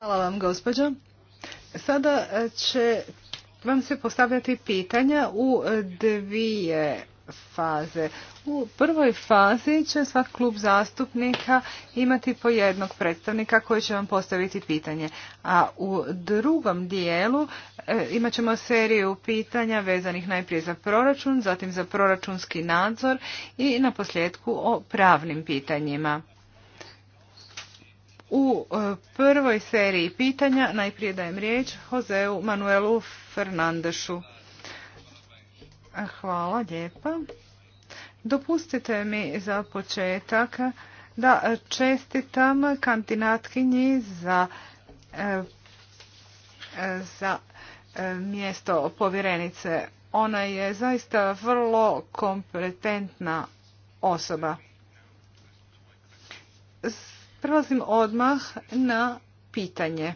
vam, gospođo. Sada e, će vam se postavljati pitanja u e, dvije faze. U prvoj fazi će svak klub zastupnika imati po jednog predstavnika koji će vam postaviti pitanje. A u drugom dijelu e, imat ćemo seriju pitanja vezanih najprije za proračun, zatim za proračunski nadzor i naposljetku o pravnim pitanjima. U e, prvoj seriji pitanja najprije dajem riječ Joseu Manuelu Fernandešu. E, hvala lijepa. Dopustite mi za početak da čestitam kandidatkinji za, e, za mjesto povjerenice. Ona je zaista vrlo kompetentna osoba. Prelazim odmah na pitanje.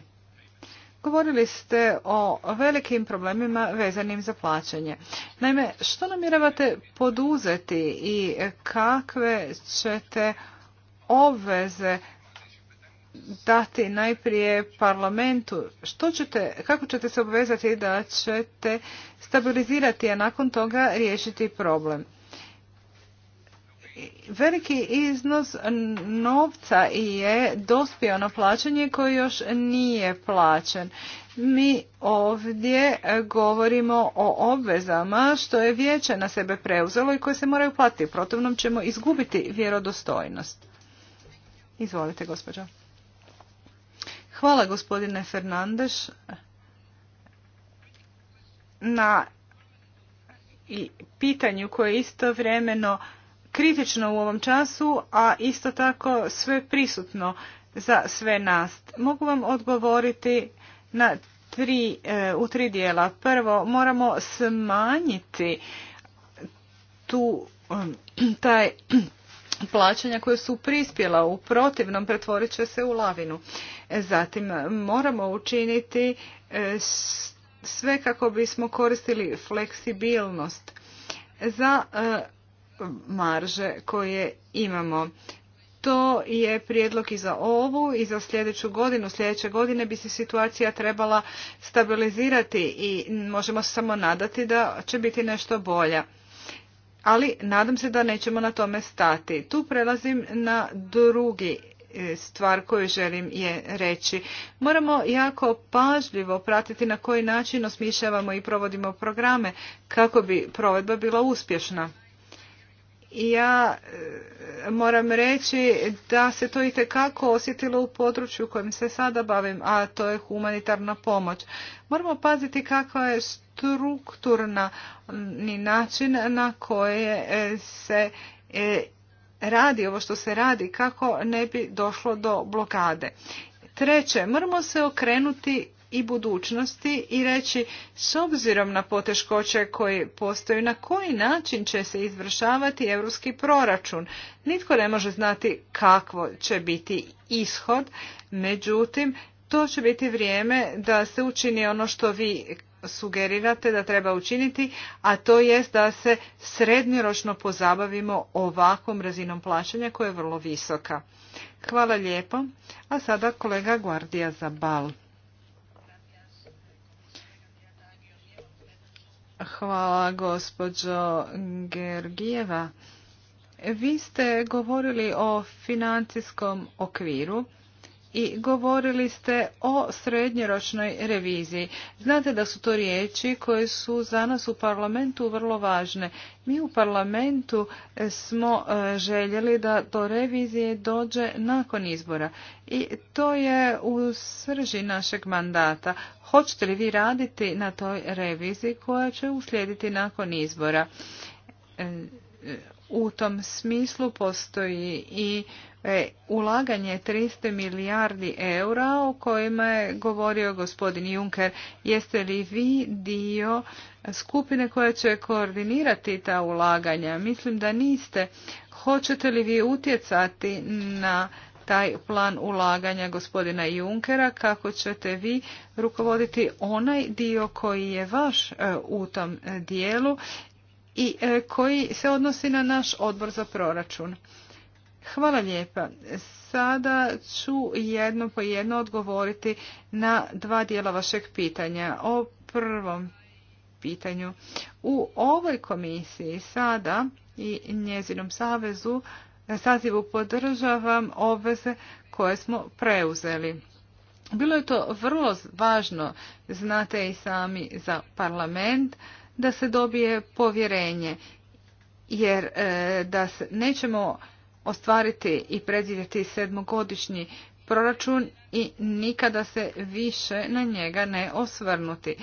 Govorili ste o velikim problemima vezanim za plaćanje. Naime, što namjeravate poduzeti i kakve ćete obveze dati najprije parlamentu? Što ćete, kako ćete se obvezati da ćete stabilizirati, a nakon toga riješiti problem? veliki iznos novca je dospio na plaćanje koji još nije plaćen. Mi ovdje govorimo o obvezama što je vijeće na sebe preuzelo i koje se moraju platiti. Protivnom ćemo izgubiti vjerodostojnost. Izvolite, gospođo. Hvala, gospodine Fernandeš, na pitanju koje je istovremeno kritično u ovom času, a isto tako sve prisutno za sve nas. Mogu vam odgovoriti na tri, e, u tri dijela. Prvo, moramo smanjiti tu um, taj plaćanja koje su prispjela u protivnom pretvorit će se u lavinu. E, zatim moramo učiniti e, sve kako bismo koristili fleksibilnost za marže koje imamo. To je prijedlog i za ovu i za sljedeću godinu. Sljedeće godine bi se situacija trebala stabilizirati i možemo se samo nadati da će biti nešto bolja. Ali nadam se da nećemo na tome stati. Tu prelazim na drugi e, stvar koju želim je reći. Moramo jako pažljivo pratiti na koji način osmišljavamo i provodimo programe kako bi provedba bila uspješna. Ja e, moram reći da se to i tekako osjetilo u području kojim se sada bavim, a to je humanitarna pomoć. Moramo paziti kakva je strukturna način na koje e, se e, radi ovo što se radi kako ne bi došlo do blokade. Treće, moramo se okrenuti i budućnosti i reći s obzirom na poteškoće koje postoje na koji način će se izvršavati europski proračun. Nitko ne može znati kakvo će biti ishod, međutim to će biti vrijeme da se učini ono što vi sugerirate da treba učiniti, a to jest da se srednjoročno pozabavimo ovakvom razinom plaćanja koja je vrlo visoka. Hvala lijepo. A sada kolega Guardija Bal. Hvala gospođo Gergijeva. Vi ste govorili o financijskom okviru i govorili ste o srednjoročnoj reviziji. Znate da su to riječi koje su za nas u parlamentu vrlo važne. Mi u parlamentu e, smo e, željeli da do revizije dođe nakon izbora i to je u srži našeg mandata. Hoćete li vi raditi na toj reviziji koja će uslijediti nakon izbora? E, u tom smislu postoji i E, ulaganje 300 milijardi eura o kojima je govorio gospodin Juncker. Jeste li vi dio skupine koja će koordinirati ta ulaganja? Mislim da niste. Hoćete li vi utjecati na taj plan ulaganja gospodina Junkera, kako ćete vi rukovoditi onaj dio koji je vaš e, u tom e, dijelu i koji se odnosi na naš odbor za proračun. Hvala lijepa. Sada ću jedno po jedno odgovoriti na dva dijela vašeg pitanja. O prvom pitanju. U ovoj komisiji sada i njezinom savezu sazivu podržavam obveze koje smo preuzeli. Bilo je to vrlo važno, znate i sami za parlament, da se dobije povjerenje, jer e, da se, nećemo ostvariti i predvidjeti sedmogodišnji proračun i nikada se više na njega ne osvrnuti.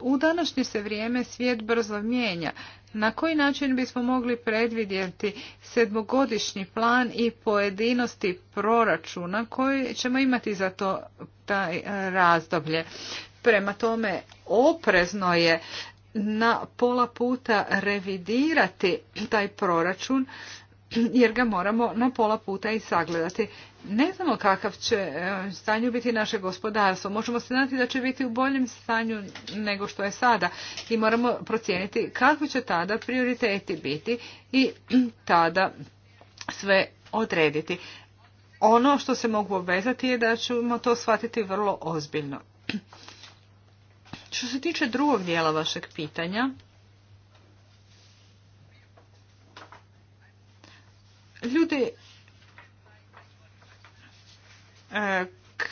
U današnje se vrijeme svijet brzo mijenja. Na koji način bismo mogli predvidjeti sedmogodišnji plan i pojedinosti proračuna koji ćemo imati za to taj e, razdoblje? Prema tome, oprezno je na pola puta revidirati taj proračun jer ga moramo na pola puta i sagledati. Ne znamo kakav će e, stanju biti naše gospodarstvo. Možemo se znati da će biti u boljem stanju nego što je sada i moramo procijeniti kakvi će tada prioriteti biti i tada sve odrediti. Ono što se mogu obvezati je da ćemo to shvatiti vrlo ozbiljno. Što se tiče drugog dijela vašeg pitanja, Ljudi e,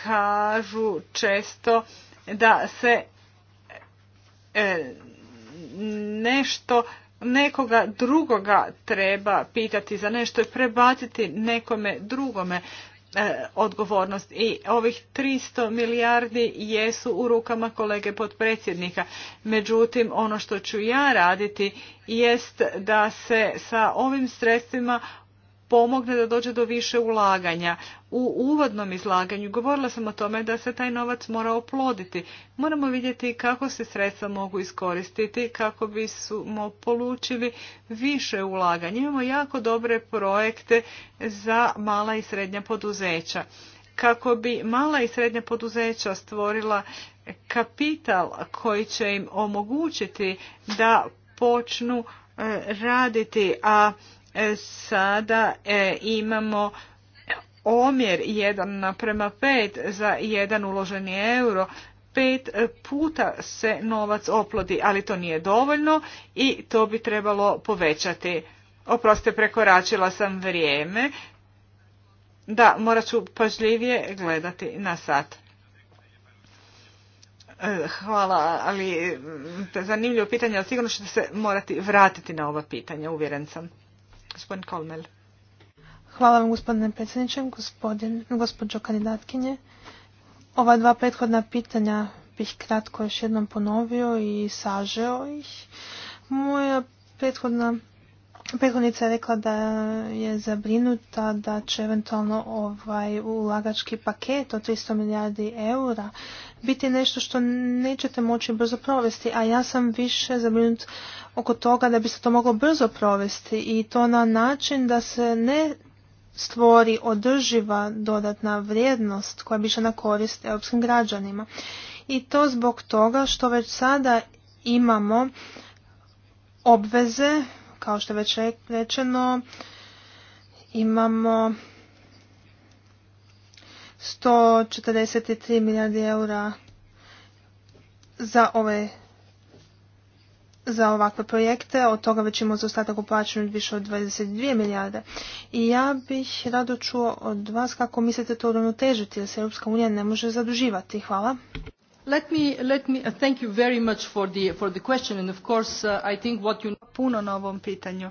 kažu često da se e, nešto nekoga drugoga treba pitati za nešto i prebaciti nekome drugome e, odgovornost i ovih 300 milijardi jesu u rukama kolege potpredsjednika. Međutim, ono što ću ja raditi jest da se sa ovim sredstvima pomogne da dođe do više ulaganja. U uvodnom izlaganju govorila sam o tome da se taj novac mora oploditi. Moramo vidjeti kako se sredstva mogu iskoristiti, kako bismo polučili više ulaganja. Imamo jako dobre projekte za mala i srednja poduzeća. Kako bi mala i srednja poduzeća stvorila kapital koji će im omogućiti da počnu e, raditi, a E, sada e, imamo omjer 1 naprema 5 za jedan uloženi euro. Pet e, puta se novac oplodi, ali to nije dovoljno i to bi trebalo povećati. Oproste prekoračila sam vrijeme. Da, morat ću pažljivije gledati na sat. Hvala, ali zanimljivo pitanje, ali sigurno ćete se morati vratiti na ova pitanja, uvjeren sam. Gospodin Kolmel. Hvala vam gospodine predsjedniče, gospodin, gospođo kandidatkinje. Ova dva prethodna pitanja bih kratko još jednom ponovio i sažeo ih. Moja prethodna prethodnica je rekla da je zabrinuta da će eventualno ovaj ulagački paket od 300 milijardi eura biti nešto što nećete moći brzo provesti, a ja sam više zabrinut oko toga da bi se to moglo brzo provesti i to na način da se ne stvori održiva dodatna vrijednost koja bi išla na korist europskim građanima. I to zbog toga što već sada imamo obveze, kao što je već rečeno, imamo 143 milijardi eura za ove za ovakve projekte, od toga već imamo zaostatak u više od 22 milijarde. I ja bih rado čuo od vas kako mislite to uravnotežiti, jer se Europska unija ne može zaduživati. Hvala. Let me, let me uh, thank you very much for the, for the question and of course uh, I think what you... Puno na ovom pitanju.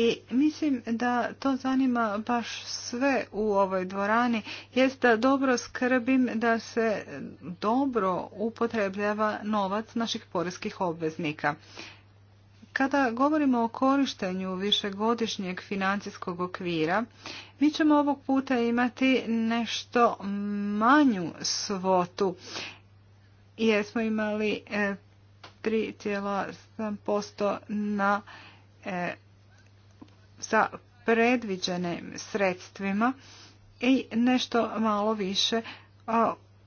I mislim da to zanima baš sve u ovoj dvorani, jest da dobro skrbim da se dobro upotrebljava novac naših poreskih obveznika. Kada govorimo o korištenju višegodišnjeg financijskog okvira, mi ćemo ovog puta imati nešto manju svotu. Jesmo smo imali 3,7% e, na e, sa predviđenim sredstvima i nešto malo više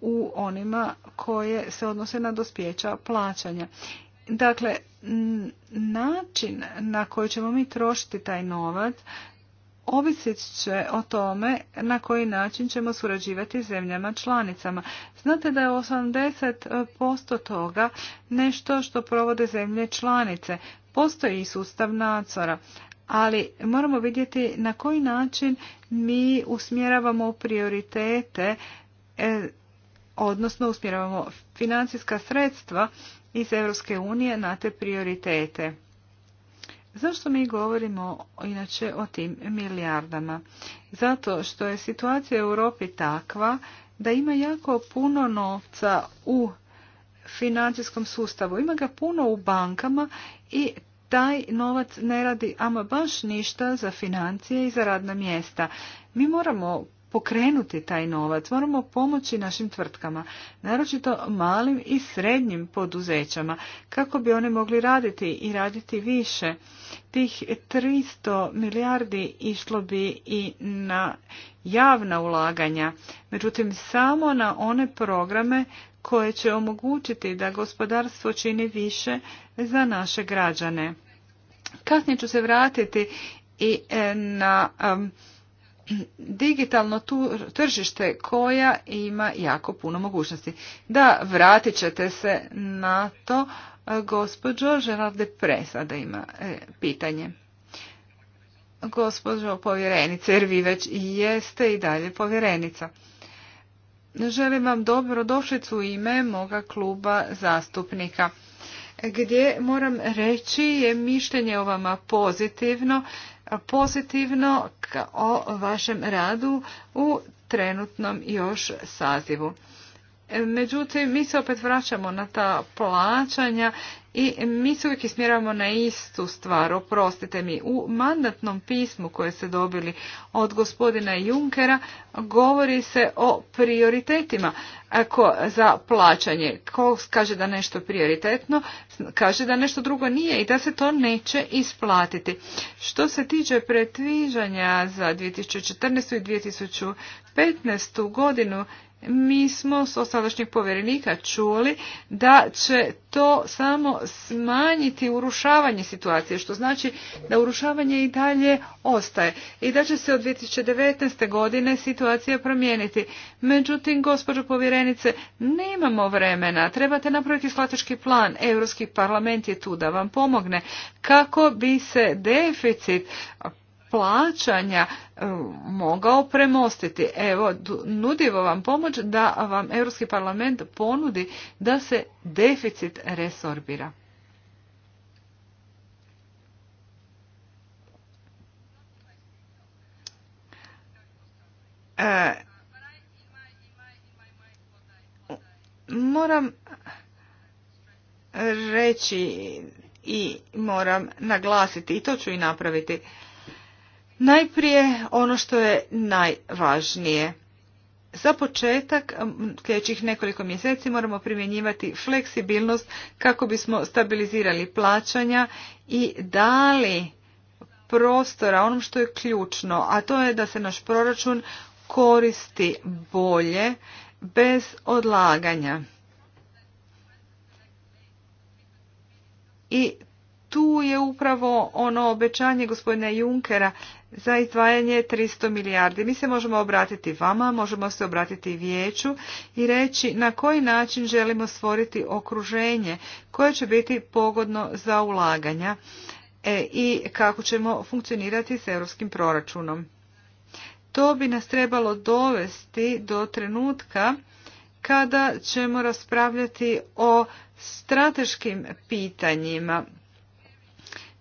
u onima koje se odnose na dospjeća plaćanja. Dakle, način na koji ćemo mi trošiti taj novac ovisit će o tome na koji način ćemo surađivati s zemljama članicama. Znate da je 80% toga nešto što provode zemlje članice. Postoji i sustav nadzora ali moramo vidjeti na koji način mi usmjeravamo prioritete, e, odnosno usmjeravamo financijska sredstva iz Europske unije na te prioritete. Zašto mi govorimo inače o tim milijardama? Zato što je situacija u Europi takva da ima jako puno novca u financijskom sustavu. Ima ga puno u bankama i taj novac ne radi ama baš ništa za financije i za radna mjesta. Mi moramo pokrenuti taj novac, moramo pomoći našim tvrtkama, naročito malim i srednjim poduzećama, kako bi one mogli raditi i raditi više. Tih 300 milijardi išlo bi i na javna ulaganja, međutim samo na one programe koje će omogućiti da gospodarstvo čini više za naše građane. Kasnije ću se vratiti i e, na digitalno tržište koja ima jako puno mogućnosti. Da, vratit ćete se na to, e, gospođo Gerard de Presa ima e, pitanje. Gospođo povjerenice, jer vi već jeste i dalje povjerenica. Želim vam dobrodošlicu u ime moga kluba zastupnika. Gdje moram reći je mišljenje o vama pozitivno, pozitivno o vašem radu u trenutnom još sazivu. Međutim, mi se opet vraćamo na ta plaćanja i mi se uvijek ismjeravamo na istu stvar, oprostite mi. U mandatnom pismu koje ste dobili od gospodina Junkera govori se o prioritetima za plaćanje. Ko kaže da nešto prioritetno, kaže da nešto drugo nije i da se to neće isplatiti. Što se tiče pretvižanja za 2014. i 2015. godinu, mi smo s osadašnjeg povjerenika čuli da će to samo smanjiti urušavanje situacije, što znači da urušavanje i dalje ostaje i da će se od 2019. godine situacija promijeniti. Međutim, gospođo povjerenice, nemamo vremena, trebate napraviti strateški plan, Europski parlament je tu da vam pomogne kako bi se deficit plaćanja e, mogao premostiti. Evo, nudivo vam pomoć da vam Europski parlament ponudi da se deficit resorbira. E, moram reći i moram naglasiti i to ću i napraviti Najprije ono što je najvažnije. Za početak sljedećih nekoliko mjeseci moramo primjenjivati fleksibilnost kako bismo stabilizirali plaćanja i dali prostora onom što je ključno, a to je da se naš proračun koristi bolje bez odlaganja. I tu je upravo ono obećanje gospodina Junkera za izdvajanje 300 milijardi. Mi se možemo obratiti vama, možemo se obratiti vijeću i reći na koji način želimo stvoriti okruženje koje će biti pogodno za ulaganja e, i kako ćemo funkcionirati s europskim proračunom. To bi nas trebalo dovesti do trenutka kada ćemo raspravljati o strateškim pitanjima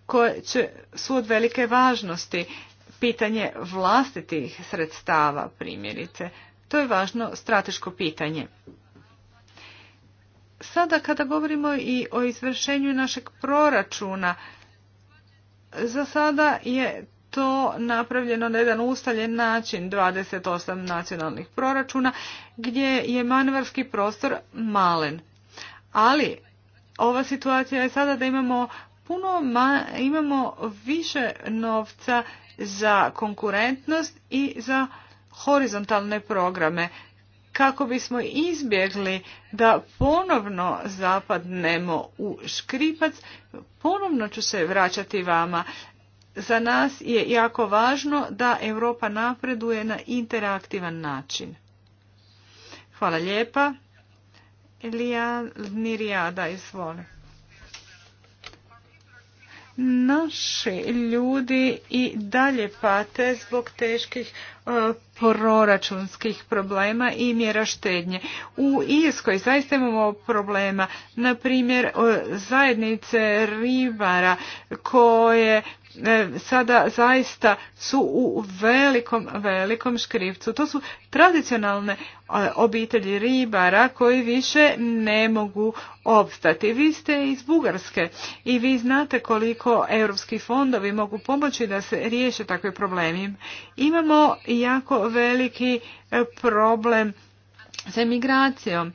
koje će, su od velike važnosti pitanje vlastitih sredstava primjerice. To je važno strateško pitanje. Sada kada govorimo i o izvršenju našeg proračuna, za sada je to napravljeno na jedan ustaljen način 28 nacionalnih proračuna gdje je manevarski prostor malen. Ali ova situacija je sada da imamo puno ma, imamo više novca za konkurentnost i za horizontalne programe kako bismo izbjegli da ponovno zapadnemo u škripac, ponovno ću se vraćati vama. Za nas je jako važno da Europa napreduje na interaktivan način. Hvala lijepa. Elija Nirijada, svo. Naši ljudi i dalje pate zbog teških e, proračunskih problema i mjera štednje. U Irskoj zaista imamo problema, na primjer e, zajednice ribara koje E, sada zaista su u velikom, velikom škrivcu. To su tradicionalne e, obitelji ribara koji više ne mogu opstati. Vi ste iz Bugarske i vi znate koliko europski fondovi mogu pomoći da se riješe takvi problemi. Imamo jako veliki e, problem sa emigracijom.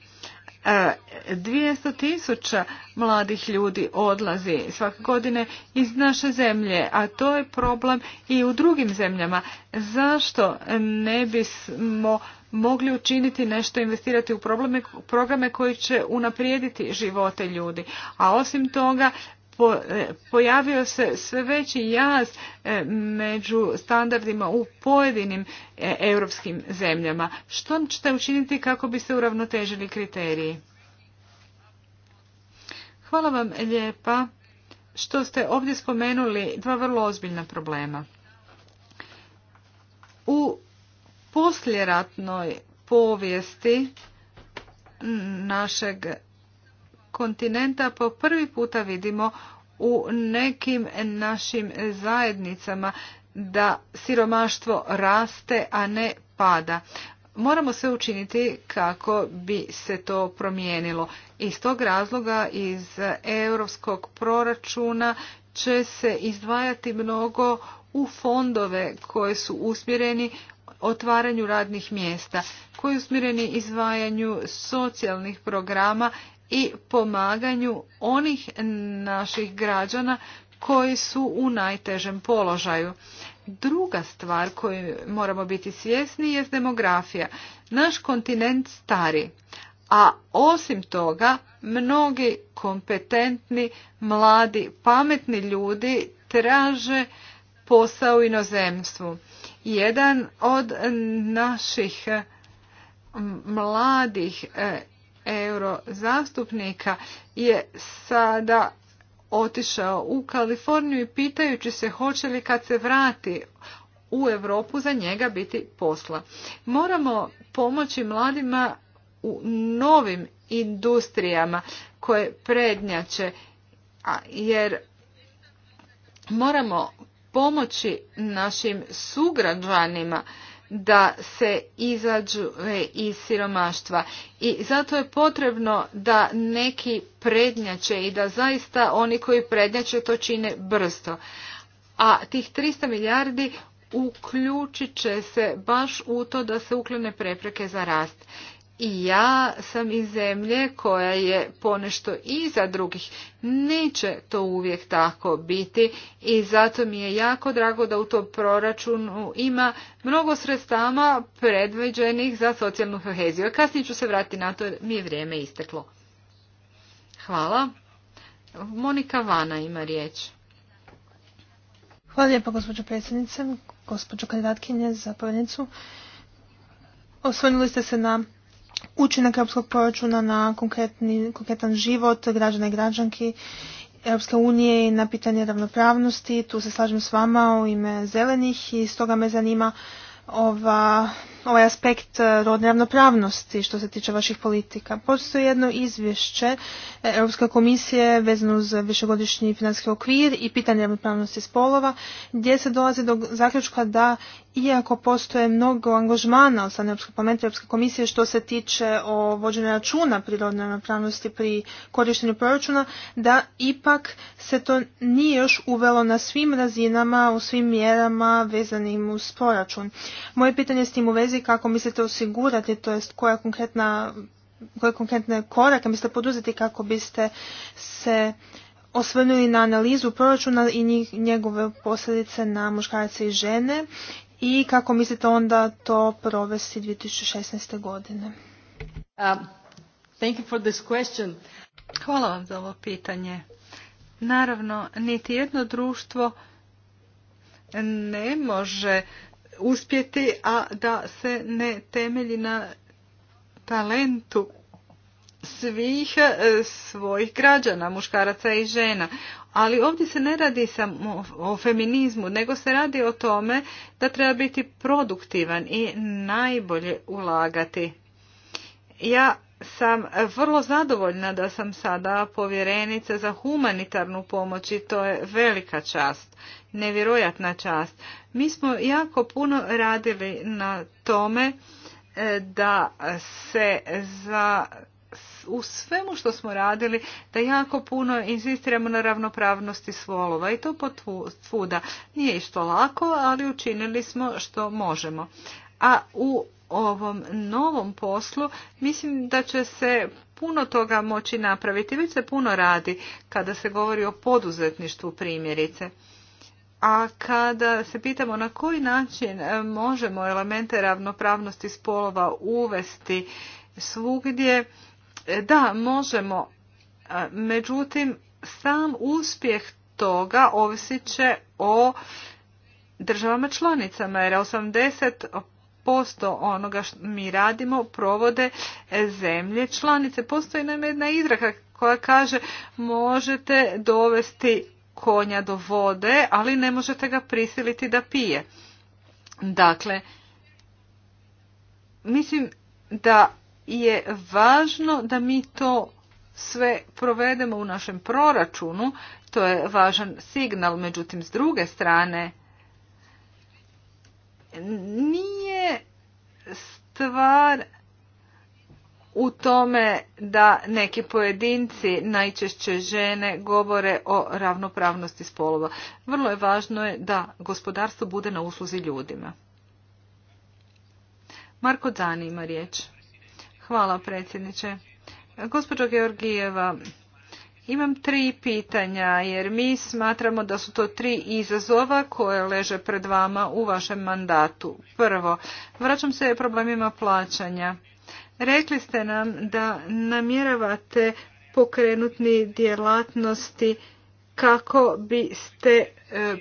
200 tisuća mladih ljudi odlazi svake godine iz naše zemlje, a to je problem i u drugim zemljama. Zašto ne bismo mogli učiniti nešto, investirati u probleme, programe koji će unaprijediti živote ljudi? A osim toga, E, pojavio se sve veći jaz e, među standardima u pojedinim e, europskim zemljama. Što ćete učiniti kako biste uravnotežili kriteriji? Hvala vam lijepa što ste ovdje spomenuli dva vrlo ozbiljna problema. U posljeratnoj povijesti našeg kontinenta po prvi puta vidimo u nekim našim zajednicama da siromaštvo raste, a ne pada. Moramo sve učiniti kako bi se to promijenilo. Iz tog razloga iz europskog proračuna će se izdvajati mnogo u fondove koje su usmjereni otvaranju radnih mjesta, koji su usmjereni izdvajanju socijalnih programa i pomaganju onih naših građana koji su u najtežem položaju. Druga stvar koju moramo biti svjesni je demografija. Naš kontinent stari, a osim toga mnogi kompetentni, mladi, pametni ljudi traže posao u inozemstvu. Jedan od naših mladih e, euro zastupnika je sada otišao u Kaliforniju i pitajući se hoće li kad se vrati u Europu za njega biti posla. Moramo pomoći mladima u novim industrijama koje prednjače jer moramo pomoći našim sugrađanima da se izađu iz siromaštva. I zato je potrebno da neki prednjače i da zaista oni koji prednjače to čine brzo. A tih 300 milijardi uključit će se baš u to da se uklone prepreke za rast i ja sam iz zemlje koja je ponešto iza drugih. Neće to uvijek tako biti i zato mi je jako drago da u tom proračunu ima mnogo sredstava predviđenih za socijalnu koheziju. Kasnije ću se vratiti na to jer mi je vrijeme isteklo. Hvala. Monika Vana ima riječ. Hvala lijepo gospođo predsjednice, gospođo kandidatkinje za povjednicu. Osvrnuli ste se na učinak europskog proračuna na konkretni, konkretan život građana i građanki Europske unije i na pitanje ravnopravnosti. Tu se slažem s vama u ime zelenih i stoga me zanima ova ovaj aspekt e, rodne ravnopravnosti što se tiče vaših politika. Postoji jedno izvješće e, Europske komisije vezano uz višegodišnji financijski okvir i pitanje ravnopravnosti spolova gdje se dolazi do zaključka da iako postoje mnogo angažmana od strane Europske parlamenta Europske komisije što se tiče o vođenju računa rodnoj ravnopravnosti pri korištenju proračuna, da ipak se to nije još uvelo na svim razinama, u svim mjerama vezanim uz proračun. Moje pitanje s tim u vezi i kako mislite osigurati, to jest koja konkretna koje konkretne korake mislite poduzeti kako biste se osvrnuli na analizu proračuna i njegove posljedice na muškarce i žene i kako mislite onda to provesti 2016. godine? Um, thank you for Hvala vam za ovo pitanje. Naravno, niti jedno društvo ne može uspjeti, a da se ne temelji na talentu svih e, svojih građana, muškaraca i žena. Ali ovdje se ne radi samo o feminizmu, nego se radi o tome da treba biti produktivan i najbolje ulagati. Ja sam vrlo zadovoljna da sam sada povjerenica za humanitarnu pomoć i to je velika čast, nevjerojatna čast. Mi smo jako puno radili na tome e, da se za u svemu što smo radili da jako puno insistiramo na ravnopravnosti svolova i to potvuda. Nije išto lako, ali učinili smo što možemo. A u ovom novom poslu, mislim da će se puno toga moći napraviti. Već se puno radi kada se govori o poduzetništvu primjerice. A kada se pitamo na koji način e, možemo elemente ravnopravnosti spolova uvesti svugdje, e, da, možemo. E, međutim, sam uspjeh toga ovisit će o državama članicama, jer 80 posto onoga što mi radimo provode zemlje članice. Postoji nam jedna izraka koja kaže možete dovesti konja do vode, ali ne možete ga prisiliti da pije. Dakle, mislim da je važno da mi to sve provedemo u našem proračunu, to je važan signal, međutim s druge strane nije stvar u tome da neki pojedinci, najčešće žene, govore o ravnopravnosti spolova. Vrlo je važno je da gospodarstvo bude na usluzi ljudima. Marko Zani ima riječ. Hvala predsjedniče. Gospođo Georgijeva, imam tri pitanja jer mi smatramo da su to tri izazova koje leže pred vama u vašem mandatu. Prvo, vraćam se problemima plaćanja. Rekli ste nam da namjeravate pokrenutni djelatnosti kako biste e,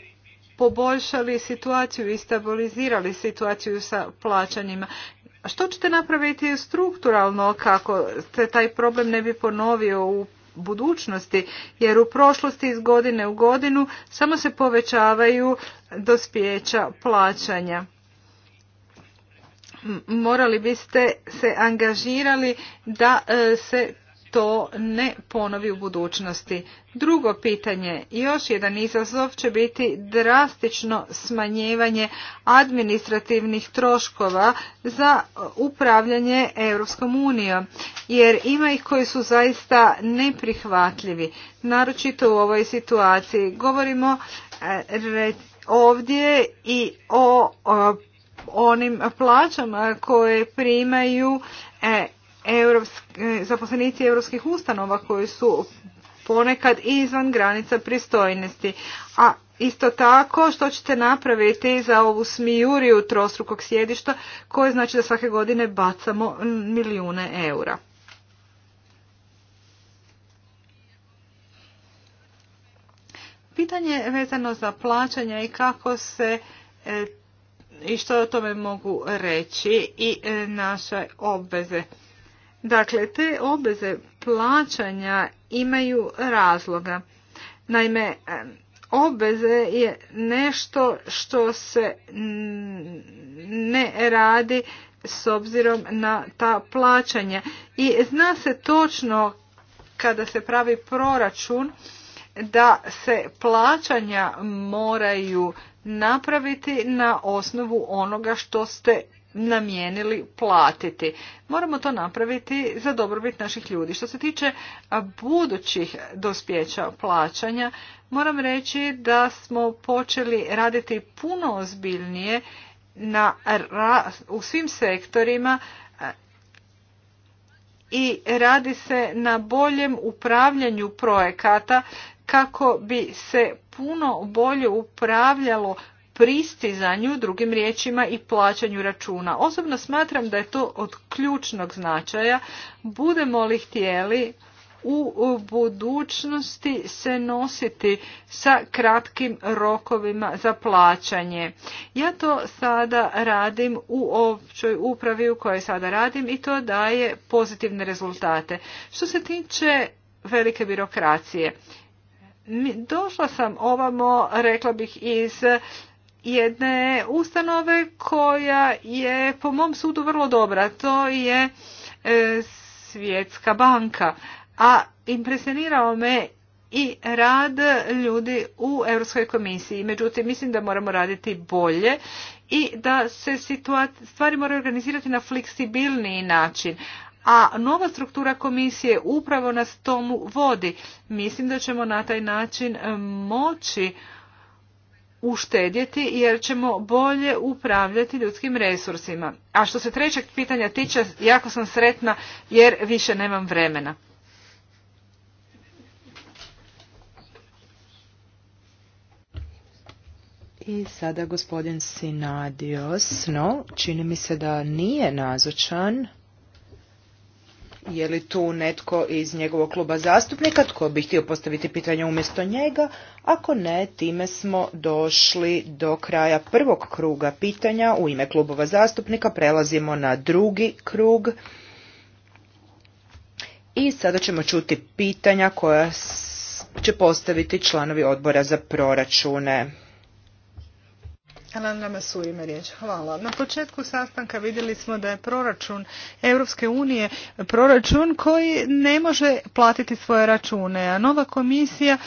poboljšali situaciju i stabilizirali situaciju sa plaćanjima. Što ćete napraviti strukturalno kako se taj problem ne bi ponovio u budućnosti, jer u prošlosti iz godine u godinu samo se povećavaju dospjeća plaćanja. Morali biste se angažirali da e, se to ne ponovi u budućnosti. Drugo pitanje, još jedan izazov će biti drastično smanjivanje administrativnih troškova za upravljanje Europskom unijom, jer ima ih koji su zaista neprihvatljivi, naročito u ovoj situaciji. Govorimo e, ovdje i o onim plaćama koje primaju e, E, zaposlenici europskih ustanova koji su ponekad izvan granica pristojnosti. A isto tako što ćete napraviti za ovu smijuriju trostrukog sjedišta koje znači da svake godine bacamo milijune eura. Pitanje vezano za plaćanja i kako se e, i što o tome mogu reći i e, naše obveze. Dakle, te obveze plaćanja imaju razloga. Naime, obveze je nešto što se ne radi s obzirom na ta plaćanja. I zna se točno kada se pravi proračun da se plaćanja moraju napraviti na osnovu onoga što ste namijenili platiti. Moramo to napraviti za dobrobit naših ljudi. Što se tiče budućih dospjeća plaćanja, moram reći da smo počeli raditi puno ozbiljnije na, u svim sektorima i radi se na boljem upravljanju projekata kako bi se puno bolje upravljalo pristizanju, drugim riječima i plaćanju računa. Osobno smatram da je to od ključnog značaja. Budemo li htjeli u budućnosti se nositi sa kratkim rokovima za plaćanje. Ja to sada radim u općoj upravi u kojoj sada radim i to daje pozitivne rezultate. Što se tiče velike birokracije, došla sam ovamo, rekla bih, iz jedne ustanove koja je po mom sudu vrlo dobra. To je e, Svjetska banka. A impresionirao me i rad ljudi u Europskoj komisiji. Međutim, mislim da moramo raditi bolje i da se stvari moraju organizirati na fleksibilniji način. A nova struktura komisije upravo nas tomu vodi. Mislim da ćemo na taj način e, moći uštedjeti jer ćemo bolje upravljati ljudskim resursima. A što se trećeg pitanja tiče, jako sam sretna jer više nemam vremena. I sada gospodin Sinadio Sno, čini mi se da nije nazočan. Je li tu netko iz njegovog kluba zastupnika tko bi htio postaviti pitanje umjesto njega? Ako ne, time smo došli do kraja prvog kruga pitanja u ime klubova zastupnika. Prelazimo na drugi krug. I sada ćemo čuti pitanja koja će postaviti članovi odbora za proračune. Hvala. Na početku sastanka vidjeli smo da je proračun Europske unije proračun koji ne može platiti svoje račune, a nova komisija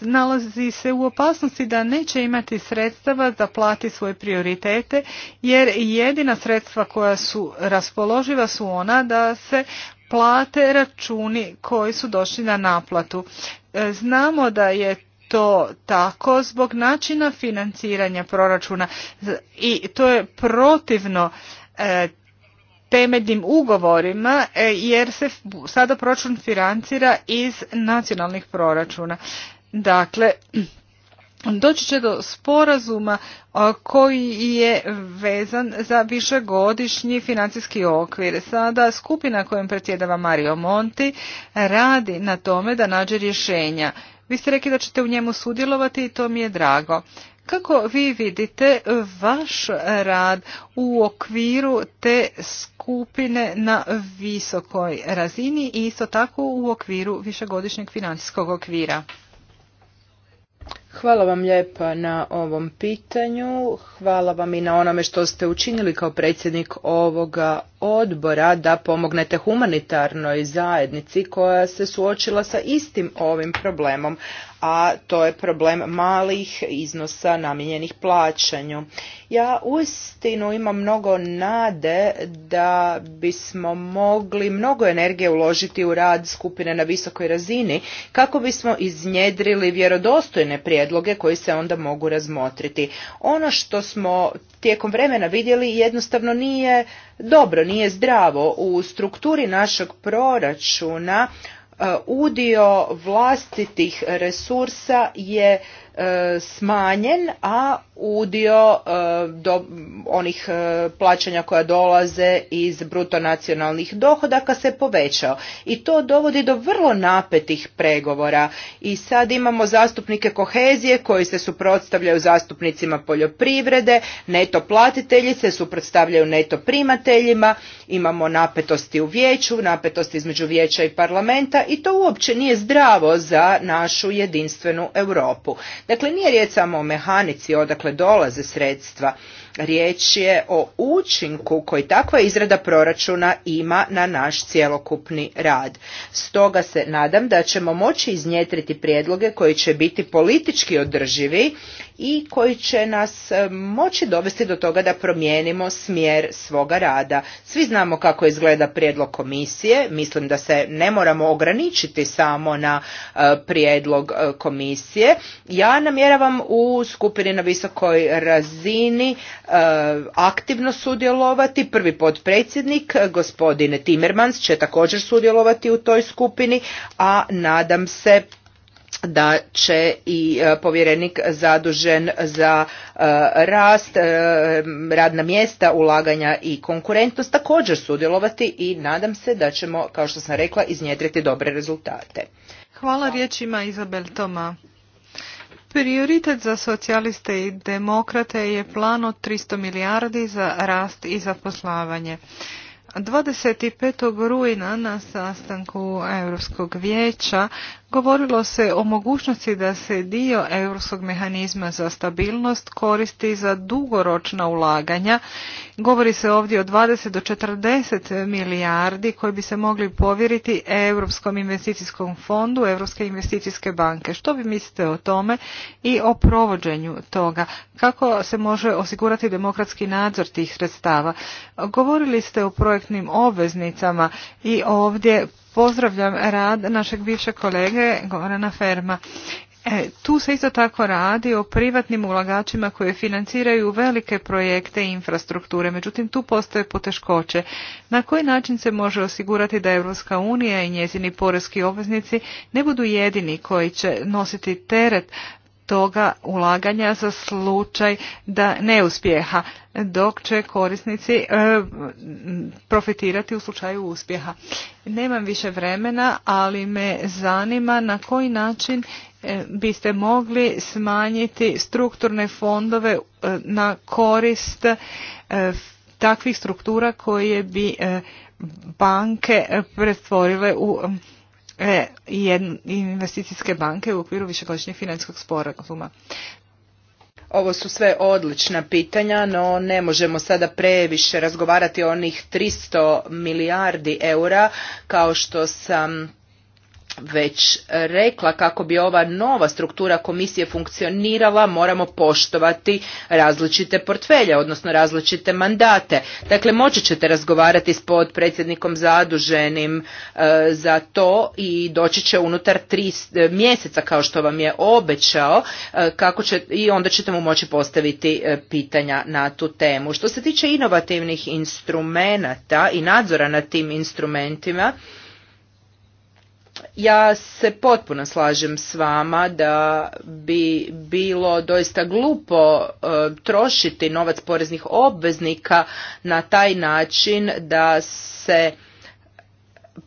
nalazi se u opasnosti da neće imati sredstava da plati svoje prioritete, jer jedina sredstva koja su raspoloživa su ona da se plate računi koji su došli na naplatu. E, znamo da je to tako zbog načina financiranja proračuna i to je protivno e, temeljnim ugovorima e, jer se sada proračun financira iz nacionalnih proračuna. Dakle, doći će do sporazuma koji je vezan za višegodišnji financijski okvir. Sada skupina kojom predsjedava Mario Monti radi na tome da nađe rješenja. Vi ste rekli da ćete u njemu sudjelovati i to mi je drago. Kako vi vidite vaš rad u okviru te skupine na visokoj razini i isto tako u okviru višegodišnjeg financijskog okvira? Hvala vam lijepa na ovom pitanju. Hvala vam i na onome što ste učinili kao predsjednik ovoga odbora da pomognete humanitarnoj zajednici koja se suočila sa istim ovim problemom, a to je problem malih iznosa namijenjenih plaćanju. Ja uistinu imam mnogo nade da bismo mogli mnogo energije uložiti u rad skupine na visokoj razini kako bismo iznjedrili vjerodostojne prijatelje prijedloge koji se onda mogu razmotriti. Ono što smo tijekom vremena vidjeli jednostavno nije dobro, nije zdravo. U strukturi našeg proračuna e, udio vlastitih resursa je e, smanjen, a udio e, do onih e, plaćanja koja dolaze iz bruto nacionalnih dohodaka se povećao i to dovodi do vrlo napetih pregovora i sad imamo zastupnike kohezije koji se suprotstavljaju zastupnicima poljoprivrede neto platitelji se suprotstavljaju neto primateljima imamo napetosti u vijeću napetosti između vijeća i parlamenta i to uopće nije zdravo za našu jedinstvenu Europu dakle nije riječ samo o mehanici odakle dolaze sredstva Riječ je o učinku koji takva izrada proračuna ima na naš cjelokupni rad. Stoga se nadam da ćemo moći iznjetriti prijedloge koji će biti politički održivi i koji će nas e, moći dovesti do toga da promijenimo smjer svoga rada. Svi znamo kako izgleda prijedlog komisije, mislim da se ne moramo ograničiti samo na e, prijedlog e, komisije. Ja namjeravam u skupini na visokoj razini E, aktivno sudjelovati. Prvi potpredsjednik, e, gospodine Timmermans, će također sudjelovati u toj skupini, a nadam se da će i e, povjerenik zadužen za rast, radna mjesta, ulaganja i konkurentnost također sudjelovati i nadam se da ćemo, kao što sam rekla, iznjedriti dobre rezultate. Hvala riječima Izabel Toma. Prioritet za socijaliste i demokrate je plan od 300 milijardi za rast i zaposlavanje. 25. rujna na sastanku Europskog vijeća Govorilo se o mogućnosti da se dio europskog mehanizma za stabilnost koristi za dugoročna ulaganja. Govori se ovdje o 20 do 40 milijardi koji bi se mogli povjeriti Europskom investicijskom fondu, Europske investicijske banke. Što vi mislite o tome i o provođenju toga? Kako se može osigurati demokratski nadzor tih sredstava? Govorili ste o projektnim obveznicama i ovdje pozdravljam rad našeg bivšeg kolege Gorana Ferma. E, tu se isto tako radi o privatnim ulagačima koji financiraju velike projekte i infrastrukture, međutim tu postoje poteškoće. Na koji način se može osigurati da Europska unija i njezini porezki obveznici ne budu jedini koji će nositi teret toga ulaganja za slučaj da neuspjeha, dok će korisnici e, profitirati u slučaju uspjeha. Nemam više vremena, ali me zanima na koji način e, biste mogli smanjiti strukturne fondove e, na korist takvih struktura koje bi banke pretvorile u E, investicijske banke u okviru višegodišnjeg financijskog sporazuma. Ovo su sve odlična pitanja, no ne možemo sada previše razgovarati o onih 300 milijardi eura kao što sam već rekla kako bi ova nova struktura komisije funkcionirala moramo poštovati različite portfelje, odnosno različite mandate. Dakle, moći ćete razgovarati s podpredsjednikom zaduženim e, za to i doći će unutar tri e, mjeseca kao što vam je obećao e, kako će, i onda ćete mu moći postaviti pitanja na tu temu. Što se tiče inovativnih instrumenata i nadzora nad tim instrumentima, ja se potpuno slažem s vama da bi bilo doista glupo e, trošiti novac poreznih obveznika na taj način da se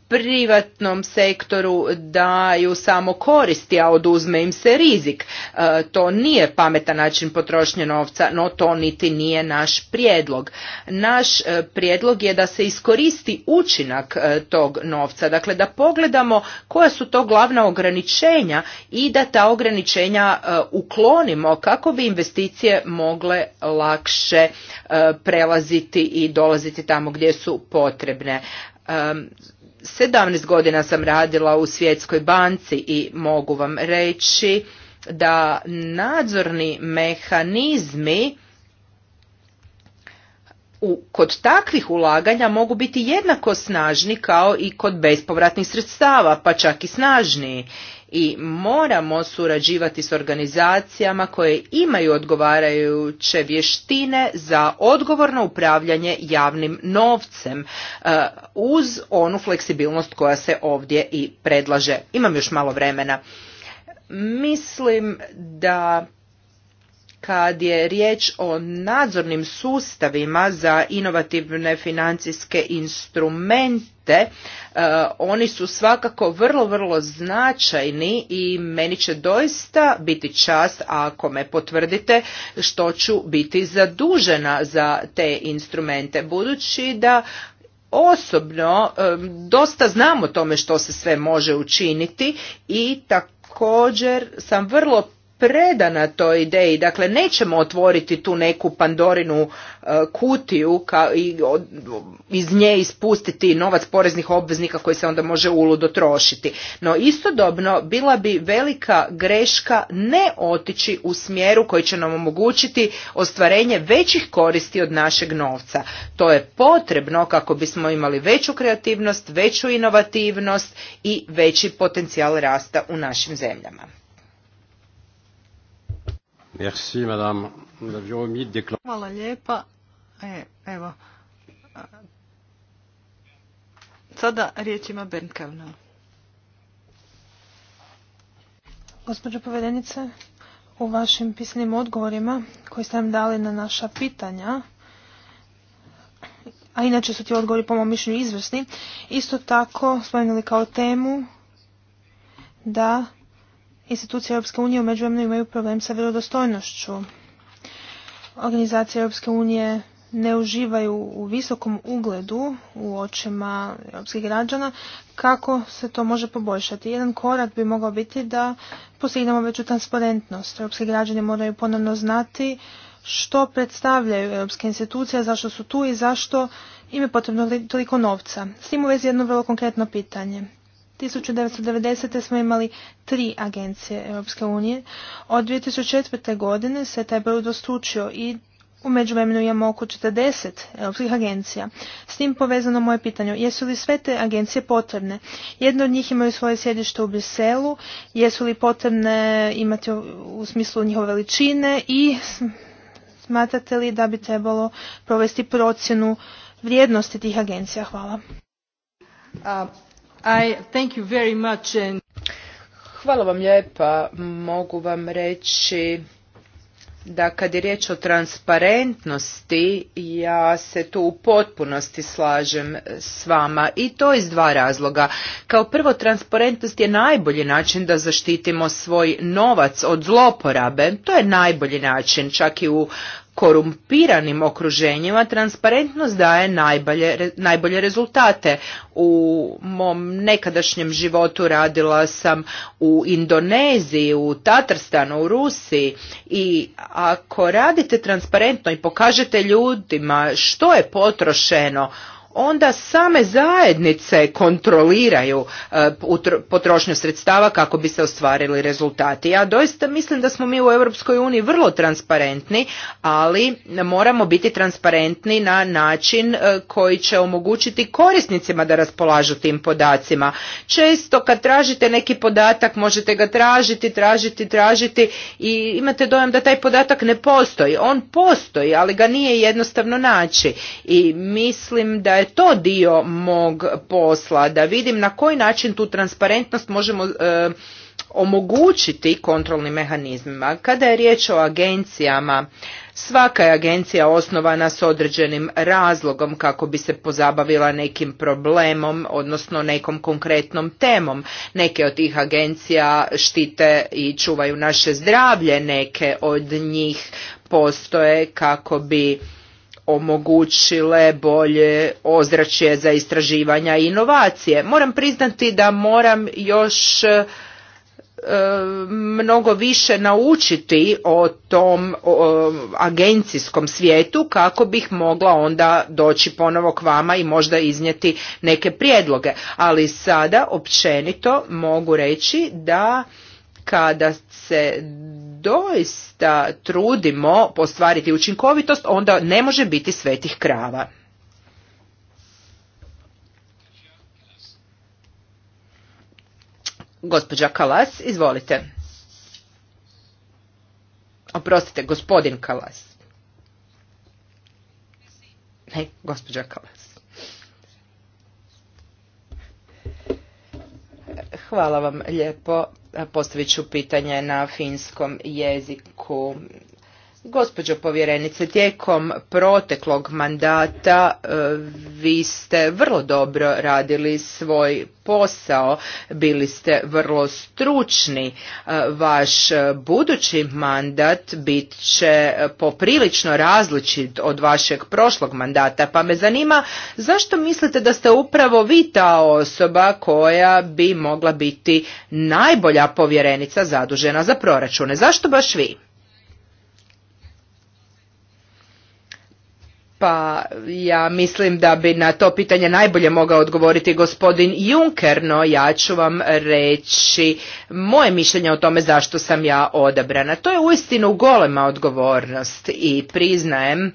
privatnom sektoru daju samo koristi, a oduzme im se rizik. E, to nije pametan način potrošnje novca, no to niti nije naš prijedlog. Naš e, prijedlog je da se iskoristi učinak e, tog novca, dakle da pogledamo koja su to glavna ograničenja i da ta ograničenja uklonimo kako bi investicije mogle lakše prelaziti i dolaziti tamo gdje su potrebne 17 godina sam radila u Svjetskoj banci i mogu vam reći da nadzorni mehanizmi u, kod takvih ulaganja mogu biti jednako snažni kao i kod bespovratnih sredstava, pa čak i snažniji i moramo surađivati s organizacijama koje imaju odgovarajuće vještine za odgovorno upravljanje javnim novcem e, uz onu fleksibilnost koja se ovdje i predlaže. Imam još malo vremena. Mislim da kad je riječ o nadzornim sustavima za inovativne financijske instrumente E, oni su svakako vrlo, vrlo značajni i meni će doista biti čast ako me potvrdite što ću biti zadužena za te instrumente. Budući da osobno e, dosta znam o tome što se sve može učiniti i također sam vrlo predana toj ideji. Dakle, nećemo otvoriti tu neku pandorinu e, kutiju kao i iz nje ispustiti novac poreznih obveznika koji se onda može uludo trošiti. No istodobno bila bi velika greška ne otići u smjeru koji će nam omogućiti ostvarenje većih koristi od našeg novca. To je potrebno kako bismo imali veću kreativnost, veću inovativnost i veći potencijal rasta u našim zemljama. Hvala lijepa. E, evo. Sada riječ ima Gospođo povedenice, u vašim pisanim odgovorima koji ste nam dali na naša pitanja, a inače su ti odgovori po mom mišljenju izvrsni, isto tako spomenuli kao temu da institucije Europske unije u međuvremenu imaju problem sa vjerodostojnošću. Organizacije Europske unije ne uživaju u visokom ugledu u očima europskih građana, kako se to može poboljšati? Jedan korak bi mogao biti da postignemo veću transparentnost. Europski građani moraju ponovno znati što predstavljaju europske institucije, zašto su tu i zašto im je potrebno toliko novca. S tim u vezi jedno vrlo konkretno pitanje. 1990. smo imali tri agencije Europske unije. Od 2004. godine se taj broj dostučio i u međuvremenu imamo oko 40 europskih agencija. S tim povezano moje pitanje, jesu li sve te agencije potrebne? Jedno od njih imaju svoje sjedište u Briselu, jesu li potrebne imati u smislu njihove veličine i smatrate li da bi trebalo provesti procjenu vrijednosti tih agencija? Hvala. Hvala vam lijepa. Mogu vam reći da kad je riječ o transparentnosti, ja se tu u potpunosti slažem s vama i to iz dva razloga. Kao prvo, transparentnost je najbolji način da zaštitimo svoj novac od zloporabe. To je najbolji način, čak i u korumpiranim okruženjima transparentnost daje najbolje, najbolje rezultate. U mom nekadašnjem životu radila sam u Indoneziji, u Tatarstanu, u Rusiji i ako radite transparentno i pokažete ljudima što je potrošeno, onda same zajednice kontroliraju e, potrošnju sredstava kako bi se ostvarili rezultati. Ja doista mislim da smo mi u Europskoj uniji vrlo transparentni, ali moramo biti transparentni na način e, koji će omogućiti korisnicima da raspolažu tim podacima. Često kad tražite neki podatak možete ga tražiti, tražiti, tražiti i imate dojam da taj podatak ne postoji. On postoji, ali ga nije jednostavno naći. I mislim da je je to dio mog posla, da vidim na koji način tu transparentnost možemo e, omogućiti kontrolnim mehanizmima. Kada je riječ o agencijama, svaka je agencija osnovana s određenim razlogom kako bi se pozabavila nekim problemom, odnosno nekom konkretnom temom. Neke od tih agencija štite i čuvaju naše zdravlje, neke od njih postoje kako bi omogućile bolje ozračje za istraživanja i inovacije. Moram priznati da moram još e, e, mnogo više naučiti o tom agencijskom svijetu kako bih mogla onda doći ponovo k vama i možda iznijeti neke prijedloge. Ali sada općenito mogu reći da kada se doista trudimo postvariti učinkovitost, onda ne može biti svetih krava. Gospođa Kalas, izvolite. Oprostite, gospodin Kalas. Ne, gospođa Kalas. Hvala vam lijepo. Postavit ću pitanje na finskom jeziku. Gospođo povjerenice, tijekom proteklog mandata e, vi ste vrlo dobro radili svoj posao, bili ste vrlo stručni. E, vaš budući mandat bit će poprilično različit od vašeg prošlog mandata, pa me zanima zašto mislite da ste upravo vi ta osoba koja bi mogla biti najbolja povjerenica zadužena za proračune? Zašto baš vi? Pa ja mislim da bi na to pitanje najbolje mogao odgovoriti gospodin Juncker, no ja ću vam reći moje mišljenje o tome zašto sam ja odabrana. To je uistinu golema odgovornost i priznajem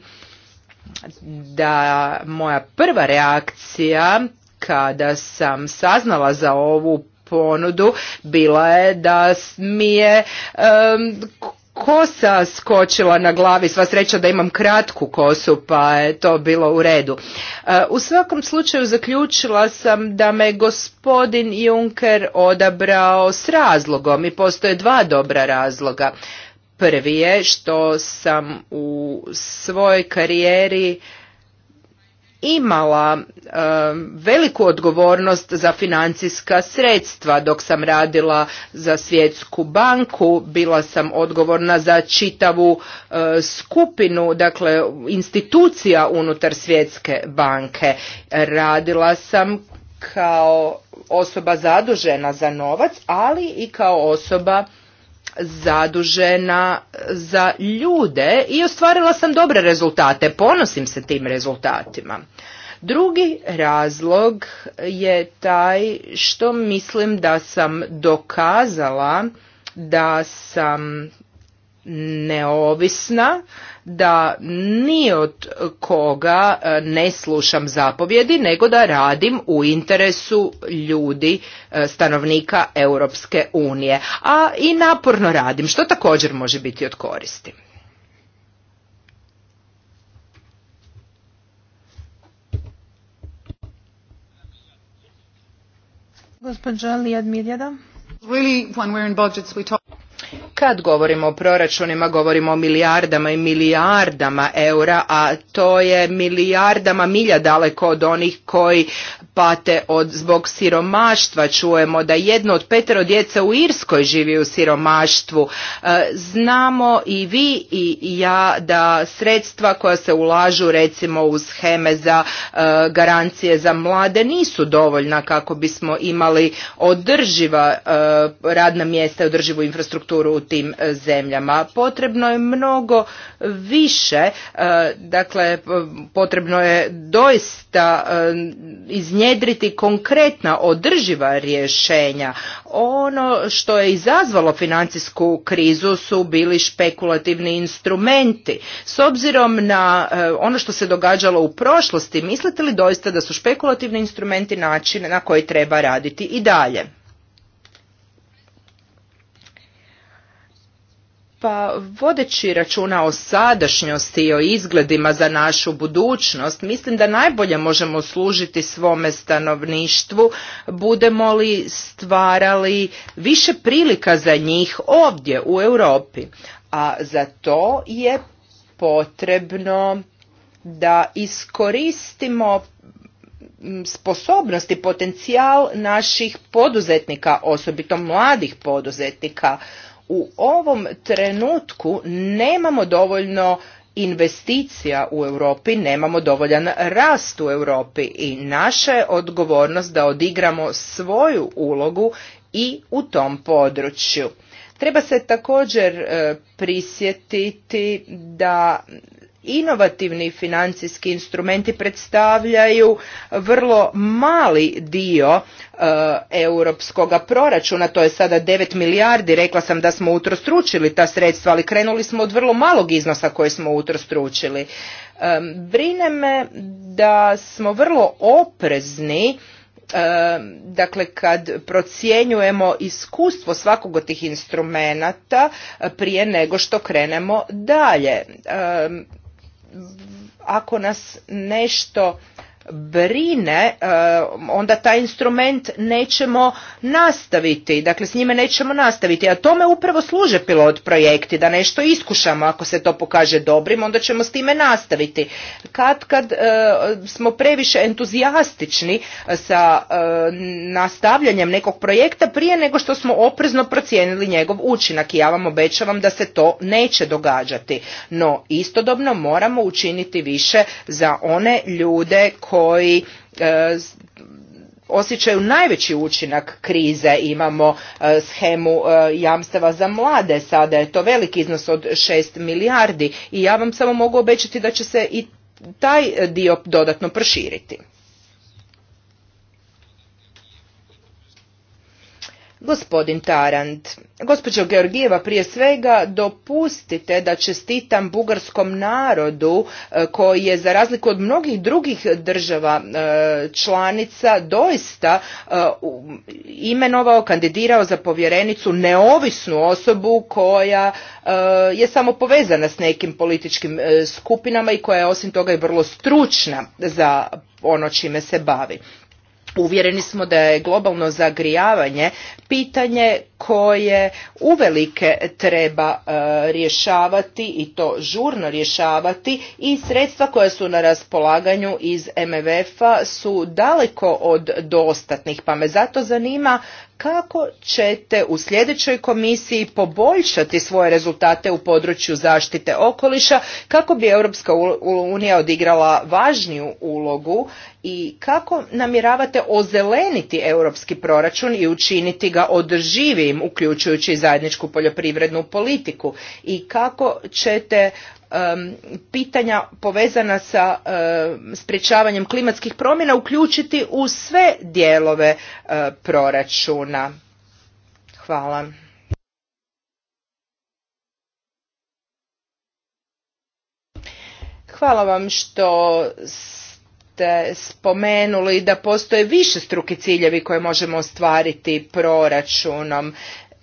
da moja prva reakcija kada sam saznala za ovu ponudu bila je da mi je kosa skočila na glavi, sva sreća da imam kratku kosu pa je to bilo u redu. E, u svakom slučaju zaključila sam da me gospodin Juncker odabrao s razlogom i postoje dva dobra razloga. Prvi je što sam u svojoj karijeri imala e, veliku odgovornost za financijska sredstva dok sam radila za svjetsku banku bila sam odgovorna za čitavu e, skupinu dakle institucija unutar svjetske banke radila sam kao osoba zadužena za novac ali i kao osoba zadužena za ljude i ostvarila sam dobre rezultate. Ponosim se tim rezultatima. Drugi razlog je taj što mislim da sam dokazala da sam neovisna da ni od koga e, ne slušam zapovjedi, nego da radim u interesu ljudi, e, stanovnika Europske unije. A i naporno radim, što također može biti od koristi. Gospođa Lijad Miljada. Really, when we're in kad govorimo o proračunima, govorimo o milijardama i milijardama eura, a to je milijardama milja daleko od onih koji pate od, zbog siromaštva. Čujemo da jedno od petero djece u Irskoj živi u siromaštvu. E, znamo i vi i ja da sredstva koja se ulažu recimo u scheme za e, garancije za mlade nisu dovoljna kako bismo imali održiva e, radna mjesta i održivu infrastrukturu infrastrukturu u tim e, zemljama. Potrebno je mnogo više, e, dakle potrebno je doista e, iznjedriti konkretna održiva rješenja. Ono što je izazvalo financijsku krizu su bili špekulativni instrumenti. S obzirom na ono što se događalo u prošlosti, mislite li doista da su špekulativni instrumenti način na koji treba raditi i dalje? pa vodeći računa o sadašnjosti i o izgledima za našu budućnost, mislim da najbolje možemo služiti svome stanovništvu, budemo li stvarali više prilika za njih ovdje u Europi. A za to je potrebno da iskoristimo sposobnost i potencijal naših poduzetnika, osobito mladih poduzetnika, u ovom trenutku nemamo dovoljno investicija u Europi, nemamo dovoljan rast u Europi i naša je odgovornost da odigramo svoju ulogu i u tom području. Treba se također e, prisjetiti da inovativni financijski instrumenti predstavljaju vrlo mali dio eh, europskoga europskog proračuna, to je sada 9 milijardi, rekla sam da smo utrostručili ta sredstva, ali krenuli smo od vrlo malog iznosa koje smo utrostručili. brine me da smo vrlo oprezni dakle kad procjenjujemo iskustvo svakog od tih instrumenata eh, prije nego što krenemo dalje ako nas nešto brine, e, onda taj instrument nećemo nastaviti, dakle s njime nećemo nastaviti, a tome upravo služe pilot projekti, da nešto iskušamo, ako se to pokaže dobrim, onda ćemo s time nastaviti. Kad, kad e, smo previše entuzijastični e, sa nastavljanjem nekog projekta prije nego što smo oprezno procijenili njegov učinak i ja vam obećavam da se to neće događati, no istodobno moramo učiniti više za one ljude koji koji e, osjećaju najveći učinak krize. Imamo shemu schemu e, jamstava za mlade, sada je to veliki iznos od 6 milijardi i ja vam samo mogu obećati da će se i taj dio dodatno proširiti. Gospodin Tarand, gospođo Georgijeva, prije svega dopustite da čestitam bugarskom narodu e, koji je za razliku od mnogih drugih država e, članica doista e, imenovao, kandidirao za povjerenicu neovisnu osobu koja je samo povezana s nekim političkim skupinama i koja je osim toga i vrlo stručna za ono čime se bavi uvjereni smo da je globalno zagrijavanje pitanje koje uvelike treba e, rješavati i to žurno rješavati i sredstva koja su na raspolaganju iz mf a su daleko od dostatnih pa me zato zanima kako ćete u sljedećoj komisiji poboljšati svoje rezultate u području zaštite okoliša kako bi Europska unija odigrala važniju ulogu i kako namjeravate ozeleniti europski proračun i učiniti ga održivim svim, uključujući zajedničku poljoprivrednu politiku i kako ćete pitanja povezana sa um, sprječavanjem klimatskih promjena uključiti u sve dijelove e, proračuna. Hvala. Hvala vam što ste spomenuli da postoje više ciljevi koje možemo ostvariti proračunom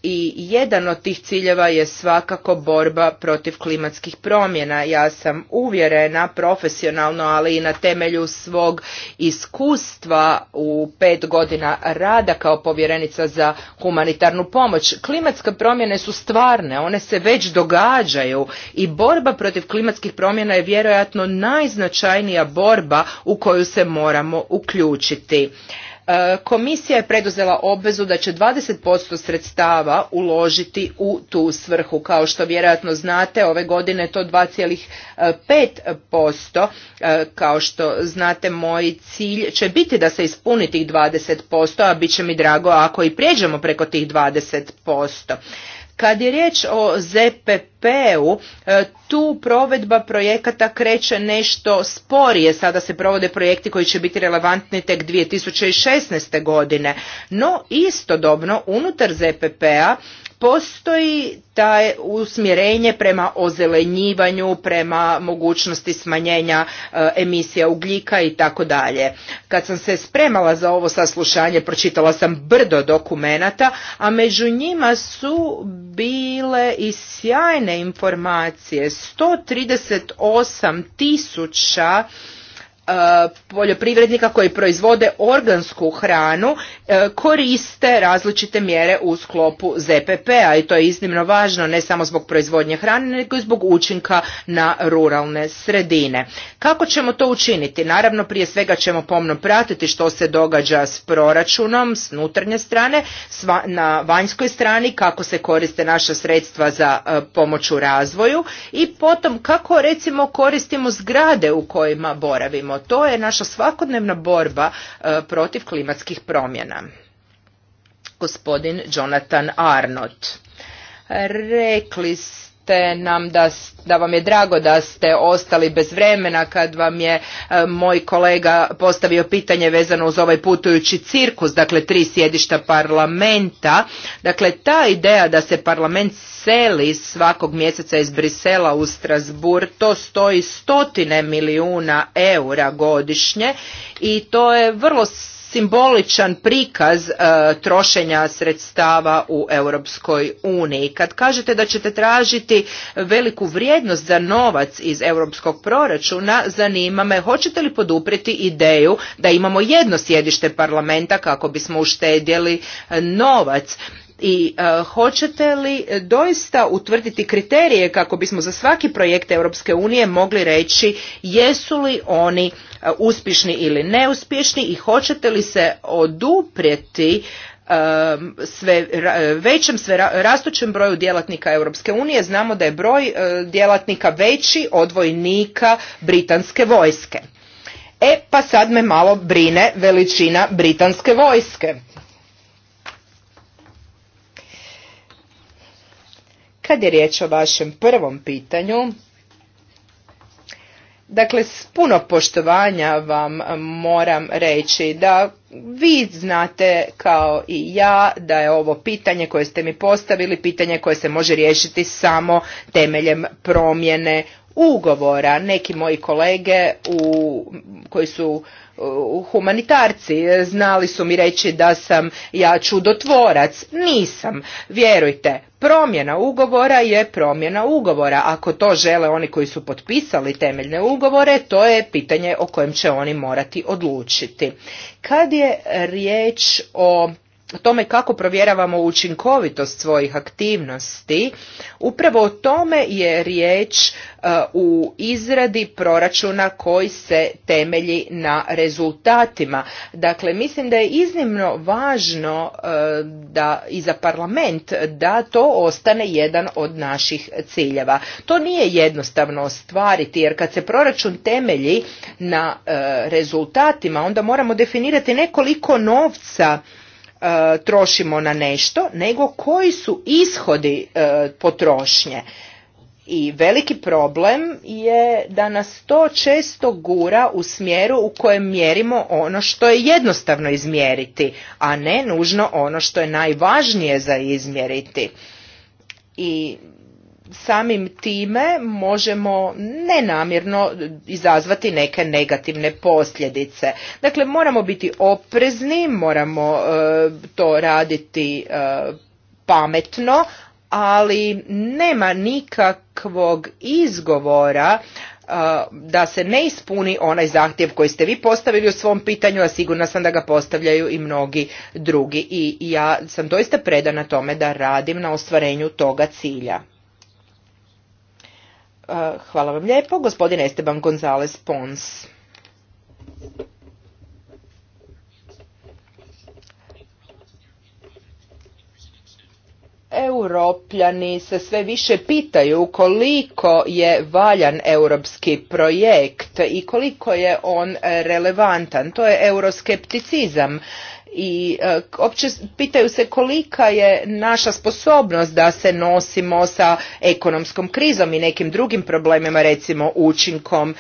i jedan od tih ciljeva je svakako borba protiv klimatskih promjena. Ja sam uvjerena profesionalno, ali i na temelju svog iskustva u pet godina rada kao povjerenica za humanitarnu pomoć. Klimatske promjene su stvarne, one se već događaju i borba protiv klimatskih promjena je vjerojatno najznačajnija borba u koju se moramo uključiti. E, komisija je preduzela obvezu da će 20% sredstava uložiti u tu svrhu. Kao što vjerojatno znate, ove godine je to 2,5%. E, kao što znate, moj cilj će biti da se ispuni tih 20%, a bit će mi drago ako i prijeđemo preko tih 20%. Kad je riječ o ZPP-u, e, tu provedba projekata kreće nešto sporije. Sada se provode projekti koji će biti relevantni tek 2016. godine. No istodobno unutar ZPP-a postoji taj usmjerenje prema ozelenjivanju, prema mogućnosti smanjenja e, emisija ugljika i tako dalje. Kad sam se spremala za ovo saslušanje, pročitala sam brdo dokumenata, a među njima su bile i sjajne informacije. 138 tisuća E, poljoprivrednika koji proizvode organsku hranu e, koriste različite mjere u sklopu ZPP-a i to je iznimno važno ne samo zbog proizvodnje hrane nego i zbog učinka na ruralne sredine. Kako ćemo to učiniti? Naravno prije svega ćemo pomno pratiti što se događa s proračunom s unutarnje strane, na vanjskoj strani kako se koriste naša sredstva za e, pomoć u razvoju i potom kako recimo koristimo zgrade u kojima boravimo to je naša svakodnevna borba e, protiv klimatskih promjena. Gospodin Jonathan Arnott. Rekli te nam da, da vam je drago da ste ostali bez vremena kad vam je e, moj kolega postavio pitanje vezano uz ovaj putujući cirkus, dakle tri sjedišta parlamenta. Dakle, ta ideja da se parlament seli svakog mjeseca iz Brisela u Strasbur, to stoji stotine milijuna eura godišnje i to je vrlo simboličan prikaz e, trošenja sredstava u Europskoj uniji. Kad kažete da ćete tražiti veliku vrijednost za novac iz europskog proračuna, zanima me hoćete li poduprijeti ideju da imamo jedno sjedište parlamenta kako bismo uštedjeli e, novac i e, hoćete li doista utvrditi kriterije kako bismo za svaki projekt Europske unije mogli reći jesu li oni e, uspješni ili neuspješni i hoćete li se oduprijeti e, sve većem sve rastućem broju djelatnika Europske unije znamo da je broj djelatnika veći od vojnika britanske vojske. E pa sad me malo brine veličina britanske vojske. Kad je riječ o vašem prvom pitanju, Dakle, s puno poštovanja vam moram reći da vi znate kao i ja da je ovo pitanje koje ste mi postavili, pitanje koje se može riješiti samo temeljem promjene ugovora. Neki moji kolege u, koji su humanitarci znali su mi reći da sam ja čudotvorac. Nisam. Vjerujte, promjena ugovora je promjena ugovora. Ako to žele oni koji su potpisali temeljne ugovore, to je pitanje o kojem će oni morati odlučiti. Kad je riječ o tome kako provjeravamo učinkovitost svojih aktivnosti, upravo o tome je riječ e, u izradi proračuna koji se temelji na rezultatima. Dakle, mislim da je iznimno važno e, da i za parlament da to ostane jedan od naših ciljeva. To nije jednostavno ostvariti jer kad se proračun temelji na e, rezultatima onda moramo definirati nekoliko novca E, trošimo na nešto, nego koji su ishodi e, potrošnje. I veliki problem je da nas to često gura u smjeru u kojem mjerimo ono što je jednostavno izmjeriti, a ne nužno ono što je najvažnije za izmjeriti. I samim time možemo nenamjerno izazvati neke negativne posljedice. Dakle, moramo biti oprezni, moramo e, to raditi e, pametno, ali nema nikakvog izgovora e, da se ne ispuni onaj zahtjev koji ste vi postavili u svom pitanju, a sigurna sam da ga postavljaju i mnogi drugi. I ja sam doista predana tome da radim na ostvarenju toga cilja. Eh, hvala vam lijepo. Gospodin Esteban González Pons. Europljani se sve više pitaju koliko je valjan europski projekt i koliko je on relevantan. To je euroskepticizam i e, opće pitaju se kolika je naša sposobnost da se nosimo sa ekonomskom krizom i nekim drugim problemima recimo učinkom e,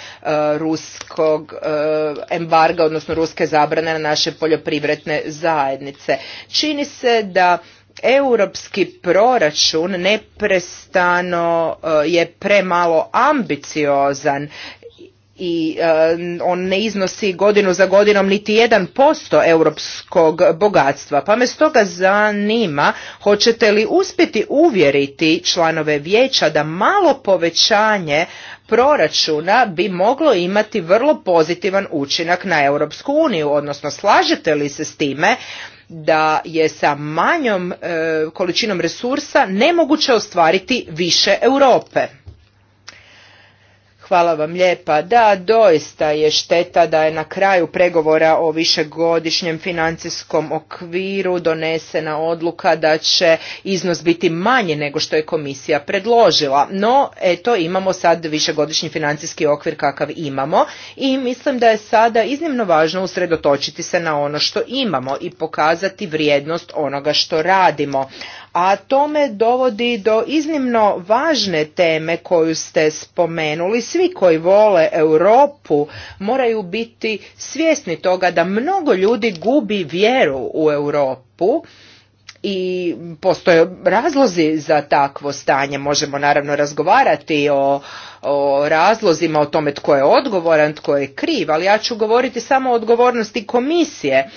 ruskog e, embarga odnosno ruske zabrane na naše poljoprivredne zajednice čini se da europski proračun neprestano je premalo ambiciozan i e, on ne iznosi godinu za godinom niti jedan posto europskog bogatstva pa me stoga zanima hoćete li uspjeti uvjeriti članove vijeća da malo povećanje proračuna bi moglo imati vrlo pozitivan učinak na europsku uniju odnosno slažete li se s time da je sa manjom e, količinom resursa nemoguće ostvariti više europe Hvala vam lijepa. Da, doista je šteta da je na kraju pregovora o višegodišnjem financijskom okviru donesena odluka da će iznos biti manji nego što je komisija predložila. No, eto, imamo sad višegodišnji financijski okvir kakav imamo i mislim da je sada iznimno važno usredotočiti se na ono što imamo i pokazati vrijednost onoga što radimo a to me dovodi do iznimno važne teme koju ste spomenuli. Svi koji vole Europu moraju biti svjesni toga da mnogo ljudi gubi vjeru u Europu i postoje razlozi za takvo stanje. Možemo naravno razgovarati o, o razlozima, o tome tko je odgovoran, tko je kriv, ali ja ću govoriti samo o odgovornosti komisije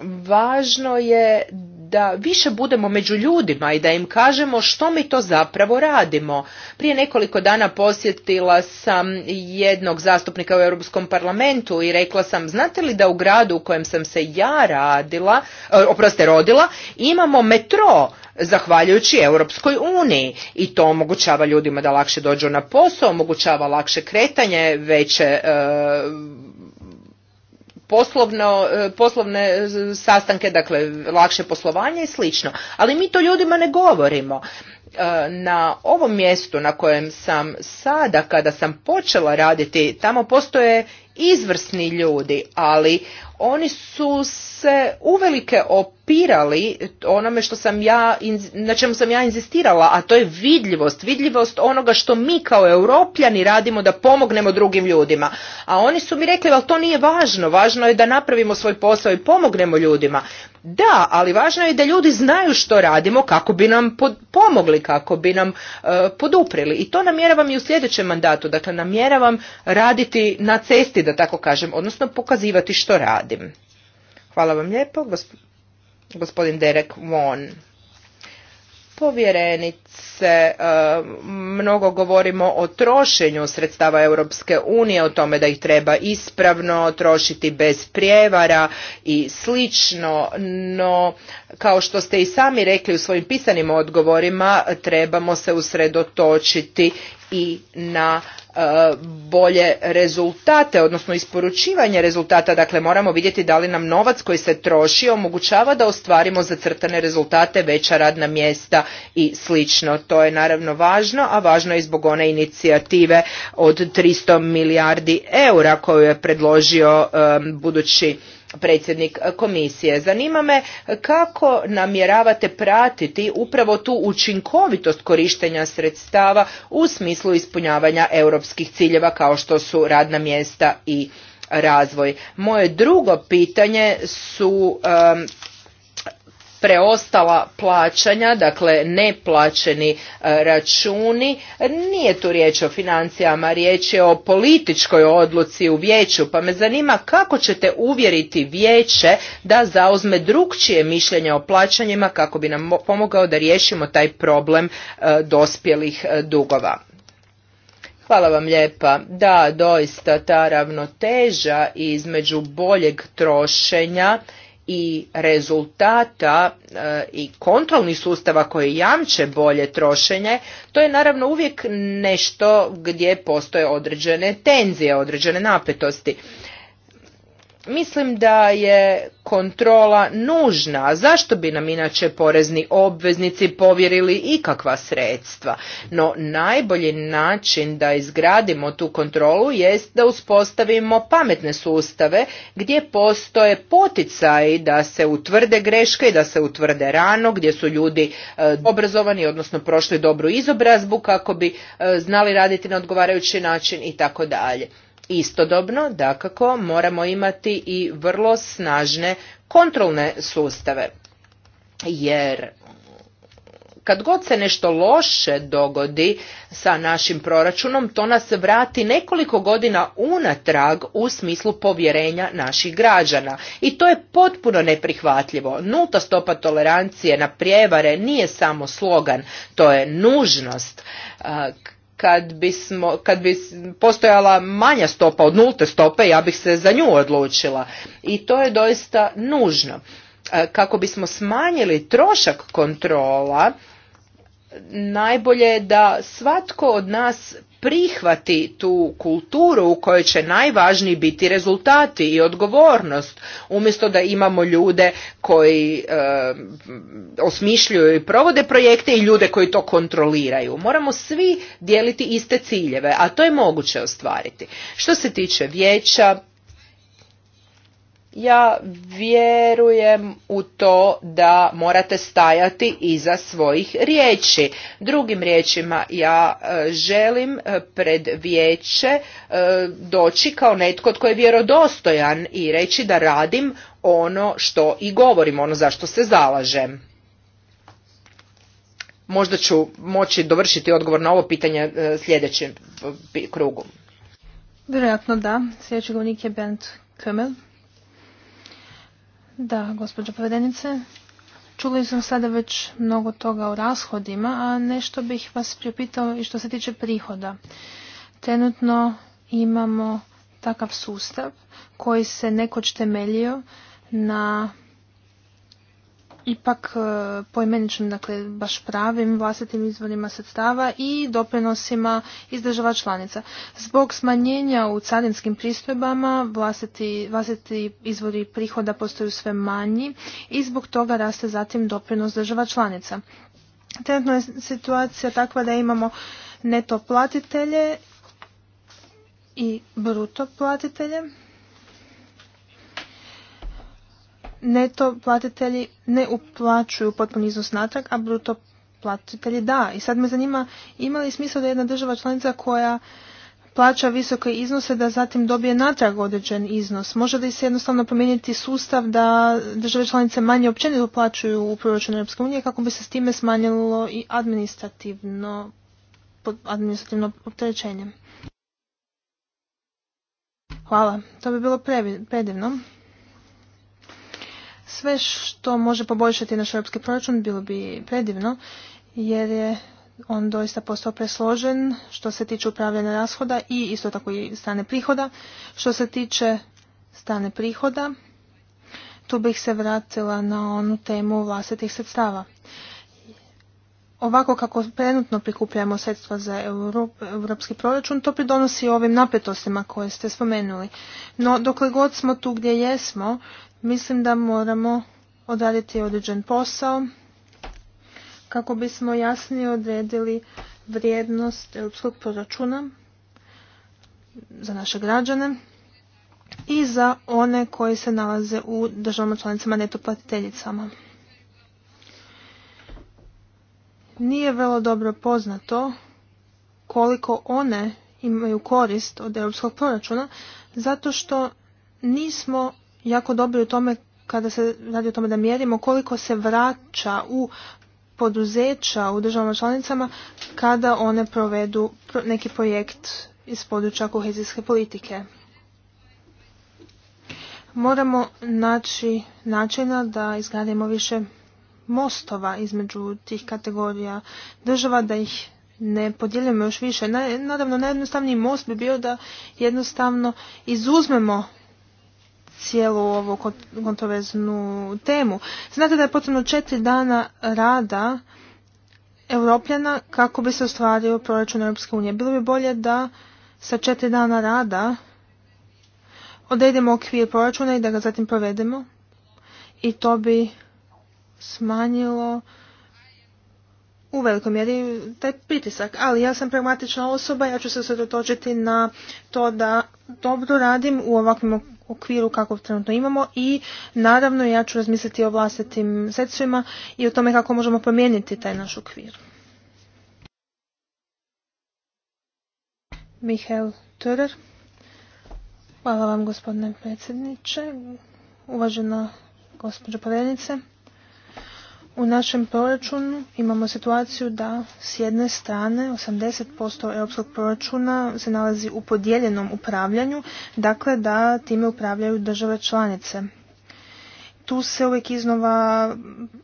važno je da više budemo među ljudima i da im kažemo što mi to zapravo radimo. Prije nekoliko dana posjetila sam jednog zastupnika u Europskom parlamentu i rekla sam, znate li da u gradu u kojem sam se ja radila, e, oproste rodila, imamo metro zahvaljujući Europskoj uniji i to omogućava ljudima da lakše dođu na posao, omogućava lakše kretanje, veće e, poslovno, e, poslovne e, sastanke, dakle lakše poslovanje i slično. Ali mi to ljudima ne govorimo. E, na ovom mjestu na kojem sam sada, kada sam počela raditi, tamo postoje izvrsni ljudi, ali oni su se uvelike opirali onome što sam ja, na čemu sam ja inzistirala, a to je vidljivost, vidljivost onoga što mi kao europljani radimo da pomognemo drugim ljudima. A oni su mi rekli, ali to nije važno, važno je da napravimo svoj posao i pomognemo ljudima. Da, ali važno je da ljudi znaju što radimo kako bi nam pomogli, kako bi nam e, poduprili. I to namjeravam i u sljedećem mandatu, dakle namjeravam raditi na cesti, da tako kažem, odnosno pokazivati što radi radim. Hvala vam lijepo, gospodin Derek Von. Povjerenice, e, mnogo govorimo o trošenju sredstava Europske unije, o tome da ih treba ispravno trošiti bez prijevara i slično, no kao što ste i sami rekli u svojim pisanim odgovorima, trebamo se usredotočiti i na E, bolje rezultate, odnosno isporučivanje rezultata. Dakle, moramo vidjeti da li nam novac koji se troši omogućava da ostvarimo zacrtane rezultate, veća radna mjesta i slično. To je naravno važno, a važno je i zbog one inicijative od 300 milijardi eura koju je predložio e, budući predsjednik komisije. Zanima me kako namjeravate pratiti upravo tu učinkovitost korištenja sredstava u smislu ispunjavanja europskih ciljeva kao što su radna mjesta i razvoj. Moje drugo pitanje su preostala plaćanja, dakle neplaćeni e, računi, nije tu riječ o financijama, riječ je o političkoj odluci u vijeću, pa me zanima kako ćete uvjeriti vijeće da zauzme drugčije mišljenje o plaćanjima kako bi nam pomogao da riješimo taj problem e, dospjelih e, dugova. Hvala vam lijepa. Da, doista ta ravnoteža između boljeg trošenja i rezultata e, i kontrolnih sustava koji jamče bolje trošenje, to je naravno uvijek nešto gdje postoje određene tenzije, određene napetosti. Mislim da je kontrola nužna. Zašto bi nam inače porezni obveznici povjerili ikakva sredstva? No najbolji način da izgradimo tu kontrolu jest da uspostavimo pametne sustave gdje postoje poticaji da se utvrde greške i da se utvrde rano, gdje su ljudi e, obrazovani, odnosno prošli dobru izobrazbu kako bi e, znali raditi na odgovarajući način i tako dalje. Istodobno, dakako, moramo imati i vrlo snažne kontrolne sustave, jer kad god se nešto loše dogodi sa našim proračunom, to nas vrati nekoliko godina unatrag u smislu povjerenja naših građana. I to je potpuno neprihvatljivo. Nulta stopa tolerancije na prijevare nije samo slogan, to je nužnost kad, kad bi postojala manja stopa od nulte stope, ja bih se za nju odlučila. I to je doista nužno. E, kako bismo smanjili trošak kontrola, najbolje je da svatko od nas prihvati tu kulturu u kojoj će najvažniji biti rezultati i odgovornost umjesto da imamo ljude koji e, eh, osmišljuju i provode projekte i ljude koji to kontroliraju moramo svi dijeliti iste ciljeve a to je moguće ostvariti što se tiče vijeća ja vjerujem u to da morate stajati iza svojih riječi. Drugim riječima, ja e, želim e, pred vijeće e, doći kao netko tko je vjerodostojan i reći da radim ono što i govorim, ono za što se zalažem. Možda ću moći dovršiti odgovor na ovo pitanje sljedećem krugu. Vjerojatno da. Sljedeći govornik je Bent Kömel. Da, gospođo povedenice, čuli sam sada već mnogo toga o rashodima, a nešto bih vas priopitao i što se tiče prihoda. Trenutno imamo takav sustav koji se nekoć temeljio na ipak e, poimeničnim, dakle baš pravim vlastitim izvorima sredstava i doprinosima iz država članica. Zbog smanjenja u carinskim pristojbama vlastiti, vlastiti izvori prihoda postaju sve manji i zbog toga raste zatim doprinos država članica. Trenutno je situacija takva da imamo neto platitelje i bruto platitelje neto platitelji ne uplaćuju potpuni iznos natrag, a bruto platitelji da. I sad me zanima ima li smisla da jedna država članica koja plaća visoke iznose da zatim dobije natrag određen iznos. Može li se jednostavno promijeniti sustav da države članice manje općenito uplaćuju u proračun Europske unije kako bi se s time smanjilo i administrativno, administrativno opterećenje? Hvala. To bi bilo predivno. Sve što može poboljšati naš europski proračun bilo bi predivno, jer je on doista postao presložen što se tiče upravljanja rashoda i isto tako i strane prihoda. Što se tiče stane prihoda, tu bih se vratila na onu temu vlastitih sredstava. Ovako kako trenutno prikupljamo sredstva za europski proračun, to pridonosi ovim napetostima koje ste spomenuli. No, dokle god smo tu gdje jesmo, Mislim da moramo odraditi određen posao kako bismo jasnije odredili vrijednost europskog proračuna za naše građane i za one koji se nalaze u državama članicama netoplatiteljicama. Nije vrlo dobro poznato koliko one imaju korist od europskog proračuna zato što nismo jako dobri u tome kada se radi o tome da mjerimo koliko se vraća u poduzeća u državama članicama kada one provedu neki projekt iz područja kohezijske politike. Moramo naći načina da izgradimo više mostova između tih kategorija država, da ih ne podijelimo još više. Naravno, najjednostavniji most bi bio da jednostavno izuzmemo cijelu ovu kontroverznu temu. Znate da je potrebno četiri dana rada Europljana kako bi se ostvario proračun Europske unije. Bilo bi bolje da sa četiri dana rada odredimo okvir proračuna i da ga zatim provedemo. I to bi smanjilo u velikoj mjeri taj pritisak. Ali ja sam pragmatična osoba, ja ću se usredotočiti na to da dobro radim u ovakvim okviru kakvog trenutno imamo i naravno ja ću razmisliti o vlastitim sredstvima i o tome kako možemo promijeniti taj naš okvir. Mihael Hvala vam gospodine predsjedniče, uvažena gospođo povjerenice. U našem proračunu imamo situaciju da s jedne strane 80% europskog proračuna se nalazi u podijeljenom upravljanju, dakle da time upravljaju države članice. Tu se uvijek iznova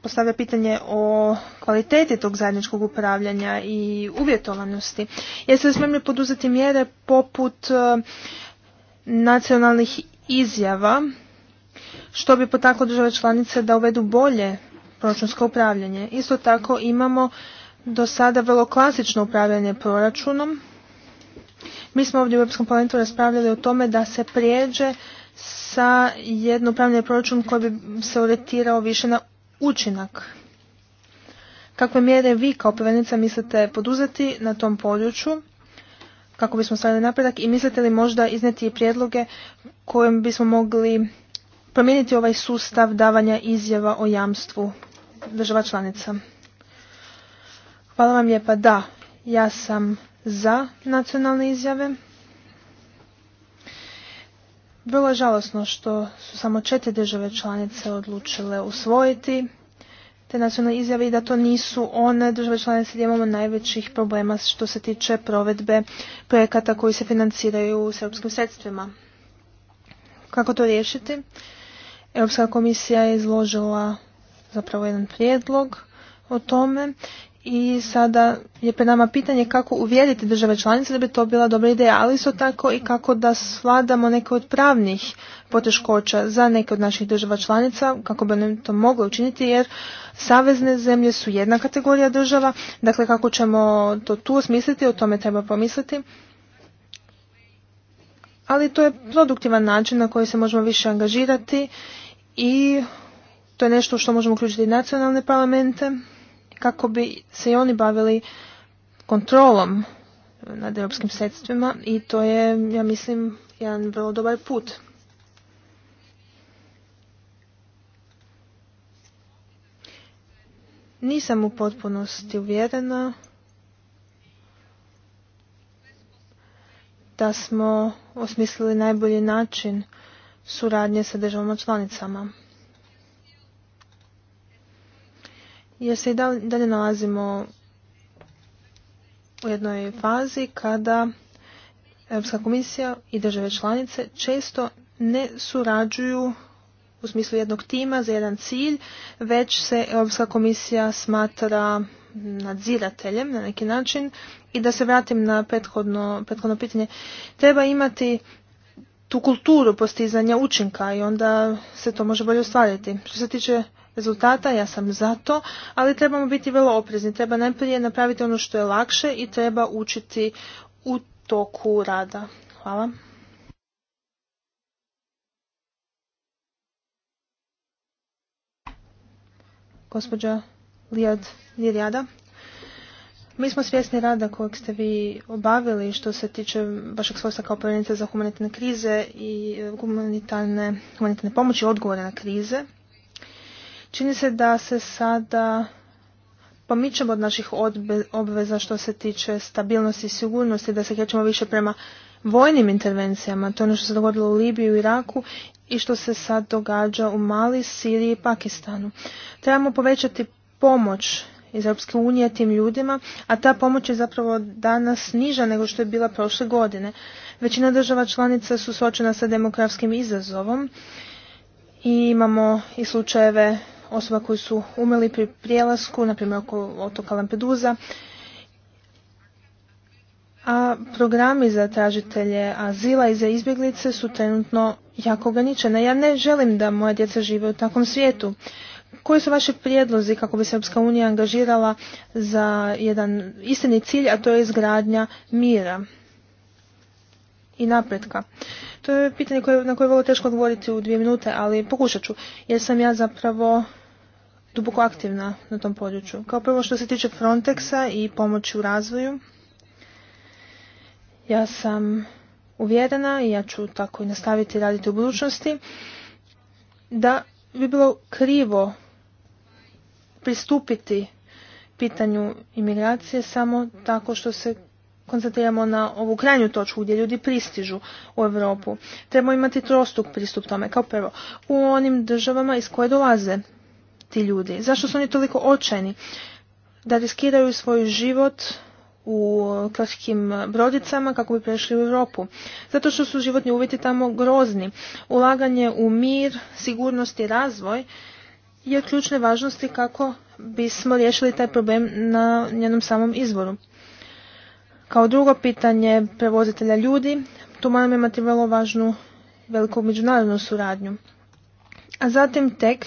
postavlja pitanje o kvaliteti tog zajedničkog upravljanja i uvjetovanosti. Jeste li spremni poduzeti mjere poput e, nacionalnih izjava što bi potaklo države članice da uvedu bolje proračunsko upravljanje. Isto tako imamo do sada vrlo klasično upravljanje proračunom. Mi smo ovdje u Europskom parlamentu raspravljali o tome da se prijeđe sa jedno upravljanje proračun koji bi se orijentirao više na učinak. Kakve mjere vi kao povjerenica mislite poduzeti na tom području kako bismo stavili napredak i mislite li možda izneti prijedloge kojim bismo mogli promijeniti ovaj sustav davanja izjava o jamstvu država članica. Hvala vam lijepa. Da, ja sam za nacionalne izjave. Bilo je žalosno što su samo četiri države članice odlučile usvojiti te nacionalne izjave i da to nisu one države članice gdje imamo najvećih problema što se tiče provedbe projekata koji se financiraju s europskim sredstvima. Kako to riješiti? Europska komisija je izložila zapravo jedan prijedlog o tome i sada je pred nama pitanje kako uvjeriti države članice da bi to bila dobra ideja, ali isto tako i kako da svladamo neke od pravnih poteškoća za neke od naših država članica, kako bi nam to mogli učiniti, jer savezne zemlje su jedna kategorija država, dakle kako ćemo to tu osmisliti, o tome treba pomisliti. Ali to je produktivan način na koji se možemo više angažirati i to je nešto što možemo uključiti i nacionalne parlamente kako bi se i oni bavili kontrolom nad europskim sredstvima i to je, ja mislim, jedan vrlo dobar put. Nisam u potpunosti uvjerena da smo osmislili najbolji način suradnje sa državama članicama. jer se i dalje nalazimo u jednoj fazi kada Europska komisija i države članice često ne surađuju u smislu jednog tima za jedan cilj, već se Europska komisija smatra nadzirateljem na neki način i da se vratim na prethodno, prethodno pitanje, treba imati tu kulturu postizanja učinka i onda se to može bolje ostvariti. Što se tiče rezultata, ja sam za to, ali trebamo biti vrlo oprezni. Treba najprije napraviti ono što je lakše i treba učiti u toku rada. Hvala. Gospođa Lijad Mi smo svjesni rada kojeg ste vi obavili što se tiče vašeg svojstva kao povjerenica za humanitarne krize i humanitarne, humanitarne pomoći, odgovore na krize. Čini se da se sada pomičemo od naših obveza što se tiče stabilnosti i sigurnosti, da se krećemo više prema vojnim intervencijama. To je ono što se dogodilo u Libiji, i Iraku i što se sad događa u Mali, Siriji i Pakistanu. Trebamo povećati pomoć iz Europske unije tim ljudima, a ta pomoć je zapravo danas niža nego što je bila prošle godine. Većina država članica su suočena sa demografskim izazovom i imamo i slučajeve osoba koji su umeli pri prijelasku, na oko otoka Lampedusa. A programi za tražitelje azila i za izbjeglice su trenutno jako ograničene. Ja ne želim da moja djeca žive u takvom svijetu. Koji su vaši prijedlozi kako bi se Europska unija angažirala za jedan istini cilj, a to je izgradnja mira i napretka? To je pitanje na koje je vrlo teško odgovoriti u dvije minute, ali pokušat ću, jer sam ja zapravo duboko aktivna na tom području. Kao prvo što se tiče Frontexa i pomoći u razvoju, ja sam uvjerena i ja ću tako i nastaviti raditi u budućnosti, da bi bilo krivo pristupiti pitanju imigracije samo tako što se koncentriramo na ovu krajnju točku gdje ljudi pristižu u Europu. Trebamo imati trostup pristup tome. Kao prvo, u onim državama iz koje dolaze ti ljudi? Zašto su oni toliko očajni da riskiraju svoj život u krškim brodicama kako bi prešli u Europu. Zato što su životni uvjeti tamo grozni. Ulaganje u mir, sigurnost i razvoj je ključne važnosti kako bismo riješili taj problem na njenom samom izvoru. Kao drugo pitanje prevozitelja ljudi, tu moram imati vrlo važnu veliku međunarodnu suradnju. A zatim tek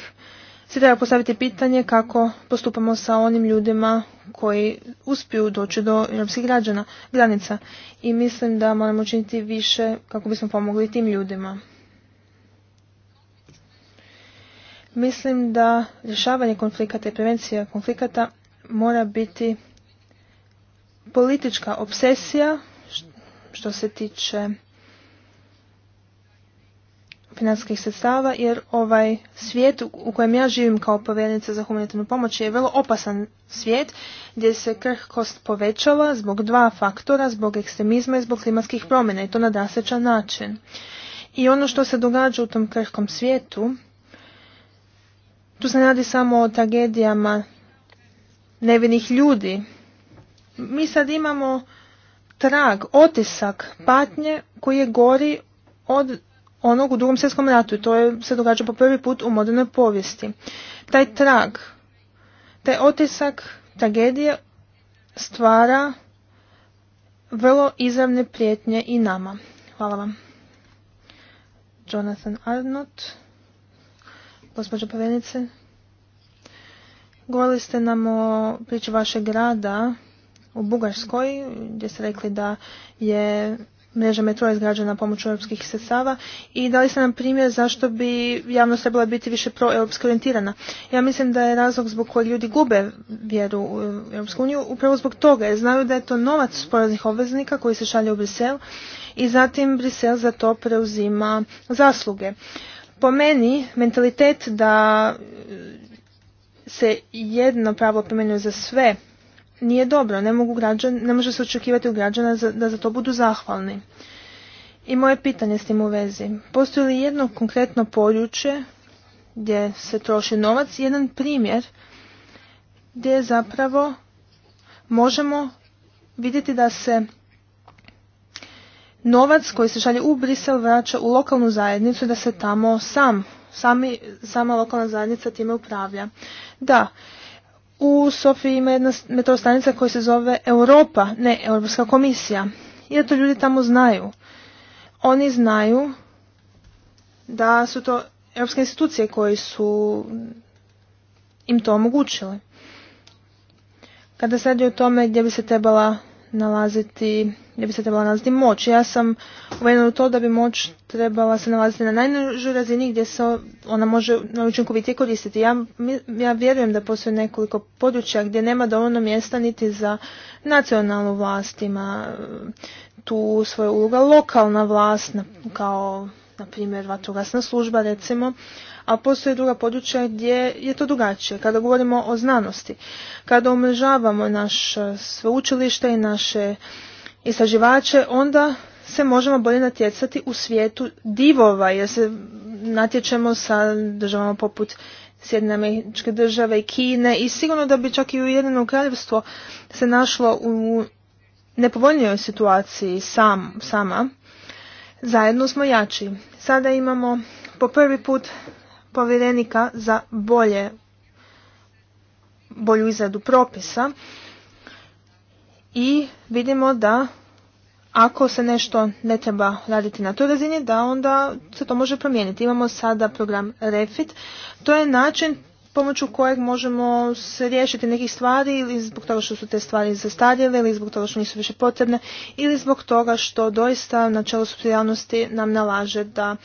se treba postaviti pitanje kako postupamo sa onim ljudima koji uspiju doći do europskih građana, granica i mislim da moramo učiniti više kako bismo pomogli tim ljudima. Mislim da rješavanje konflikata i prevencija konflikata mora biti politička obsesija što se tiče financijskih sredstava jer ovaj svijet u kojem ja živim kao povjerenica za humanitarnu pomoć je vrlo opasan svijet gdje se krhkost povećala zbog dva faktora, zbog ekstremizma i zbog klimatskih promjena i to na drastičan način. I ono što se događa u tom krhkom svijetu, tu se radi samo o tragedijama nevinih ljudi. Mi sad imamo trag, otisak patnje koji je gori od onog u drugom svjetskom ratu i to je, se događa po prvi put u modernoj povijesti. Taj trag, taj otisak tragedije stvara vrlo izravne prijetnje i nama. Hvala vam. Jonathan Arnott, gospođo povjednice, govorili ste nam o priči vašeg grada u Bugarskoj, gdje ste rekli da je mreža metroa izgrađena pomoću europskih sredstava i dali ste nam primjer zašto bi javnost trebala biti više proeuropski orijentirana. Ja mislim da je razlog zbog kojeg ljudi gube vjeru u Europsku uniju upravo zbog toga jer znaju da je to novac sporaznih obveznika koji se šalje u Brisel i zatim Brisel za to preuzima zasluge. Po meni mentalitet da se jedno pravo primjenjuje za sve nije dobro. Ne, mogu građan, ne može se očekivati u građana da za to budu zahvalni. I moje pitanje s tim u vezi. Postoji li jedno konkretno područje gdje se troši novac, jedan primjer gdje zapravo možemo vidjeti da se novac koji se šalje u Brisel vraća u lokalnu zajednicu i da se tamo sam, sami, sama lokalna zajednica time upravlja. Da, u Sofiji ima jedna metrostanica koja se zove Europa, ne Europska komisija. da to ljudi tamo znaju. Oni znaju da su to europske institucije koje su im to omogućile. Kada se radi o tome gdje bi se trebala nalaziti gdje bi se trebala nalaziti moć. Ja sam uvjerena u to da bi moć trebala se nalaziti na najnižoj razini gdje se ona može učinkovitije koristiti. Ja, ja vjerujem da postoje nekoliko područja gdje nema dovoljno mjesta niti za nacionalnu vlast. Ima e, tu svoju uloga lokalna vlast kao na primjer vatrogasna služba recimo, a postoje druga područja gdje je to drugačije. Kada govorimo o znanosti, kada umrežavamo naše sveučilište i naše istraživače, onda se možemo bolje natjecati u svijetu divova, jer se natječemo sa državama poput Sjedine američke države i Kine i sigurno da bi čak i Ujedinjeno kraljevstvo se našlo u nepovoljnijoj situaciji sam, sama. Zajedno smo jači. Sada imamo po prvi put povjerenika za bolje, bolju izradu propisa i vidimo da ako se nešto ne treba raditi na toj razini, da onda se to može promijeniti. Imamo sada program REFIT. To je način pomoću kojeg možemo se riješiti nekih stvari ili zbog toga što su te stvari zastarjele ili zbog toga što nisu više potrebne ili zbog toga što doista načelo subsidijalnosti nam nalaže da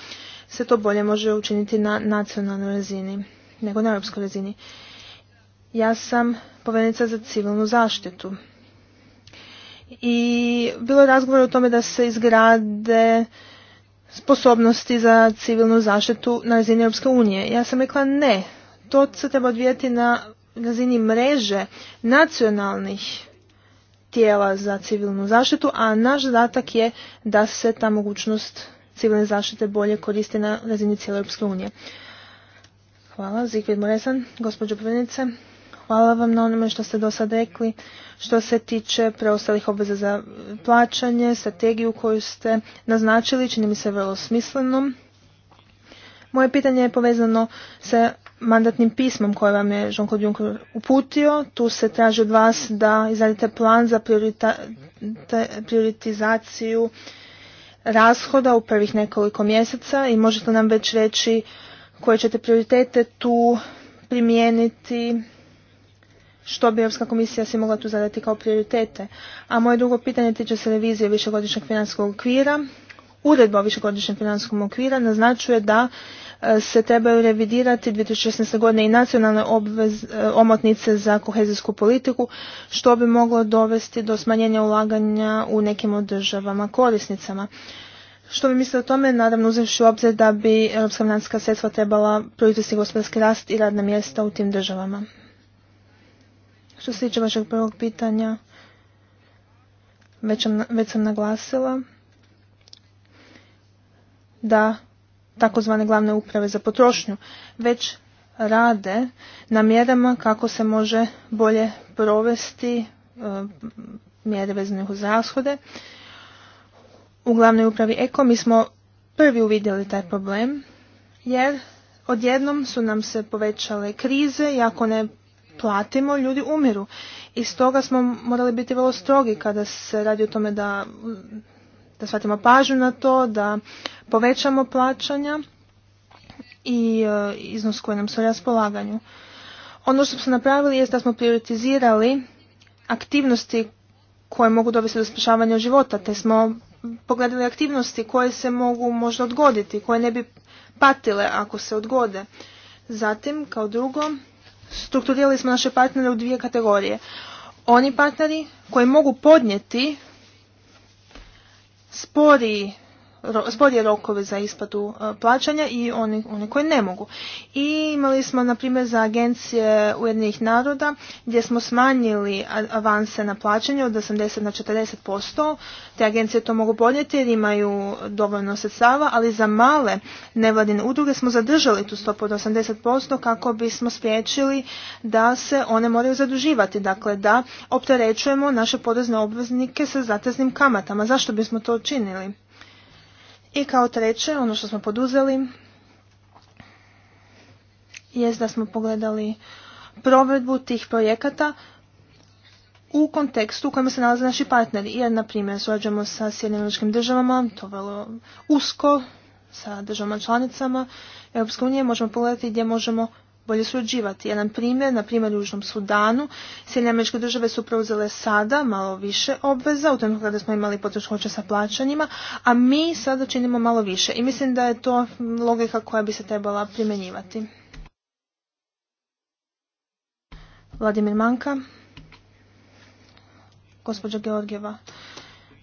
se to bolje može učiniti na nacionalnoj razini nego na europskoj razini. Ja sam povednica za civilnu zaštitu i bilo je razgovora o tome da se izgrade sposobnosti za civilnu zaštitu na razini Europske unije. Ja sam rekla ne, to se treba odvijati na razini mreže nacionalnih tijela za civilnu zaštitu, a naš zadatak je da se ta mogućnost civilne zaštite bolje koristi na razini cijele Europske unije. Hvala, Zikvid Moresan, gospođo Povjednice. Hvala vam na onome što ste do sad rekli. Što se tiče preostalih obveza za plaćanje, strategiju koju ste naznačili, čini mi se vrlo smislenom. Moje pitanje je povezano sa mandatnim pismom koje vam je Jean-Claude Juncker uputio. Tu se traži od vas da izradite plan za prioritizaciju rashoda u prvih nekoliko mjeseca i možete nam već reći koje ćete prioritete tu primijeniti što bi Europska komisija si mogla tu zadati kao prioritete. A moje drugo pitanje tiče se revizije višegodišnjeg financijskog okvira. Uredba o višegodišnjem financijskom okvira naznačuje da e, se trebaju revidirati 2016. godine i nacionalne obvez, e, omotnice za kohezijsku politiku, što bi moglo dovesti do smanjenja ulaganja u nekim od državama korisnicama. Što bi mislite o tome? Naravno, uzevši u obzir da bi europska financijska sredstva trebala proizvesti gospodarski rast i radna mjesta u tim državama. Što se tiče vašeg prvog pitanja, već sam, već sam naglasila da takozvane glavne uprave za potrošnju već rade na mjerama kako se može bolje provesti e, mjere vezane uz rashode. U glavnoj upravi Eko mi smo prvi uvidjeli taj problem jer odjednom su nam se povećale krize i ako ne platimo, ljudi umiru. I stoga smo morali biti vrlo strogi kada se radi o tome da, da shvatimo pažnju na to, da povećamo plaćanja i eh, iznos koji nam se u raspolaganju. Ono što smo napravili je da smo prioritizirali aktivnosti koje mogu dovesti do spašavanja života, te smo pogledali aktivnosti koje se mogu možda odgoditi, koje ne bi patile ako se odgode. Zatim, kao drugo, strukturirali smo naše partnere u dvije kategorije. Oni partneri koji mogu podnijeti sporiji sporije rokove za isplatu e, plaćanja i oni, oni koji ne mogu. I imali smo, na primjer, za agencije ujednih naroda gdje smo smanjili avanse na plaćanje od 80 na 40%. Te agencije to mogu podnijeti jer imaju dovoljno sredstava, ali za male nevladine udruge smo zadržali tu stopu od 80% kako bismo spriječili da se one moraju zaduživati. Dakle, da opterećujemo naše porezne obveznike sa zateznim kamatama. Zašto bismo to činili? I kao treće, ono što smo poduzeli je da smo pogledali provedbu tih projekata u kontekstu u kojem se nalaze naši partneri. Jer, na primjer, surađujemo sa Sjedinjeničkim državama, to vrlo usko, sa državama članicama Europske unije, možemo pogledati gdje možemo bolje surađivati. Jedan primjer, na primjer u Južnom Sudanu, Sjedinje američke države su preuzele sada malo više obveza, u trenutku kada smo imali poteškoće sa plaćanjima, a mi sada činimo malo više. I mislim da je to logika koja bi se trebala primjenjivati. Vladimir Manka, gospođa Georgijeva.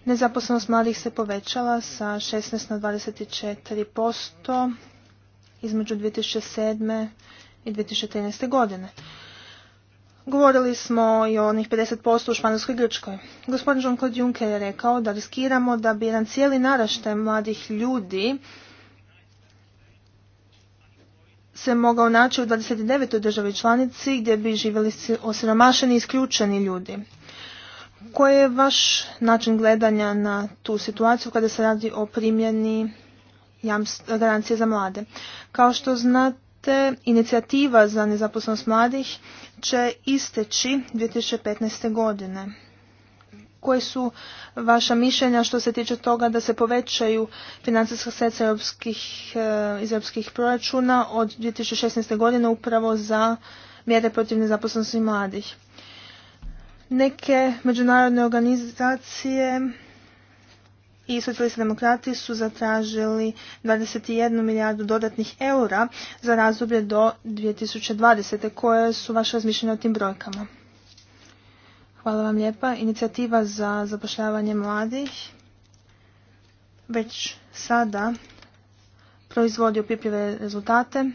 Nezaposlenost mladih se povećala sa 16 na 24 posto između 2007 i 2013. godine. Govorili smo i o onih 50% u Španjolskoj Grčkoj. Gospodin Jean-Claude Juncker je rekao da riskiramo da bi jedan cijeli naraštaj mladih ljudi se mogao naći u 29. državi članici gdje bi živjeli osiromašeni i isključeni ljudi. Koji je vaš način gledanja na tu situaciju kada se radi o primjeni garancije za mlade? Kao što znate, te inicijativa za nezaposlenost mladih će isteći 2015. godine. Koje su vaša mišljenja što se tiče toga da se povećaju financijska sredstva e, iz europskih proračuna od 2016. godine upravo za mjere protiv nezaposlenosti mladih? Neke međunarodne organizacije i socijalisti demokrati su zatražili 21 milijardu dodatnih eura za razdoblje do 2020. koje su vaše razmišljene o tim brojkama. Hvala vam lijepa. Inicijativa za zapošljavanje mladih već sada proizvodi opipljive rezultate.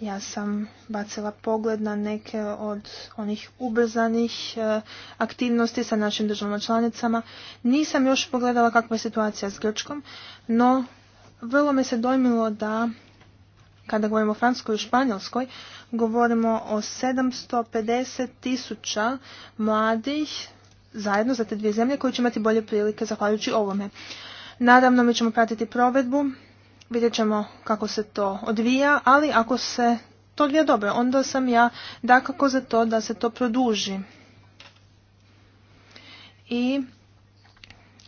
Ja sam bacila pogled na neke od onih ubrzanih e, aktivnosti sa našim državama članicama. Nisam još pogledala kakva je situacija s Grčkom, no vrlo me se dojmilo da kada govorimo o Francuskoj i Španjolskoj, govorimo o 750 tisuća mladih zajedno za te dvije zemlje koji će imati bolje prilike zahvaljujući ovome. Naravno, mi ćemo pratiti provedbu vidjet ćemo kako se to odvija, ali ako se to odvija dobro, onda sam ja dakako za to da se to produži. I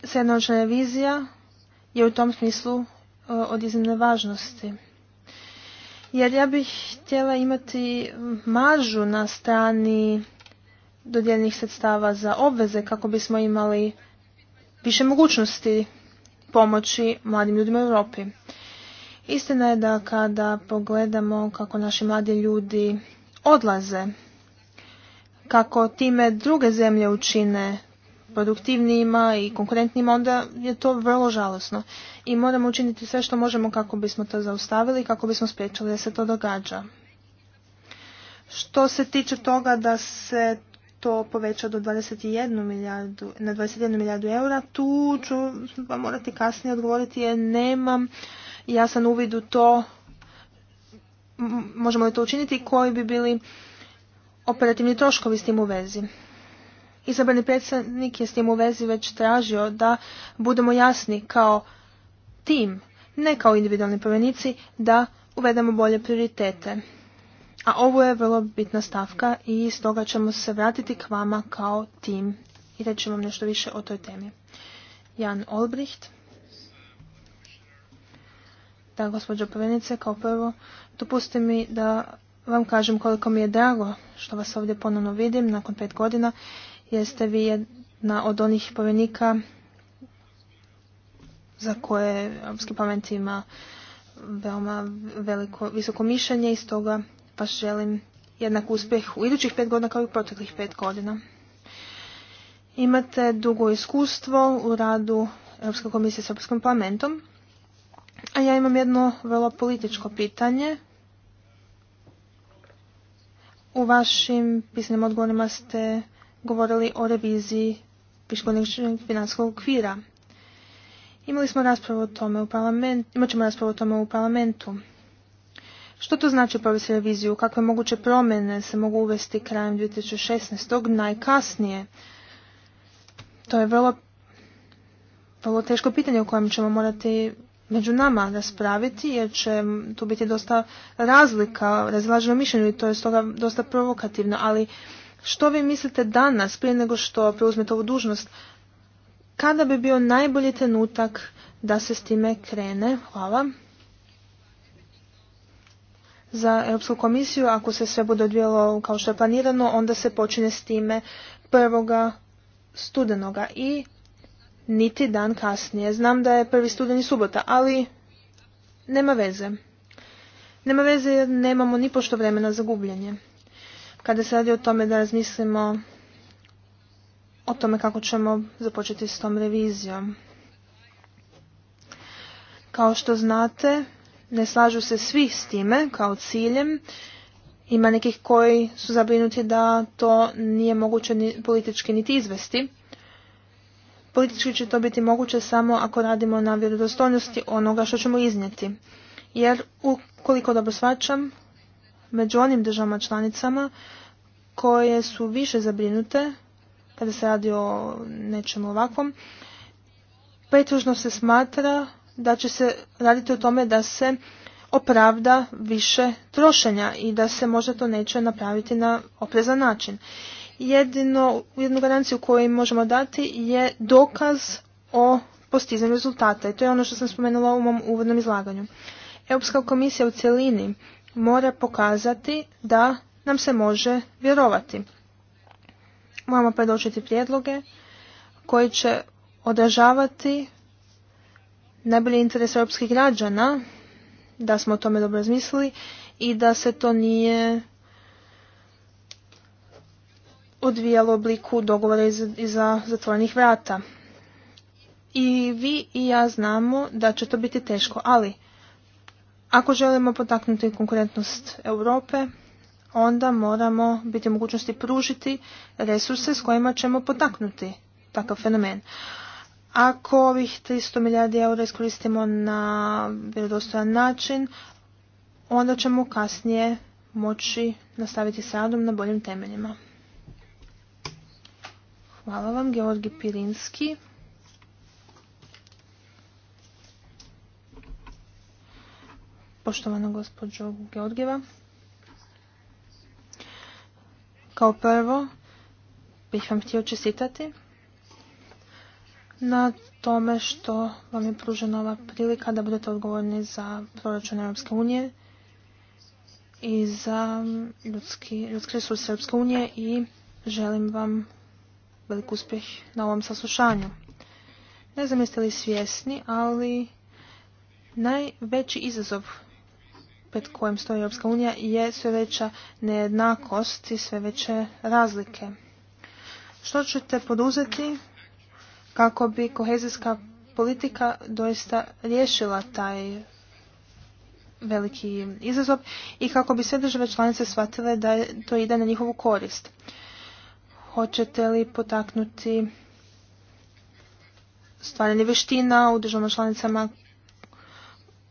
srednoročna revizija je u tom smislu e, od iznimne važnosti. Jer ja bih htjela imati maržu na strani dodijeljenih sredstava za obveze kako bismo imali više mogućnosti pomoći mladim ljudima u Europi. Istina je da kada pogledamo kako naši mladi ljudi odlaze, kako time druge zemlje učine produktivnijima i konkurentnijima, onda je to vrlo žalosno. I moramo učiniti sve što možemo kako bismo to zaustavili i kako bismo spriječili da se to događa. Što se tiče toga da se to poveća do 21 milijardu, na 21 milijardu eura, tu ću vam morati kasnije odgovoriti jer nemam jasan uvid u to, možemo li to učiniti, koji bi bili operativni troškovi s tim u vezi. Izabrani predsjednik je s tim u vezi već tražio da budemo jasni kao tim, ne kao individualni povjerenici, da uvedemo bolje prioritete. A ovo je vrlo bitna stavka i stoga ćemo se vratiti k vama kao tim i reći vam nešto više o toj temi. Jan Olbricht. Da, gospođo prvenice kao prvo, dopustite mi da vam kažem koliko mi je drago što vas ovdje ponovno vidim nakon pet godina, jeste ste vi jedna od onih prvenika za koje Europski parlament ima veoma veliko, visoko mišljenje i stoga vas želim jednak uspjeh u idućih pet godina kao i u proteklih pet godina. Imate dugo iskustvo u radu Europske komisije s Europskim parlamentom a ja imam jedno vrlo političko pitanje. U vašim pisanim odgovorima ste govorili o reviziji piškodnih financijskog okvira. Imali smo raspravu o tome u parlamentu, imat ćemo raspravu o tome u parlamentu. Što to znači provesti reviziju? Kakve moguće promjene se mogu uvesti krajem 2016. najkasnije? To je vrlo, vrlo teško pitanje o kojem ćemo morati među nama raspraviti jer će tu biti dosta razlika, razlaženo mišljenju i to je stoga dosta provokativno, ali što vi mislite danas prije nego što preuzmete ovu dužnost, kada bi bio najbolji trenutak da se s time krene? Hvala. Za Europsku komisiju, ako se sve bude odvijelo kao što je planirano, onda se počine s time prvoga studenoga i niti dan kasnije. Znam da je prvi studeni subota, ali nema veze. Nema veze jer nemamo ni pošto vremena za gubljenje. Kada se radi o tome da razmislimo o tome kako ćemo započeti s tom revizijom. Kao što znate, ne slažu se svi s time kao ciljem. Ima nekih koji su zabrinuti da to nije moguće ni politički niti izvesti. Politički će to biti moguće samo ako radimo na vjerodostojnosti onoga što ćemo iznijeti. Jer ukoliko dobro svačam, među onim državama članicama koje su više zabrinute, kada se radi o nečem ovakvom, pretužno se smatra da će se raditi o tome da se opravda više trošenja i da se možda to neće napraviti na oprezan način jedino, jednu garanciju koju im možemo dati je dokaz o postizanju rezultata i to je ono što sam spomenula u mom uvodnom izlaganju. Europska komisija u cjelini mora pokazati da nam se može vjerovati. Moramo predočiti prijedloge koji će odražavati najbolji interes europskih građana, da smo o tome dobro razmislili i da se to nije odvijalo u obliku dogovora iza zatvorenih vrata. I vi i ja znamo da će to biti teško, ali ako želimo potaknuti konkurentnost Europe, onda moramo biti u mogućnosti pružiti resurse s kojima ćemo potaknuti takav fenomen. Ako ovih 300 milijardi eura iskoristimo na vjerodostojan način, onda ćemo kasnije moći nastaviti s radom na boljim temeljima. Hvala vam, Georgi Pirinski. Poštovana gospođo Georgijeva, kao prvo bih vam htio čestitati na tome što vam je pružena ova prilika da budete odgovorni za proračun Europske unije i za ljudski, ljudski resurs Europske unije i želim vam velik uspjeh na ovom saslušanju. Ne znam jeste li svjesni, ali najveći izazov pred kojem stoji Europska unija je sve veća nejednakost i sve veće razlike. Što ćete poduzeti kako bi kohezijska politika doista riješila taj veliki izazov i kako bi sve države članice shvatile da to ide na njihovu korist. Hoćete li potaknuti stvaranje vještina u državama članicama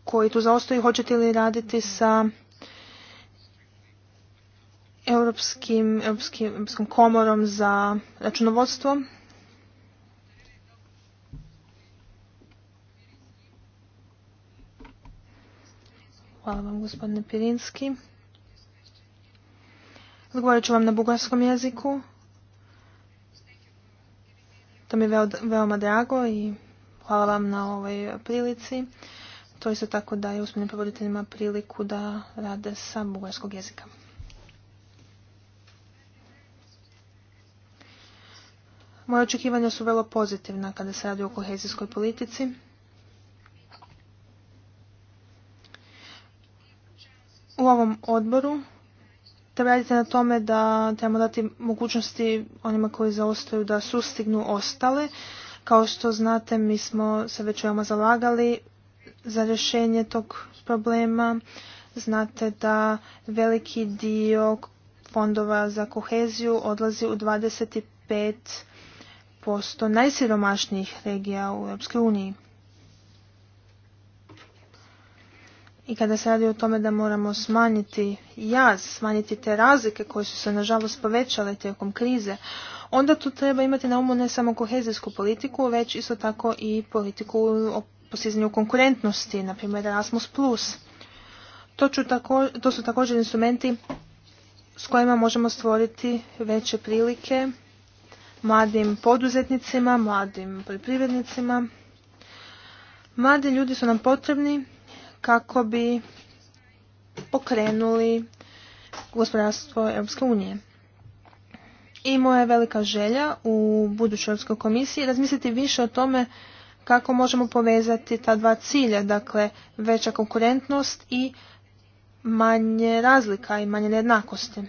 koji tu zaostaju? Hoćete li raditi sa Europskim, Europskim, europskim komorom za računovodstvo? Hvala vam gospodine Pirinski. Odgovorit ću vam na bugarskom jeziku. To mi je veoma drago i hvala vam na ovoj prilici. To isto tako da je usmenim prevoditeljima priliku da rade sa bugarskog jezika. Moje očekivanja su vrlo pozitivna kada se radi o kohezijskoj politici. U ovom odboru treba raditi na tome da trebamo dati mogućnosti onima koji zaostaju da sustignu ostale. Kao što znate, mi smo se već veoma zalagali za rješenje tog problema. Znate da veliki dio fondova za koheziju odlazi u 25% najsiromašnijih regija u EU. i kada se radi o tome da moramo smanjiti jaz, smanjiti te razlike koje su se nažalost povećale tijekom krize, onda tu treba imati na umu ne samo kohezijsku politiku, već isto tako i politiku o postizanju konkurentnosti, na primjer Erasmus+. To, tako, to su također instrumenti s kojima možemo stvoriti veće prilike mladim poduzetnicima, mladim poljoprivrednicima. Mladi ljudi su nam potrebni kako bi pokrenuli gospodarstvo Europske unije. I moja je velika želja u budućoj Europskoj komisiji razmisliti više o tome kako možemo povezati ta dva cilja, dakle veća konkurentnost i manje razlika i manje nejednakosti.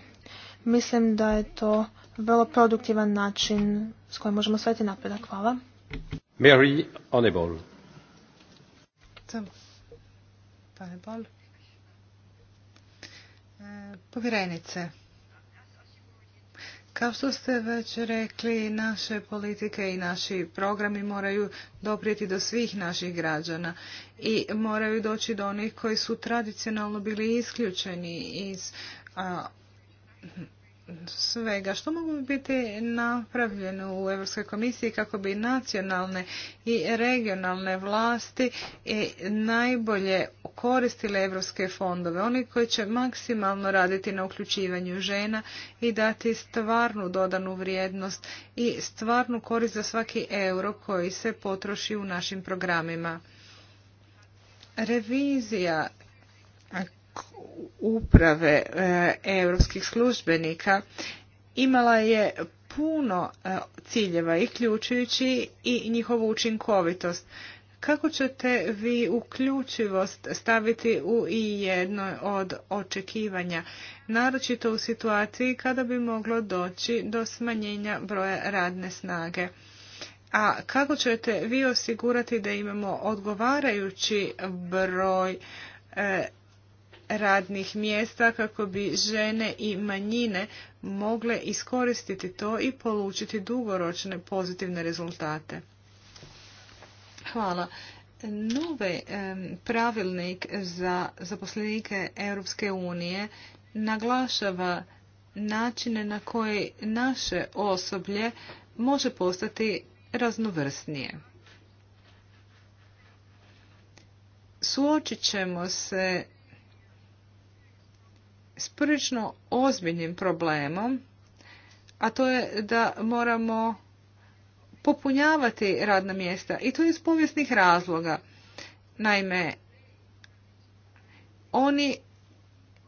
Mislim da je to vrlo produktivan način s kojim možemo sveti napredak. Hvala. Mary E, povjerenice, kao što ste već rekli, naše politike i naši programi moraju doprijeti do svih naših građana i moraju doći do onih koji su tradicionalno bili isključeni iz svega što mogu biti napravljeno u Europskoj komisiji kako bi nacionalne i regionalne vlasti najbolje koristile europske fondove, oni koji će maksimalno raditi na uključivanju žena i dati stvarnu dodanu vrijednost i stvarnu korist za svaki euro koji se potroši u našim programima. Revizija uprave e, europskih službenika imala je puno e, ciljeva, uključujući i njihovu učinkovitost. Kako ćete vi uključivost staviti u i jedno od očekivanja, naročito u situaciji kada bi moglo doći do smanjenja broja radne snage? A kako ćete vi osigurati da imamo odgovarajući broj e, radnih mjesta kako bi žene i manjine mogle iskoristiti to i polučiti dugoročne pozitivne rezultate. Hvala. Nove pravilnik za zaposlenike Europske unije naglašava načine na koje naše osoblje može postati raznovrsnije. Suočit ćemo se s prilično ozbiljnim problemom, a to je da moramo popunjavati radna mjesta i to iz povijesnih razloga. Naime, oni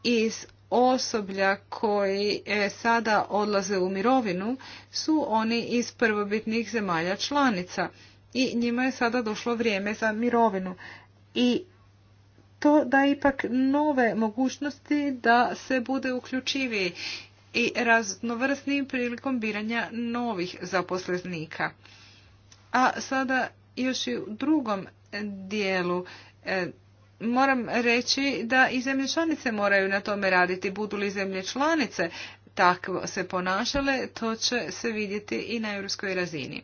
iz osoblja koji e, sada odlaze u mirovinu su oni iz prvobitnih zemalja članica i njima je sada došlo vrijeme za mirovinu. I to da ipak nove mogućnosti da se bude uključiviji i raznovrsnim prilikom biranja novih zaposlenika. A sada još i u drugom dijelu e, moram reći da i zemlje članice moraju na tome raditi. Budu li zemlje članice tako se ponašale, to će se vidjeti i na europskoj razini.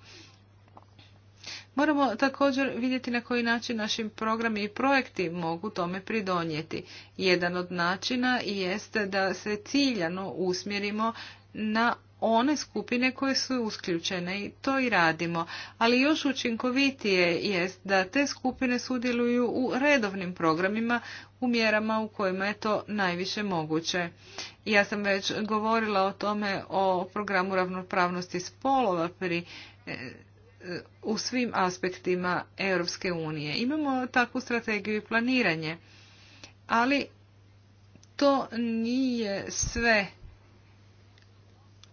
Moramo također vidjeti na koji način naši programi i projekti mogu tome pridonijeti. Jedan od načina jeste da se ciljano usmjerimo na one skupine koje su usključene i to i radimo. Ali još učinkovitije jest da te skupine sudjeluju u redovnim programima u mjerama u kojima je to najviše moguće. Ja sam već govorila o tome o programu ravnopravnosti spolova pri e, u svim aspektima Europske unije. Imamo takvu strategiju i planiranje, ali to nije sve.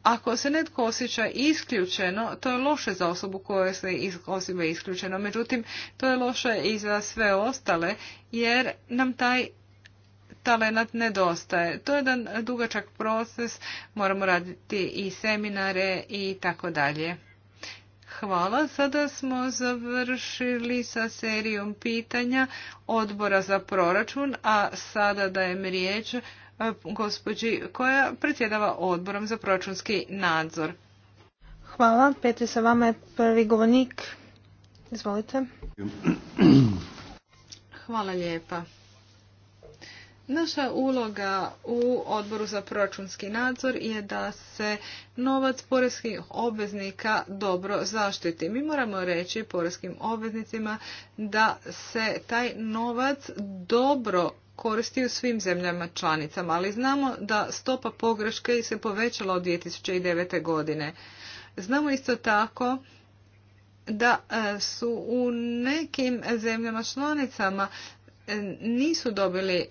Ako se netko osjeća isključeno, to je loše za osobu koja se osjeća isključeno. Međutim, to je loše i za sve ostale, jer nam taj talent nedostaje. To je jedan dugačak proces, moramo raditi i seminare i tako dalje. Hvala. Sada smo završili sa serijom pitanja odbora za proračun, a sada dajem riječ e, gospođi koja predsjedava odborom za proračunski nadzor. Hvala. Petri, sa vama je prvi govornik. Izvolite. Hvala lijepa. Naša uloga u odboru za proračunski nadzor je da se novac poreskih obveznika dobro zaštiti. Mi moramo reći poreskim obveznicima da se taj novac dobro koristi u svim zemljama članicama, ali znamo da stopa pogreške se povećala od 2009. godine. Znamo isto tako da e, su u nekim zemljama članicama e, nisu dobili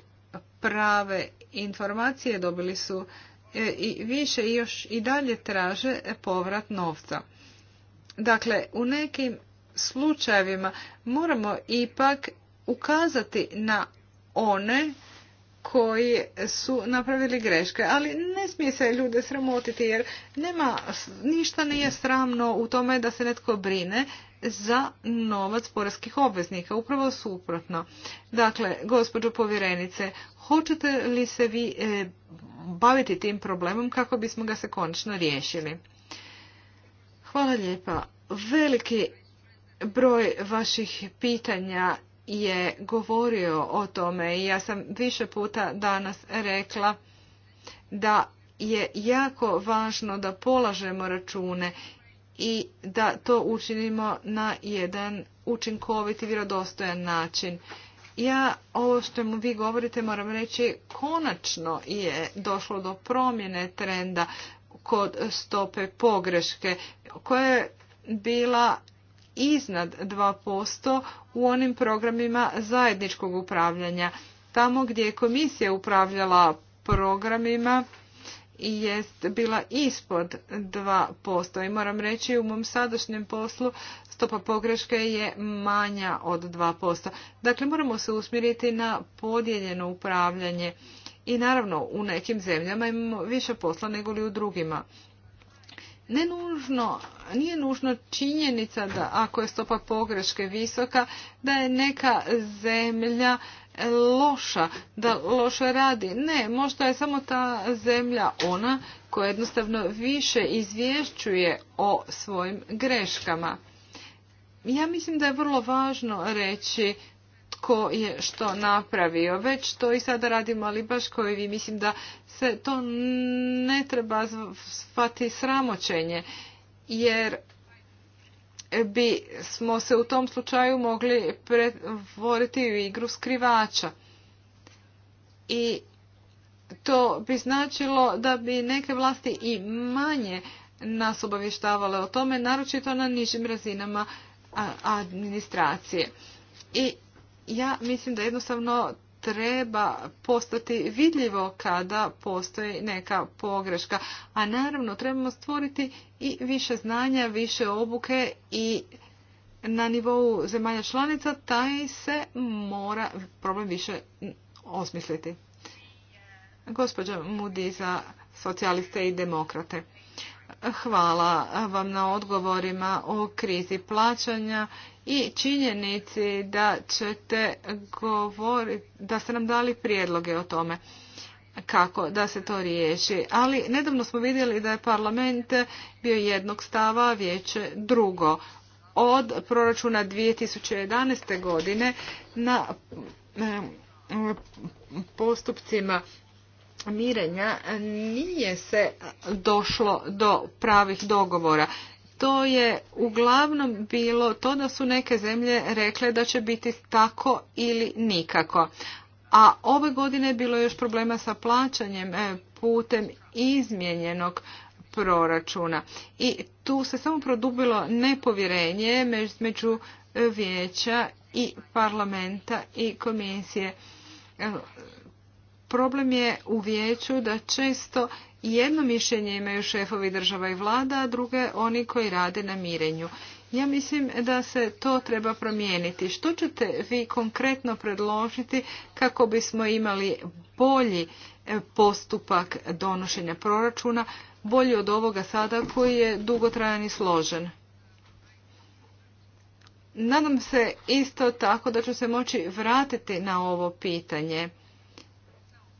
prave informacije, dobili su e, i više i još i dalje traže povrat novca. Dakle, u nekim slučajevima moramo ipak ukazati na one koji su napravili greške, ali ne smije se ljude sramotiti jer nema ništa nije sramno u tome da se netko brine za novac poreskih obveznika. Upravo suprotno. Dakle, gospođo povjerenice, hoćete li se vi e, baviti tim problemom kako bismo ga se konačno riješili? Hvala lijepa. Veliki broj vaših pitanja je govorio o tome i ja sam više puta danas rekla da je jako važno da polažemo račune i da to učinimo na jedan učinkovit i vjerodostojan način. Ja ovo što mu vi govorite moram reći konačno je došlo do promjene trenda kod stope pogreške koja je bila iznad 2% u onim programima zajedničkog upravljanja. Tamo gdje je komisija upravljala programima jest bila ispod 2%. I moram reći u mom sadašnjem poslu stopa pogreške je manja od 2%. Dakle, moramo se usmjeriti na podijeljeno upravljanje. I naravno, u nekim zemljama imamo više posla nego li u drugima nije nužno činjenica da ako je stopa pogreške visoka, da je neka zemlja e, loša, da loše radi. Ne, možda je samo ta zemlja ona koja jednostavno više izvješćuje o svojim greškama. Ja mislim da je vrlo važno reći tko je što napravio. Već to i sada radimo, ali baš koji vi mislim da se to ne treba zvati sramoćenje, jer bi smo se u tom slučaju mogli pretvoriti u igru skrivača. I to bi značilo da bi neke vlasti i manje nas obavještavale o tome, naročito na nižim razinama administracije. I ja mislim da jednostavno treba postati vidljivo kada postoji neka pogreška. A naravno trebamo stvoriti i više znanja, više obuke i na nivou zemalja članica taj se mora problem više osmisliti. Gospođa Mudi za socijaliste i demokrate. Hvala vam na odgovorima o krizi plaćanja i činjenici da ćete govoriti, da ste nam dali prijedloge o tome kako da se to riješi. Ali nedavno smo vidjeli da je parlament bio jednog stava, vijeće drugo. Od proračuna 2011. godine na eh, postupcima mirenja e, nije se došlo do pravih dogovora. To je uglavnom bilo to da su neke zemlje rekle da će biti tako ili nikako. A ove godine je bilo još problema sa plaćanjem e, putem izmijenjenog proračuna. I tu se samo produbilo nepovjerenje među e, vijeća i parlamenta i komisije. Problem je u vijeću da često jedno mišljenje imaju šefovi država i vlada, a druge oni koji rade na mirenju. Ja mislim da se to treba promijeniti. Što ćete vi konkretno predložiti kako bismo imali bolji e, postupak donošenja proračuna, bolji od ovoga sada koji je dugotrajan i složen? Nadam se isto tako da ću se moći vratiti na ovo pitanje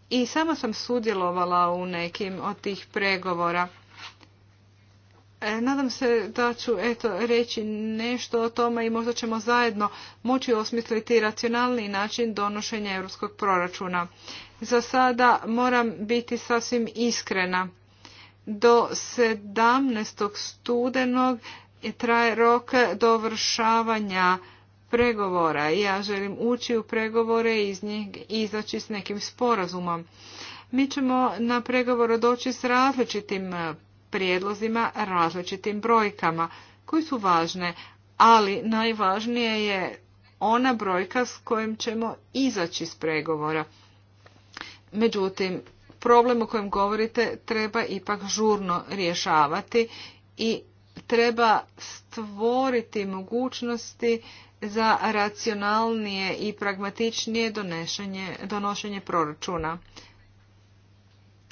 i sama sam sudjelovala u nekim od tih pregovora. E, nadam se da ću eto, reći nešto o tome i možda ćemo zajedno moći osmisliti racionalni način donošenja europskog proračuna. Za sada moram biti sasvim iskrena. Do 17. studenog traje rok dovršavanja pregovora. Ja želim ući u pregovore i iz njih izaći s nekim sporazumom. Mi ćemo na pregovor doći s različitim e, prijedlozima, različitim brojkama koji su važne, ali najvažnije je ona brojka s kojom ćemo izaći s pregovora. Međutim, problem o kojem govorite treba ipak žurno rješavati i treba stvoriti mogućnosti za racionalnije i pragmatičnije donošenje proračuna.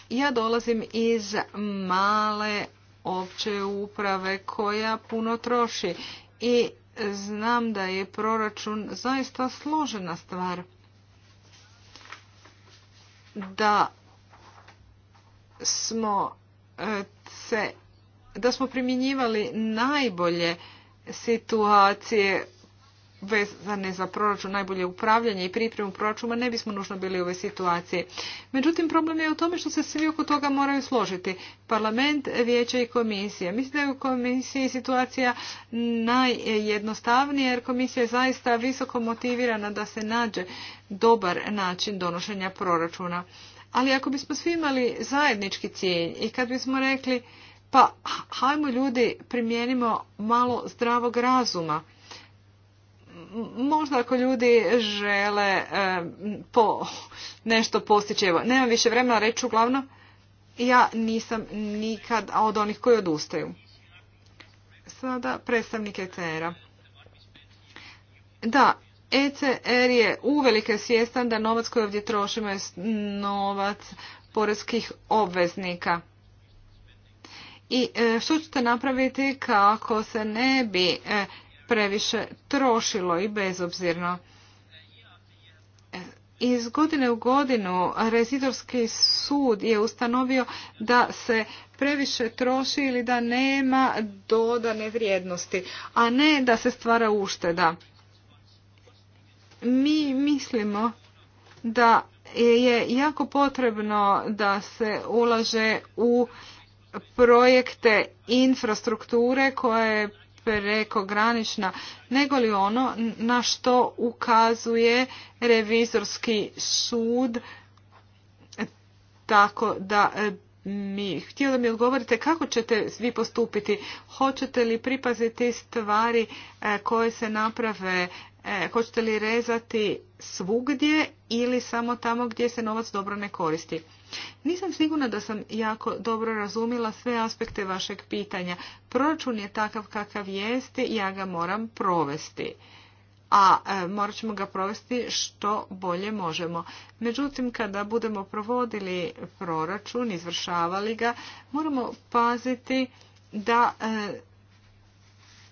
Ja dolazim iz male opće uprave koja puno troši i znam da je proračun zaista složena stvar. Da smo e, se da smo primjenjivali najbolje situacije vezane za proračun najbolje upravljanje i pripremu proračuna ne bismo nužno bili u ovoj situaciji. Međutim, problem je u tome što se svi oko toga moraju složiti. Parlament, vijeće i komisija. Mislim da je u komisiji situacija najjednostavnija jer komisija je zaista visoko motivirana da se nađe dobar način donošenja proračuna. Ali ako bismo svi imali zajednički cilj i kad bismo rekli pa hajmo ljudi primijenimo malo zdravog razuma možda ako ljudi žele e, po nešto postići, evo, nemam više vremena reći uglavnom, ja nisam nikad od onih koji odustaju. Sada predstavnik ECR-a. Da, ECR je uvelike svjestan da novac koji ovdje trošimo je novac porezkih obveznika. I e, što ćete napraviti kako se ne bi e, previše trošilo i bezobzirno. E, iz godine u godinu rezidorski sud je ustanovio da se previše troši ili da nema dodane vrijednosti, a ne da se stvara ušteda. Mi mislimo da je jako potrebno da se ulaže u projekte infrastrukture koje prekogranična, nego li ono na što ukazuje revizorski sud tako da e, mi htio da mi odgovorite kako ćete vi postupiti, hoćete li pripaziti stvari e, koje se naprave, e, hoćete li rezati svugdje ili samo tamo gdje se novac dobro ne koristi. Nisam sigurna da sam jako dobro razumjela sve aspekte vašeg pitanja. Proračun je takav kakav jeste i ja ga moram provesti. A e, morat ćemo ga provesti što bolje možemo. Međutim, kada budemo provodili proračun, izvršavali ga, moramo paziti da e,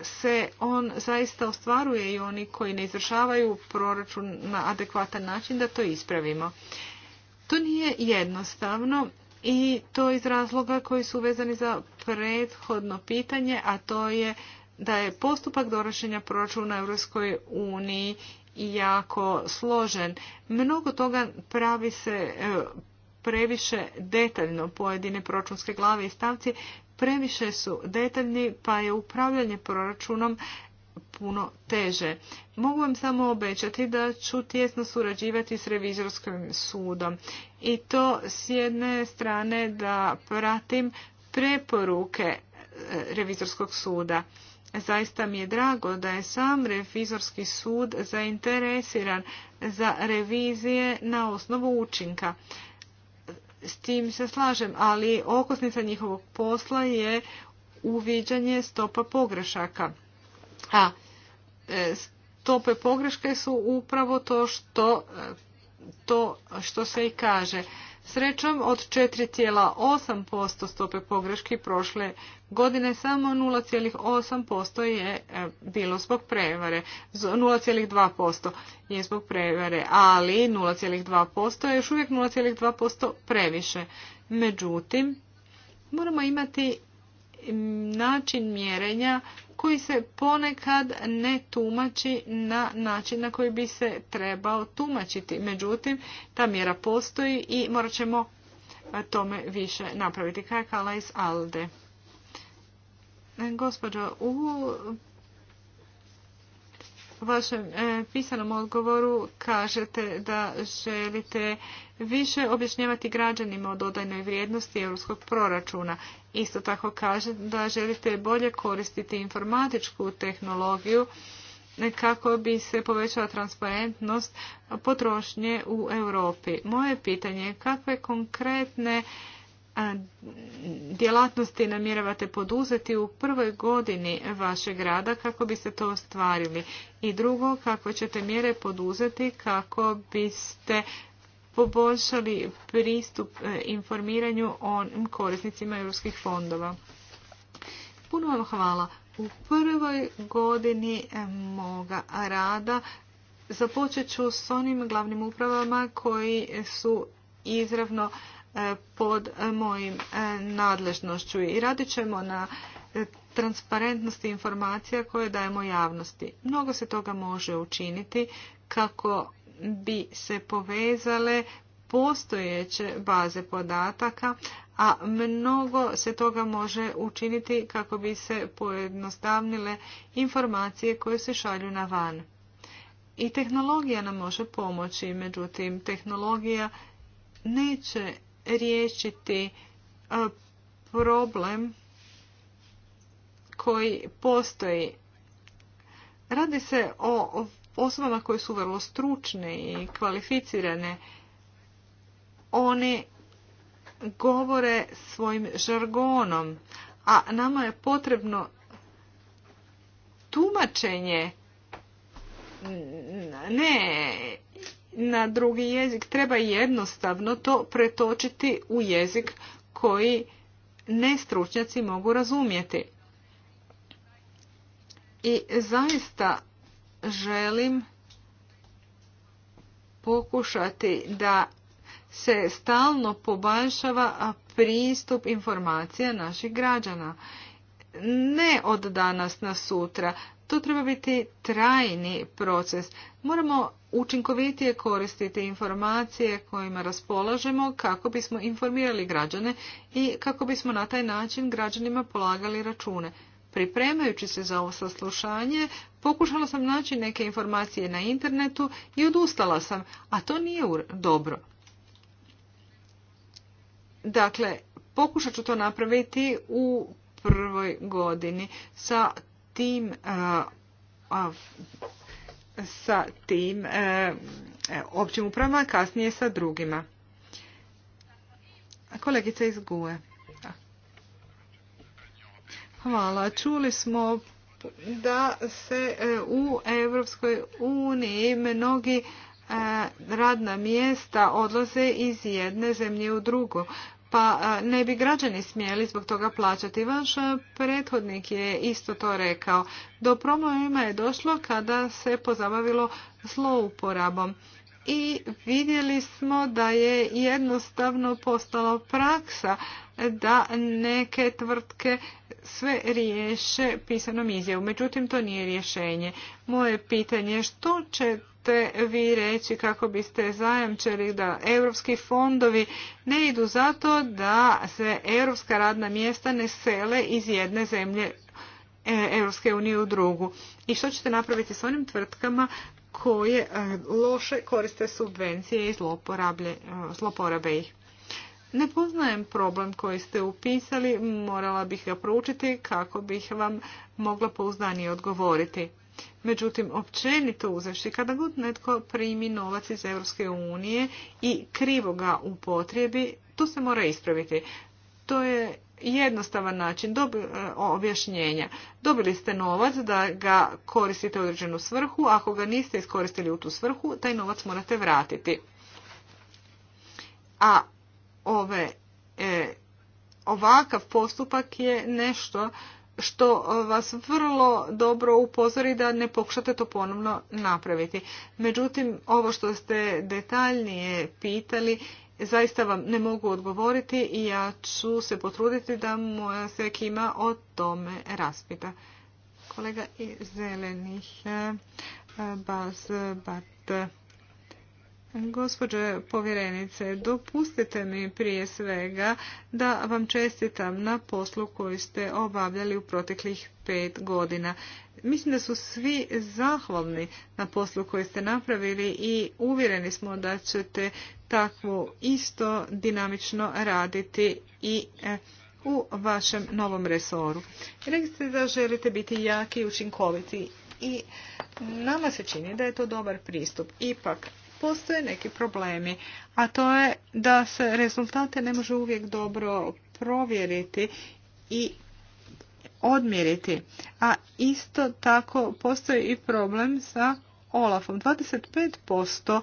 se on zaista ostvaruje i oni koji ne izvršavaju proračun na adekvatan način da to ispravimo. To nije jednostavno i to iz razloga koji su vezani za prethodno pitanje, a to je da je postupak donošenja proračuna Europskoj uniji jako složen. Mnogo toga pravi se e, previše detaljno pojedine proračunske glave i stavci previše su detaljni pa je upravljanje proračunom puno teže. Mogu vam samo obećati da ću tjesno surađivati s revizorskim sudom i to s jedne strane da pratim preporuke e, revizorskog suda. Zaista mi je drago da je sam revizorski sud zainteresiran za revizije na osnovu učinka. S tim se slažem, ali okosnica njihovog posla je uviđanje stopa pogrešaka. A e, stope pogreške su upravo to što, e, to što se i kaže. Srećom od 4,8% stope pogreški prošle godine samo 0,8% je e, bilo zbog prevare, 0,2% je zbog prevare, ali 0,2% je još uvijek 0,2% previše. Međutim, moramo imati način mjerenja koji se ponekad ne tumači na način na koji bi se trebao tumačiti. Međutim, ta mjera postoji i morat ćemo tome više napraviti. Kaj je Kala iz Alde? Gospođo, u vašem e, pisanom odgovoru kažete da želite više objašnjavati građanima o dodajnoj vrijednosti europskog proračuna. Isto tako kažete da želite bolje koristiti informatičku tehnologiju e, kako bi se povećala transparentnost potrošnje u Europi. Moje pitanje je kakve konkretne djelatnosti namjeravate poduzeti u prvoj godini vašeg rada kako biste to ostvarili i drugo kako ćete mjere poduzeti kako biste poboljšali pristup e, informiranju o korisnicima europskih fondova. Puno vam hvala. U prvoj godini e, moga rada započet ću s onim glavnim upravama koji su izravno E, pod mojim e, nadležnošću i radit ćemo na e, transparentnosti informacija koje dajemo javnosti. Mnogo se toga može učiniti kako bi se povezale postojeće baze podataka, a mnogo se toga može učiniti kako bi se pojednostavnile informacije koje se šalju na van. I tehnologija nam može pomoći, međutim, tehnologija neće riješiti problem koji postoji. Radi se o osobama koje su vrlo stručne i kvalificirane. Oni govore svojim žargonom, a nama je potrebno tumačenje ne na drugi jezik. Treba jednostavno to pretočiti u jezik koji ne stručnjaci mogu razumjeti. I zaista želim pokušati da se stalno poboljšava pristup informacija naših građana. Ne od danas na sutra, to treba biti trajni proces. Moramo učinkovitije koristiti informacije kojima raspolažemo kako bismo informirali građane i kako bismo na taj način građanima polagali račune. Pripremajući se za ovo saslušanje, pokušala sam naći neke informacije na internetu i odustala sam, a to nije dobro. Dakle, pokušat ću to napraviti u prvoj godini sa tim sa tim e, e, općim upravama, kasnije sa drugima. Kolegica iz GUE. Hvala. Čuli smo da se e, u Europskoj uniji mnogi radna mjesta odlaze iz jedne zemlje u drugu pa e, ne bi građani smjeli zbog toga plaćati. Vaš e, prethodnik je isto to rekao. Do problema je došlo kada se pozabavilo zlouporabom i vidjeli smo da je jednostavno postala praksa da neke tvrtke sve riješe pisanom izjavom. Međutim, to nije rješenje. Moje pitanje je što ćete vi reći kako biste zajamčili da europski fondovi ne idu zato da se europska radna mjesta ne sele iz jedne zemlje e, Europske unije u drugu. I što ćete napraviti s onim tvrtkama koje e, loše koriste subvencije i e, zloporabe ih. Ne poznajem problem koji ste upisali, morala bih ga proučiti kako bih vam mogla pouzdanije odgovoriti. Međutim, općenito uzevši, kada god netko primi novac iz Europske unije i krivo ga upotrijebi, to se mora ispraviti. To je jednostavan način e, objašnjenja. Dobili ste novac da ga koristite u određenu svrhu, ako ga niste iskoristili u tu svrhu, taj novac morate vratiti. A ove, e, ovakav postupak je nešto što vas vrlo dobro upozori da ne pokušate to ponovno napraviti. Međutim, ovo što ste detaljnije pitali Zaista vam ne mogu odgovoriti i ja ću se potruditi da moja se kima o tome raspita. Kolega iz zelenih, eh, Bat. Gospođe povjerenice, dopustite mi prije svega da vam čestitam na poslu koju ste obavljali u proteklih pet godina. Mislim da su svi zahvalni na poslu koji ste napravili i uvjereni smo da ćete takvo isto dinamično raditi i e, u vašem novom resoru. Rekli ste da želite biti jaki i učinkoviti i e, nama se čini da je to dobar pristup. Ipak, postoje neki problemi, a to je da se rezultate ne može uvijek dobro provjeriti i odmjeriti. A isto tako postoji i problem sa Olafom. 25%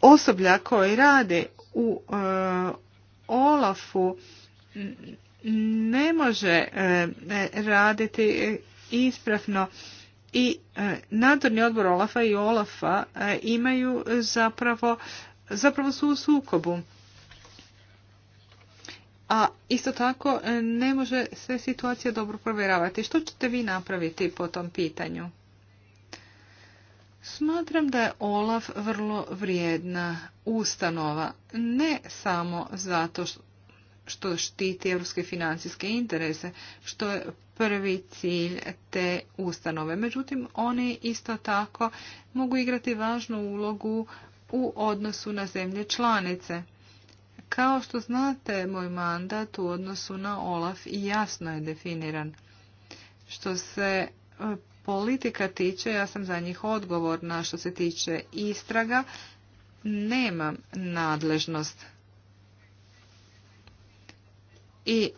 osoblja koji radi u e, Olafu ne može e, e, raditi ispravno i e, nadzorni odbor Olafa i Olafa e, imaju zapravo, zapravo su u sukobu. A isto tako e, ne može sve situacije dobro provjeravati. Što ćete vi napraviti po tom pitanju? Smatram da je Olaf vrlo vrijedna ustanova, ne samo zato što što štiti europske financijske interese, što je prvi cilj te ustanove. Međutim, oni isto tako mogu igrati važnu ulogu u odnosu na zemlje članice. Kao što znate, moj mandat u odnosu na OLAF jasno je definiran. Što se e, politika tiče, ja sam za njih odgovorna. Što se tiče istraga, nemam nadležnost i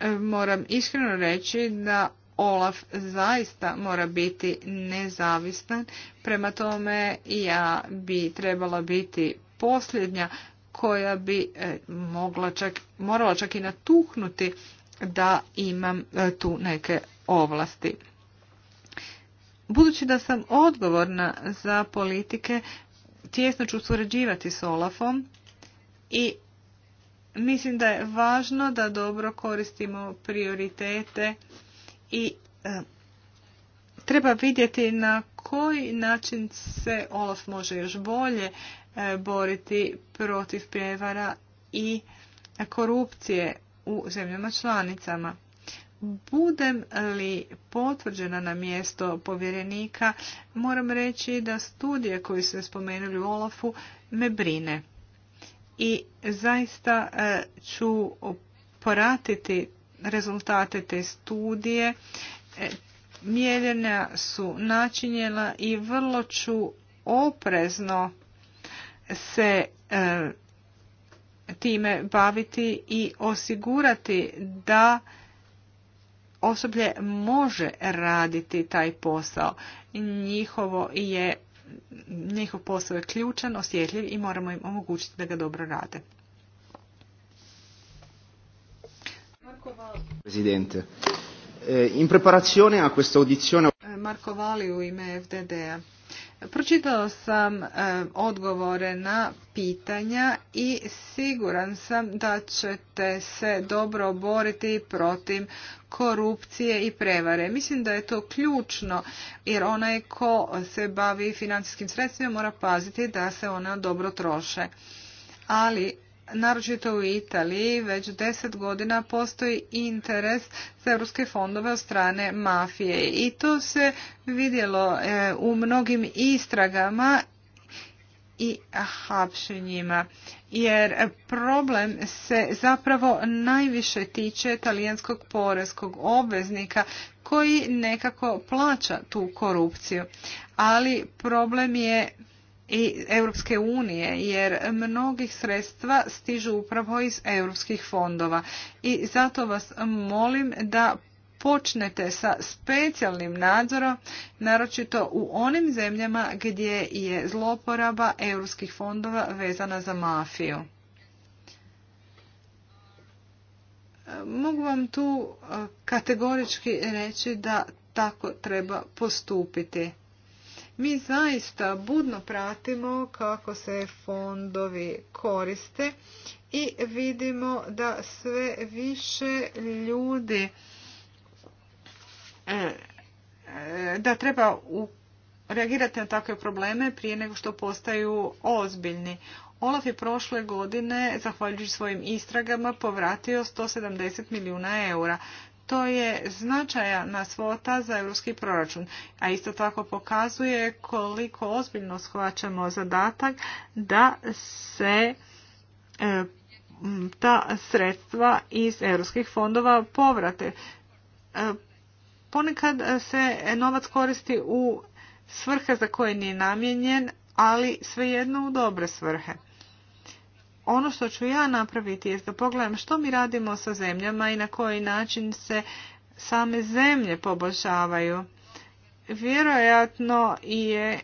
e, moram iskreno reći da Olaf zaista mora biti nezavistan. Prema tome ja bi trebala biti posljednja koja bi e, mogla čak, morala čak i natuhnuti da imam e, tu neke ovlasti. Budući da sam odgovorna za politike, tjesno ću surađivati s Olafom i Mislim da je važno da dobro koristimo prioritete i e, treba vidjeti na koji način se Olaf može još bolje e, boriti protiv prijevara i korupcije u zemljama članicama. Budem li potvrđena na mjesto povjerenika, moram reći da studije koje ste spomenuli u Olafu me brine i zaista e, ću poratiti rezultate te studije. E, mjerenja su načinjena i vrlo ću oprezno se e, time baviti i osigurati da osoblje može raditi taj posao. Njihovo je njihov posao je ključan, osjetljiv i moramo im omogućiti da ga dobro rade. Presidente, eh, in preparazione a questa eh, Marko Vali u ime FDD-a. Pročitala sam e, odgovore na pitanja i siguran sam da ćete se dobro boriti protiv korupcije i prevare. Mislim da je to ključno jer onaj ko se bavi financijskim sredstvima mora paziti da se ona dobro troše. Ali naročito u Italiji, već deset godina postoji interes za europske fondove od strane mafije. I to se vidjelo e, u mnogim istragama i hapšenjima. Jer problem se zapravo najviše tiče talijanskog poreskog obveznika koji nekako plaća tu korupciju. Ali problem je i Europske unije jer mnogih sredstva stižu upravo iz europskih fondova i zato vas molim da počnete sa specijalnim nadzorom naročito u onim zemljama gdje je zloporaba europskih fondova vezana za mafiju. Mogu vam tu e, kategorički reći da tako treba postupiti. Mi zaista budno pratimo kako se fondovi koriste i vidimo da sve više ljudi e, e, da treba reagirati na takve probleme prije nego što postaju ozbiljni. Olaf je prošle godine, zahvaljujući svojim istragama, povratio 170 milijuna eura to je značajna svota za europski proračun, a isto tako pokazuje koliko ozbiljno shvaćamo zadatak da se e, ta sredstva iz europskih fondova povrate. E, ponekad se novac koristi u svrhe za koje nije namijenjen, ali svejedno u dobre svrhe ono što ću ja napraviti je da pogledam što mi radimo sa zemljama i na koji način se same zemlje poboljšavaju. Vjerojatno je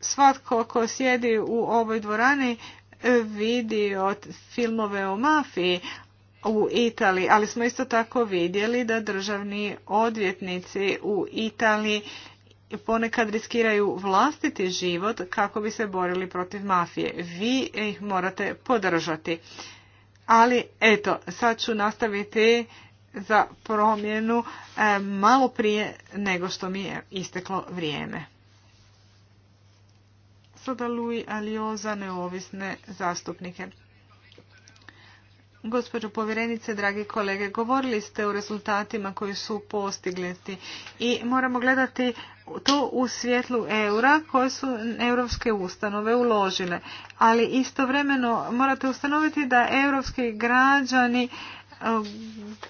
svatko ko sjedi u ovoj dvorani e, vidio od filmove o mafiji u Italiji, ali smo isto tako vidjeli da državni odvjetnici u Italiji ponekad riskiraju vlastiti život kako bi se borili protiv mafije. Vi ih morate podržati. Ali eto, sad ću nastaviti za promjenu e, malo prije nego što mi je isteklo vrijeme. Sada Louis Alioza, neovisne zastupnike. Gospođo povjerenice, dragi kolege, govorili ste o rezultatima koji su postigleti i moramo gledati to u svjetlu eura koje su europske ustanove uložile. Ali istovremeno morate ustanoviti da europski građani e,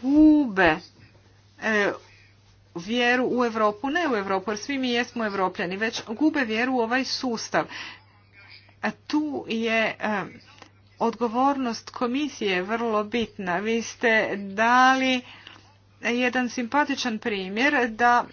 gube e, vjeru u Europu, ne u Europu, jer svi mi jesmo evropljani, već gube vjeru u ovaj sustav. tu je e, odgovornost komisije je vrlo bitna. Vi ste dali jedan simpatičan primjer da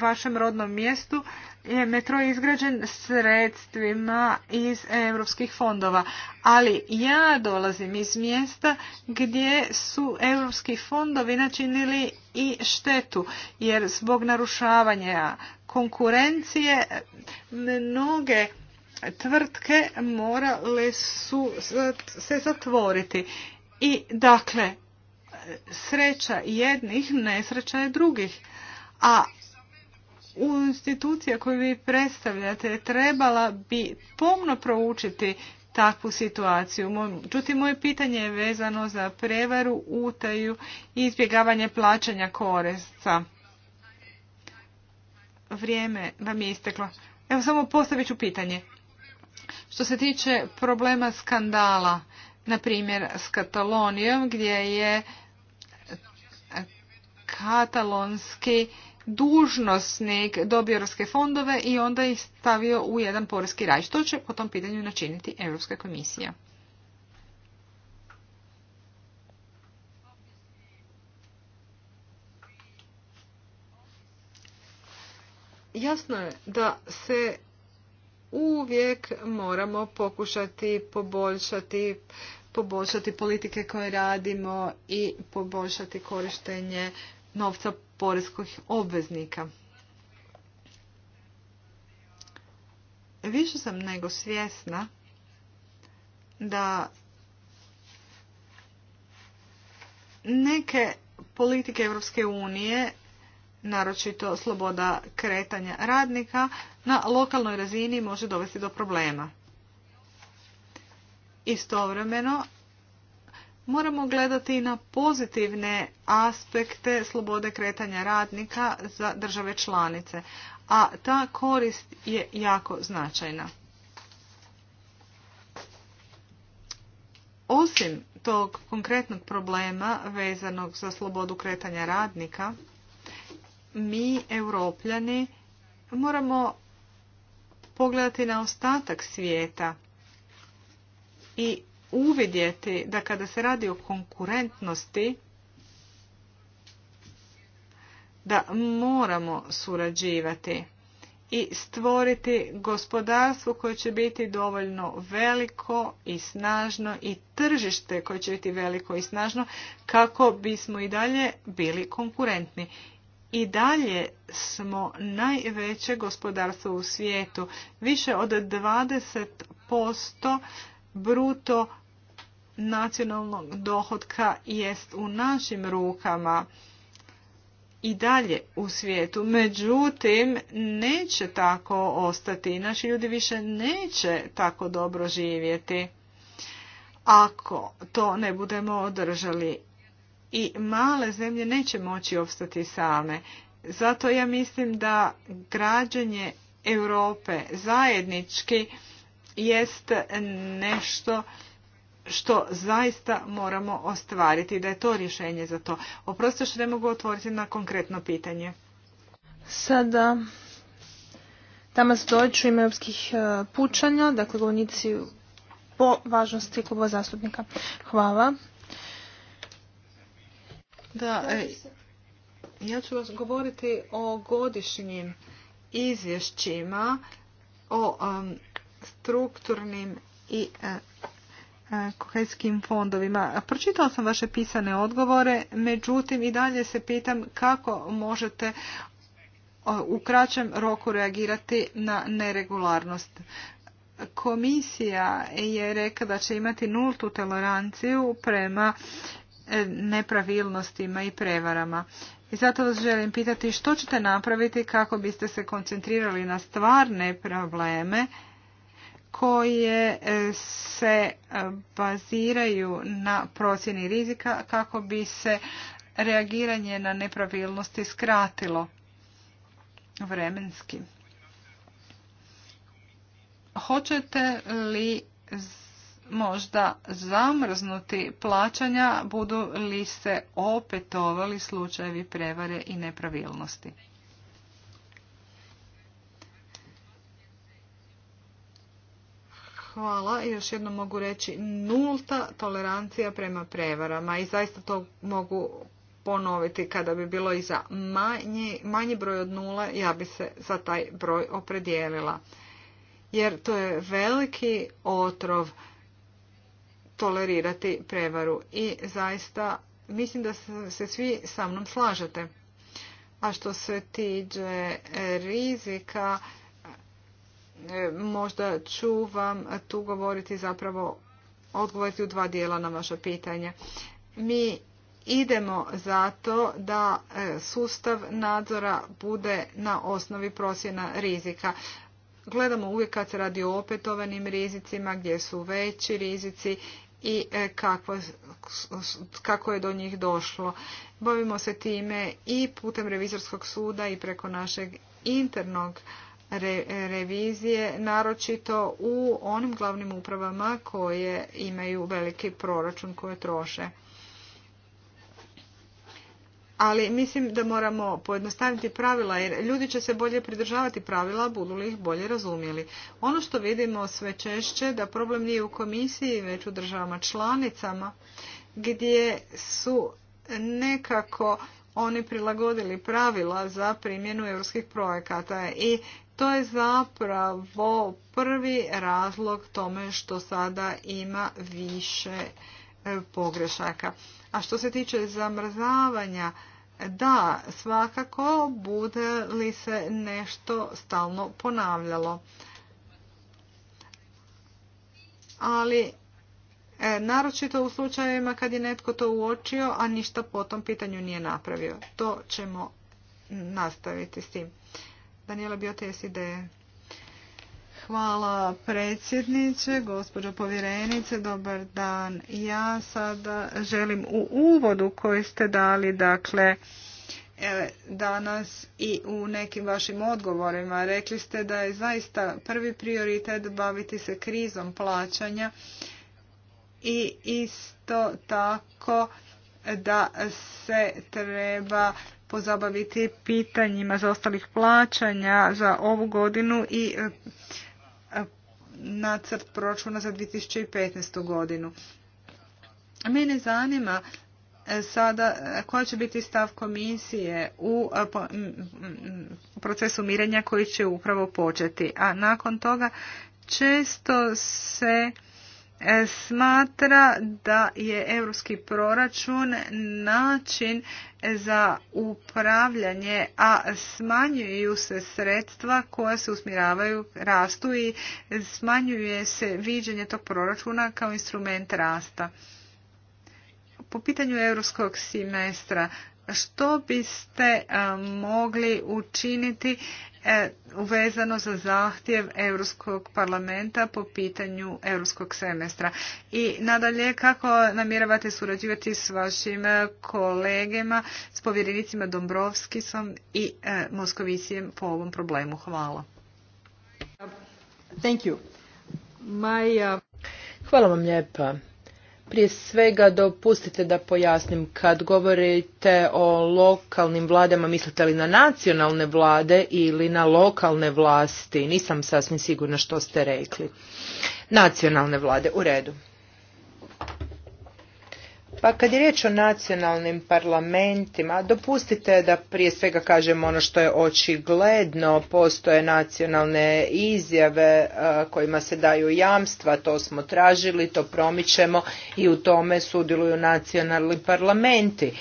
vašem rodnom mjestu je metro izgrađen sredstvima iz europskih fondova. Ali ja dolazim iz mjesta gdje su europski fondovi načinili i štetu, jer zbog narušavanja konkurencije mnoge tvrtke morale su se zatvoriti. I dakle, sreća jednih, nesreća je drugih. A u institucija koju vi predstavljate trebala bi pomno proučiti takvu situaciju. Međutim, moje pitanje je vezano za prevaru, utaju i izbjegavanje plaćanja koresca. Vrijeme vam je isteklo. Evo samo postavit ću pitanje. Što se tiče problema skandala, na primjer s Katalonijom gdje je katalonski dužnosnik dobio europske fondove i onda ih stavio u jedan poreski raj. Što će po tom pitanju načiniti Europska komisija? Jasno je da se uvijek moramo pokušati poboljšati poboljšati politike koje radimo i poboljšati korištenje novca poreskih obveznika. Više sam nego svjesna da neke politike Europske unije naročito sloboda kretanja radnika, na lokalnoj razini može dovesti do problema. Istovremeno, moramo gledati i na pozitivne aspekte slobode kretanja radnika za države članice, a ta korist je jako značajna. Osim tog konkretnog problema vezanog za slobodu kretanja radnika, mi, europljani, moramo pogledati na ostatak svijeta i uvidjeti da kada se radi o konkurentnosti, da moramo surađivati i stvoriti gospodarstvo koje će biti dovoljno veliko i snažno i tržište koje će biti veliko i snažno kako bismo i dalje bili konkurentni i dalje smo najveće gospodarstvo u svijetu. Više od 20% bruto nacionalnog dohodka jest u našim rukama i dalje u svijetu. Međutim, neće tako ostati. Naši ljudi više neće tako dobro živjeti ako to ne budemo održali i male zemlje neće moći opstati same. Zato ja mislim da građanje Europe zajednički jest nešto što zaista moramo ostvariti, da je to rješenje za to. Oprosto što ne mogu otvoriti na konkretno pitanje. Sada tamo se dođu europskih e, pučanja, dakle govornici po važnosti kluba zastupnika. Hvala. Da, e, ja ću vas govoriti o godišnjim izvješćima, o um, strukturnim i e, e, kohezijskim fondovima. Pročitala sam vaše pisane odgovore, međutim i dalje se pitam kako možete u kraćem roku reagirati na neregularnost. Komisija je rekla da će imati nultu toleranciju prema nepravilnostima i prevarama. I zato vas želim pitati što ćete napraviti kako biste se koncentrirali na stvarne probleme koje e, se e, baziraju na procjeni rizika kako bi se reagiranje na nepravilnosti skratilo vremenski. Hoćete li možda zamrznuti plaćanja budu li se opetovali slučajevi prevare i nepravilnosti. Hvala. još jednom mogu reći nulta tolerancija prema prevarama i zaista to mogu ponoviti kada bi bilo i za manji, manji broj od nula, ja bi se za taj broj opredijelila. Jer to je veliki otrov tolerirati prevaru. I zaista mislim da se svi sa mnom slažete. A što se tiđe e, rizika, e, možda ću vam tu govoriti zapravo odgovoriti u dva dijela na vaše pitanje. Mi idemo zato da e, sustav nadzora bude na osnovi procjena rizika. Gledamo uvijek kad se radi o opetovanim rizicima, gdje su veći rizici i e, kako, kako je do njih došlo. Bavimo se time i putem revizorskog suda i preko našeg internog revizije, naročito u onim glavnim upravama koje imaju veliki proračun koje troše ali mislim da moramo pojednostaviti pravila jer ljudi će se bolje pridržavati pravila budu li ih bolje razumjeli. Ono što vidimo sve češće da problem nije u komisiji već u državama članicama gdje su nekako oni prilagodili pravila za primjenu europskih projekata i to je zapravo prvi razlog tome što sada ima više e, pogrešaka. A što se tiče zamrzavanja, da, svakako bude li se nešto stalno ponavljalo. Ali e, naročito u slučajevima kad je netko to uočio, a ništa po tom pitanju nije napravio. To ćemo nastaviti s tim. Daniela, bio te ideje? Hvala predsjedniče, gospođo povjerenice, dobar dan. Ja sada želim u uvodu koji ste dali, dakle, e, danas i u nekim vašim odgovorima. Rekli ste da je zaista prvi prioritet baviti se krizom plaćanja i isto tako da se treba pozabaviti pitanjima za ostalih plaćanja za ovu godinu i nacrt proračuna za 2015. godinu. Mene zanima e, sada e, koja će biti stav komisije u e, procesu mirenja koji će upravo početi. A nakon toga često se E, smatra da je europski proračun način za upravljanje, a smanjuju se sredstva koja se usmjeravaju rastu i smanjuje se viđenje tog proračuna kao instrument rasta. Po pitanju europskog semestra, što biste e, mogli učiniti uvezano e, za zahtjev Europskog parlamenta po pitanju Europskog semestra. I nadalje, kako namjeravate surađivati s vašim kolegama, s povjerenicima Dombrovskisom i e, Moskovicijem po ovom problemu? Hvala. Uh, Hvala vam lijepa. Prije svega dopustite da pojasnim kad govorite o lokalnim vladama, mislite li na nacionalne vlade ili na lokalne vlasti? Nisam sasvim sigurna što ste rekli. Nacionalne vlade, u redu. Pa kad je riječ o nacionalnim parlamentima, dopustite da prije svega kažem ono što je očigledno, postoje nacionalne izjave kojima se daju jamstva, to smo tražili, to promičemo i u tome sudjeluju nacionalni parlamenti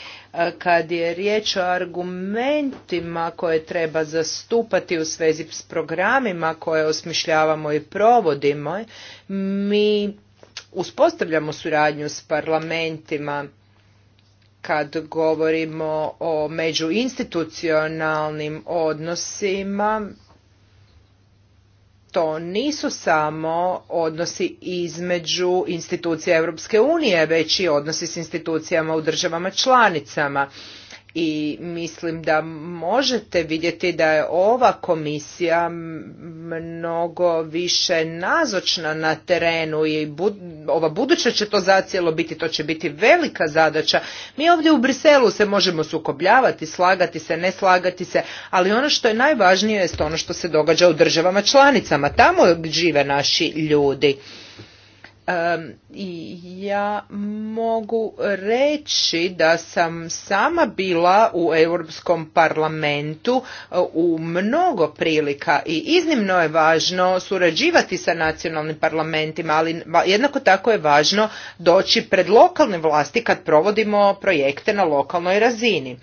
kad je riječ o argumentima koje treba zastupati u svezi s programima koje osmišljavamo i provodimo, mi uspostavljamo suradnju s parlamentima kad govorimo o međuinstitucionalnim odnosima to nisu samo odnosi između institucija Europske unije, već i odnosi s institucijama u državama članicama i mislim da možete vidjeti da je ova komisija mnogo više nazočna na terenu i ova buduća će to zacijelo biti, to će biti velika zadaća. Mi ovdje u Briselu se možemo sukobljavati, slagati se, ne slagati se, ali ono što je najvažnije je ono što se događa u državama članicama, tamo žive naši ljudi i ja mogu reći da sam sama bila u Europskom parlamentu e, u mnogo prilika i iznimno je važno surađivati sa nacionalnim parlamentima, ali jednako tako je važno doći pred lokalne vlasti kad provodimo projekte na lokalnoj razini.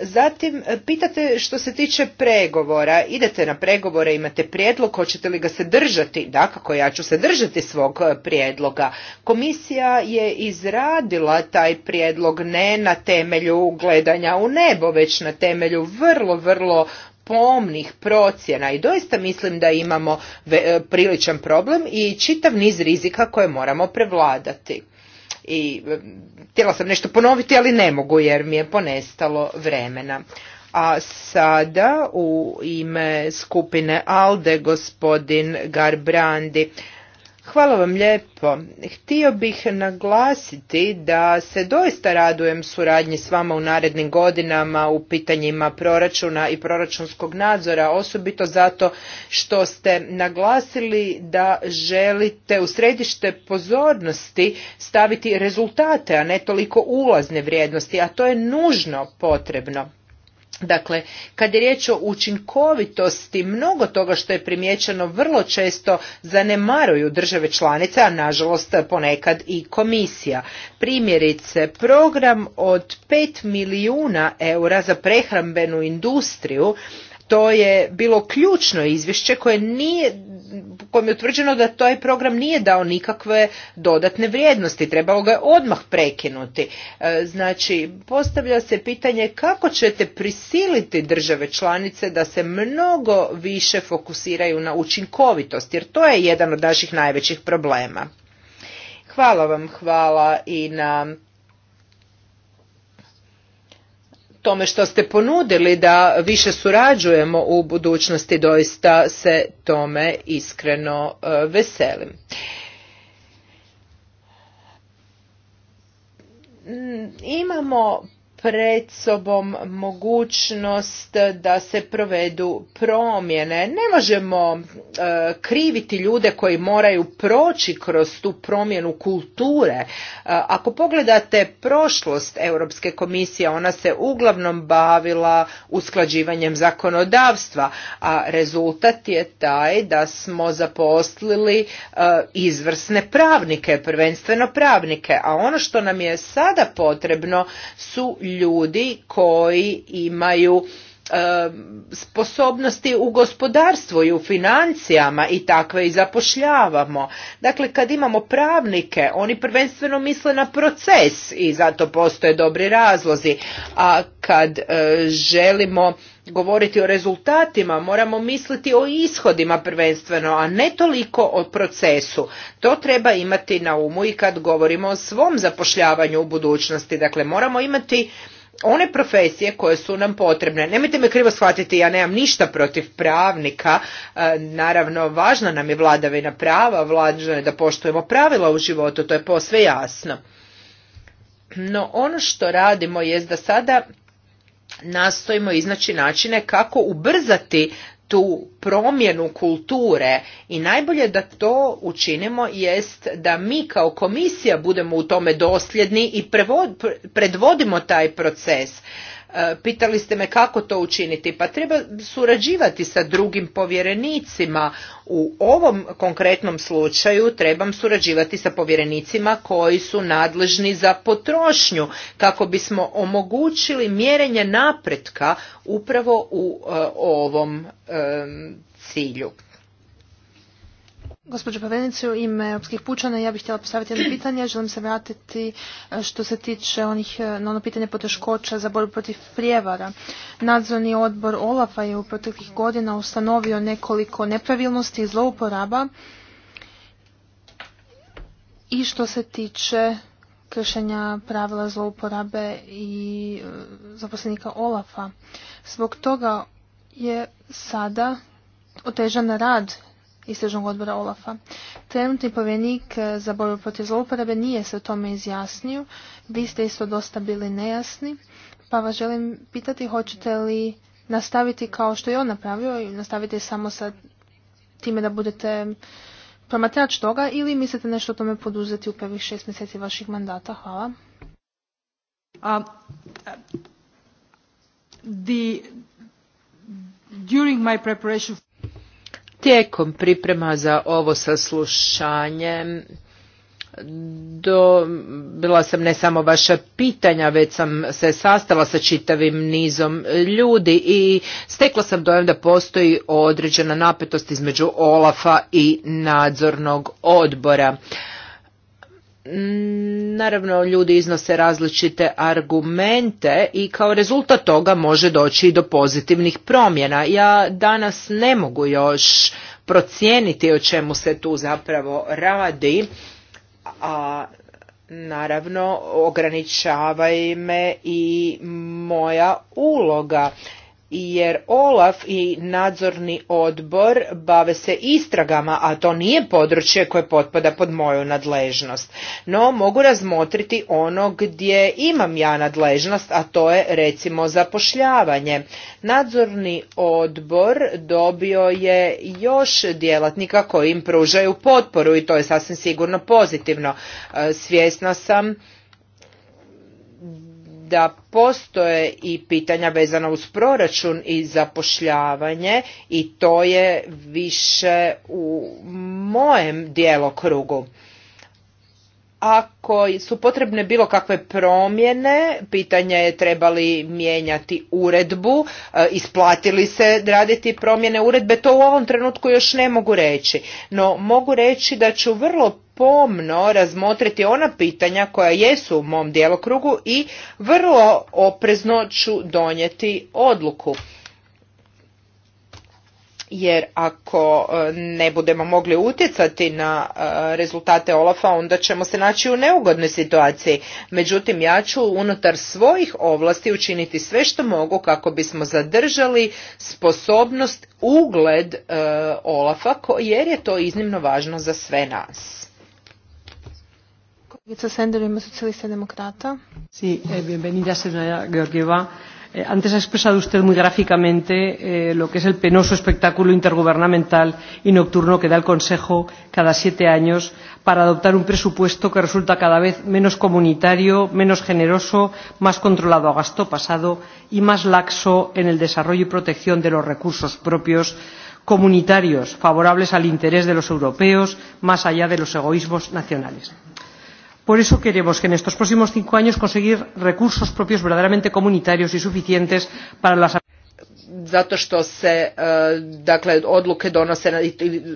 Zatim, e, pitate što se tiče pregovora, idete na pregovore, imate prijedlog, hoćete li ga se držati? Da, kako ja ću se držati svog e, prijedloga. Komisija je izradila taj prijedlog ne na temelju gledanja u nebo, već na temelju vrlo, vrlo pomnih procjena i doista mislim da imamo e, priličan problem i čitav niz rizika koje moramo prevladati i htjela sam nešto ponoviti, ali ne mogu jer mi je ponestalo vremena. A sada u ime skupine ALDE gospodin Garbrandi. Hvala vam lijepo. Htio bih naglasiti da se doista radujem suradnji s vama u narednim godinama u pitanjima proračuna i proračunskog nadzora, osobito zato što ste naglasili da želite u središte pozornosti staviti rezultate, a ne toliko ulazne vrijednosti, a to je nužno potrebno. Dakle, kad je riječ o učinkovitosti, mnogo toga što je primijećeno vrlo često zanemaruju države članice, a nažalost ponekad i komisija. Primjerice, program od 5 milijuna eura za prehrambenu industriju, to je bilo ključno izvješće koje nije kojem je utvrđeno da taj program nije dao nikakve dodatne vrijednosti, trebalo ga je odmah prekinuti. E, znači, postavlja se pitanje kako ćete prisiliti države članice da se mnogo više fokusiraju na učinkovitost, jer to je jedan od naših najvećih problema. Hvala vam, hvala i na tome što ste ponudili da više surađujemo u budućnosti doista se tome iskreno e, veselim. Imamo pred sobom mogućnost da se provedu promjene. Ne možemo e, kriviti ljude koji moraju proći kroz tu promjenu kulture. E, ako pogledate prošlost Europske komisije, ona se uglavnom bavila usklađivanjem zakonodavstva, a rezultat je taj da smo zaposlili e, izvrsne pravnike, prvenstveno pravnike, a ono što nam je sada potrebno su ljudi koji imaju e, sposobnosti u gospodarstvu i u financijama i takve i zapošljavamo. Dakle, kad imamo pravnike, oni prvenstveno misle na proces i zato postoje dobri razlozi. A kad e, želimo govoriti o rezultatima, moramo misliti o ishodima prvenstveno, a ne toliko o procesu. To treba imati na umu i kad govorimo o svom zapošljavanju u budućnosti. Dakle, moramo imati one profesije koje su nam potrebne. Nemojte me krivo shvatiti, ja nemam ništa protiv pravnika. E, naravno, važna nam je vladavina prava, važno je da poštujemo pravila u životu, to je posve jasno. No ono što radimo je da sada nastojimo iznaći načine kako ubrzati tu promjenu kulture i najbolje da to učinimo jest da mi kao komisija budemo u tome dosljedni i predvodimo taj proces. E, pitali ste me kako to učiniti. Pa treba surađivati sa drugim povjerenicima. U ovom konkretnom slučaju trebam surađivati sa povjerenicima koji su nadležni za potrošnju kako bismo omogućili mjerenje napretka upravo u e, ovom cilju. Gospođo Pavenicu, u ime Europskih pučana ja bih htjela postaviti jedno pitanje. Želim se vratiti e, što se tiče onih, e, na ono pitanje poteškoća za borbu protiv prijevara. Nadzorni odbor Olafa je u proteklih godina ustanovio nekoliko nepravilnosti i zlouporaba i što se tiče kršenja pravila zlouporabe i e, zaposlenika Olafa. Zbog toga je sada otežan rad istražnog odbora Olafa. Trenutni povjerenik eh, za borbu protiv zlouporabe nije se o tome izjasnio. Vi ste isto dosta bili nejasni, pa vas želim pitati hoćete li nastaviti kao što je on napravio i nastaviti samo sa time da budete promatrač toga ili mislite nešto o tome poduzeti u prvih šest mjeseci vaših mandata? Hvala. a the, during my preparation Tijekom priprema za ovo saslušanje do, bila sam ne samo vaša pitanja, već sam se sastala sa čitavim nizom ljudi i stekla sam dojem da postoji određena napetost između Olafa i nadzornog odbora. Mm, naravno, ljudi iznose različite argumente i kao rezultat toga može doći i do pozitivnih promjena. Ja danas ne mogu još procijeniti o čemu se tu zapravo radi, a naravno ograničava me i moja uloga jer Olaf i nadzorni odbor bave se istragama, a to nije područje koje potpada pod moju nadležnost. No mogu razmotriti ono gdje imam ja nadležnost, a to je recimo zapošljavanje. Nadzorni odbor dobio je još djelatnika koji im pružaju potporu i to je sasvim sigurno pozitivno. E, svjesna sam da postoje i pitanja vezana uz proračun i zapošljavanje i to je više u mojem djelokrugu ako su potrebne bilo kakve promjene, pitanje je trebali mijenjati uredbu, e, isplatili se raditi promjene uredbe, to u ovom trenutku još ne mogu reći. No mogu reći da ću vrlo pomno razmotriti ona pitanja koja jesu u mom djelokrugu i vrlo oprezno ću donijeti odluku jer ako e, ne budemo mogli utjecati na e, rezultate Olafa onda ćemo se naći u neugodnoj situaciji. Međutim, ja ću unutar svojih ovlasti učiniti sve što mogu kako bismo zadržali sposobnost ugled e, Olafa jer je to iznimno važno za sve nas. Kolegica Sender ima socijalista demokrata. Si, Georgieva. Eh, antes ha expresado usted muy gráficamente eh, lo que es el penoso espectáculo intergubernamental y nocturno que da el consejo cada siete años para adoptar un presupuesto que resulta cada vez menos comunitario menos generoso más controlado a gasto pasado y más laxo en el desarrollo y protección de los recursos propios comunitarios favorables al interés de los europeos más allá de los egoísmos nacionales por eso queremos que en estos próximos cinco años conseguir recursos propios verdaderamente comunitarios y suficientes para las zato što se eh, dakle odluke donose na,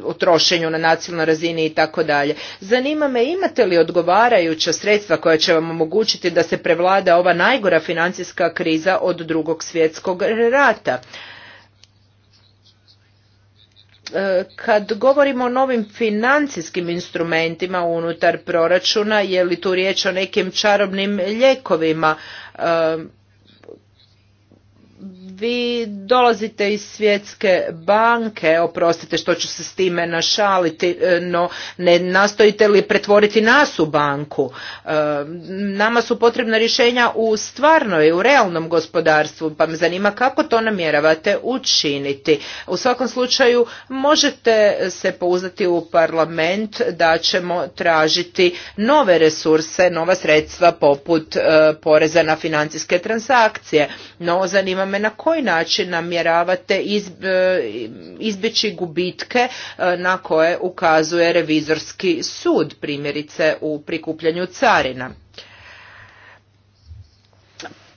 o trošenju na nacionalnoj razini i tako dalje. Zanima me imate li odgovarajuća sredstva koja će vam omogućiti da se prevlada ova najgora financijska kriza od drugog svjetskog rata? E, kad govorimo o novim financijskim instrumentima unutar proračuna, je li tu riječ o nekim čarobnim ljekovima, e, vi dolazite iz svjetske banke, oprostite što ću se s time našaliti, e, no ne nastojite li pretvoriti nas u banku. E, nama su potrebna rješenja u stvarnoj, u realnom gospodarstvu, pa me zanima kako to namjeravate učiniti. U svakom slučaju možete se pouzdati u parlament da ćemo tražiti nove resurse, nova sredstva poput e, poreza na financijske transakcije, no zanima me na koji način namjeravate e, izbjeći gubitke e, na koje ukazuje revizorski sud, primjerice u prikupljanju carina?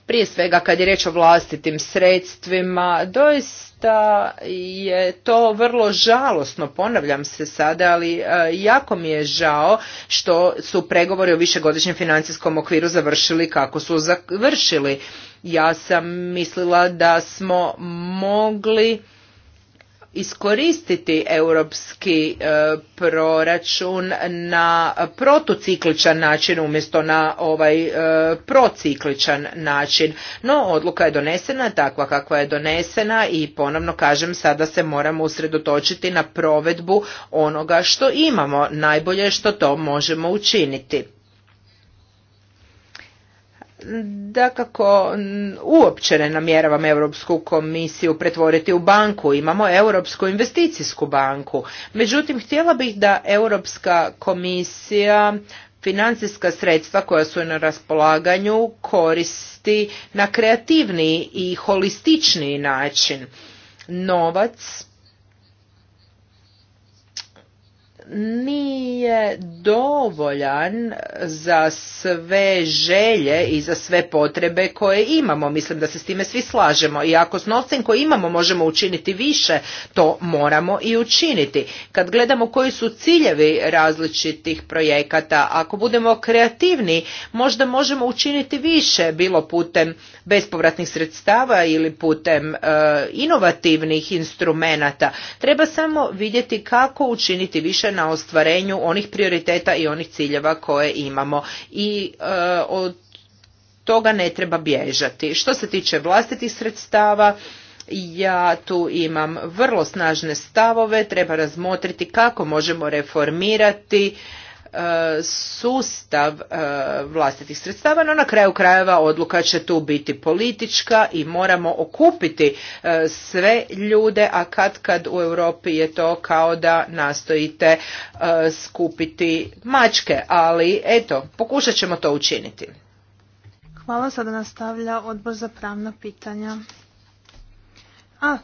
prije svega kad je reč o vlastitim sredstvima, doista je to vrlo žalosno, ponavljam se sada, ali e, jako mi je žao što su pregovori o višegodišnjem financijskom okviru završili kako su završili. Ja sam mislila da smo mogli iskoristiti europski e, proračun na protucikličan način umjesto na ovaj e, procikličan način. No, odluka je donesena, takva kakva je donesena i ponovno kažem sada se moramo usredotočiti na provedbu onoga što imamo, najbolje što to možemo učiniti da kako uopće ne namjeravam Europsku komisiju pretvoriti u banku. Imamo Europsku investicijsku banku. Međutim, htjela bih da Europska komisija financijska sredstva koja su na raspolaganju koristi na kreativniji i holističniji način. Novac nije dovoljan za sve želje i za sve potrebe koje imamo. Mislim da se s time svi slažemo i ako s novcem koji imamo možemo učiniti više, to moramo i učiniti. Kad gledamo koji su ciljevi različitih projekata, ako budemo kreativni, možda možemo učiniti više, bilo putem bespovratnih sredstava ili putem e, inovativnih instrumenata. Treba samo vidjeti kako učiniti više na ostvarenju onih prioriteta i onih ciljeva koje imamo i e, od toga ne treba bježati što se tiče vlastitih sredstava ja tu imam vrlo snažne stavove treba razmotriti kako možemo reformirati E, sustav e, vlastitih sredstava, no na kraju krajeva odluka će tu biti politička i moramo okupiti e, sve ljude, a kad kad u Europi je to kao da nastojite skupiti mačke, ali eto, pokušat ćemo to učiniti. Hvala, sada nastavlja odbor za pravna pitanja. A,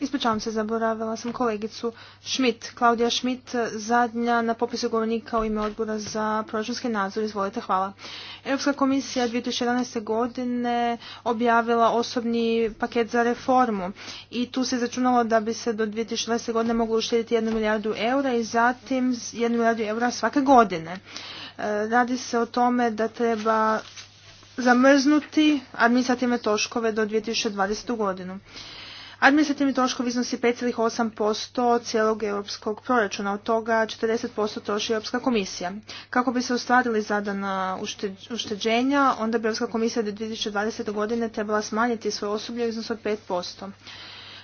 Ispričavam se, zaboravila sam kolegicu Schmidt, Klaudija Schmidt, zadnja na popisu govornika u ime odbora za proračunski nadzor. Izvolite, hvala. Europska komisija 2011. godine objavila osobni paket za reformu i tu se začunalo da bi se do 2020. godine moglo uštediti 1 milijardu eura i zatim 1 milijardu eura svake godine. E, radi se o tome da treba zamrznuti administrativne toškove do 2020. godinu. Administrativni troškovi iznosi 5,8% cijelog europskog proračuna, od toga 40% troši Europska komisija. Kako bi se ostvarili zadana ušteđenja, onda bi Europska komisija do 2020. godine trebala smanjiti svoje osoblje u iznosu od 5%.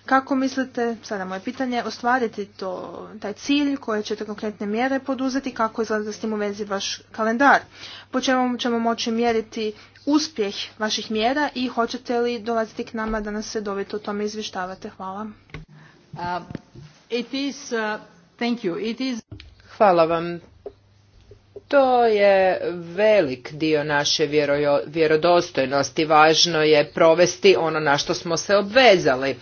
Kako mislite, sada moje pitanje, ostvariti to, taj cilj koje ćete konkretne mjere poduzeti, kako izgleda s tim u vezi vaš kalendar? Po čemu ćemo moći mjeriti uspjeh vaših mjera i hoćete li dolaziti k nama da nas redovito o tome izvještavate? Hvala. Uh, uh, Hvala vam to je velik dio naše vjerodostojnosti. Važno je provesti ono na što smo se obvezali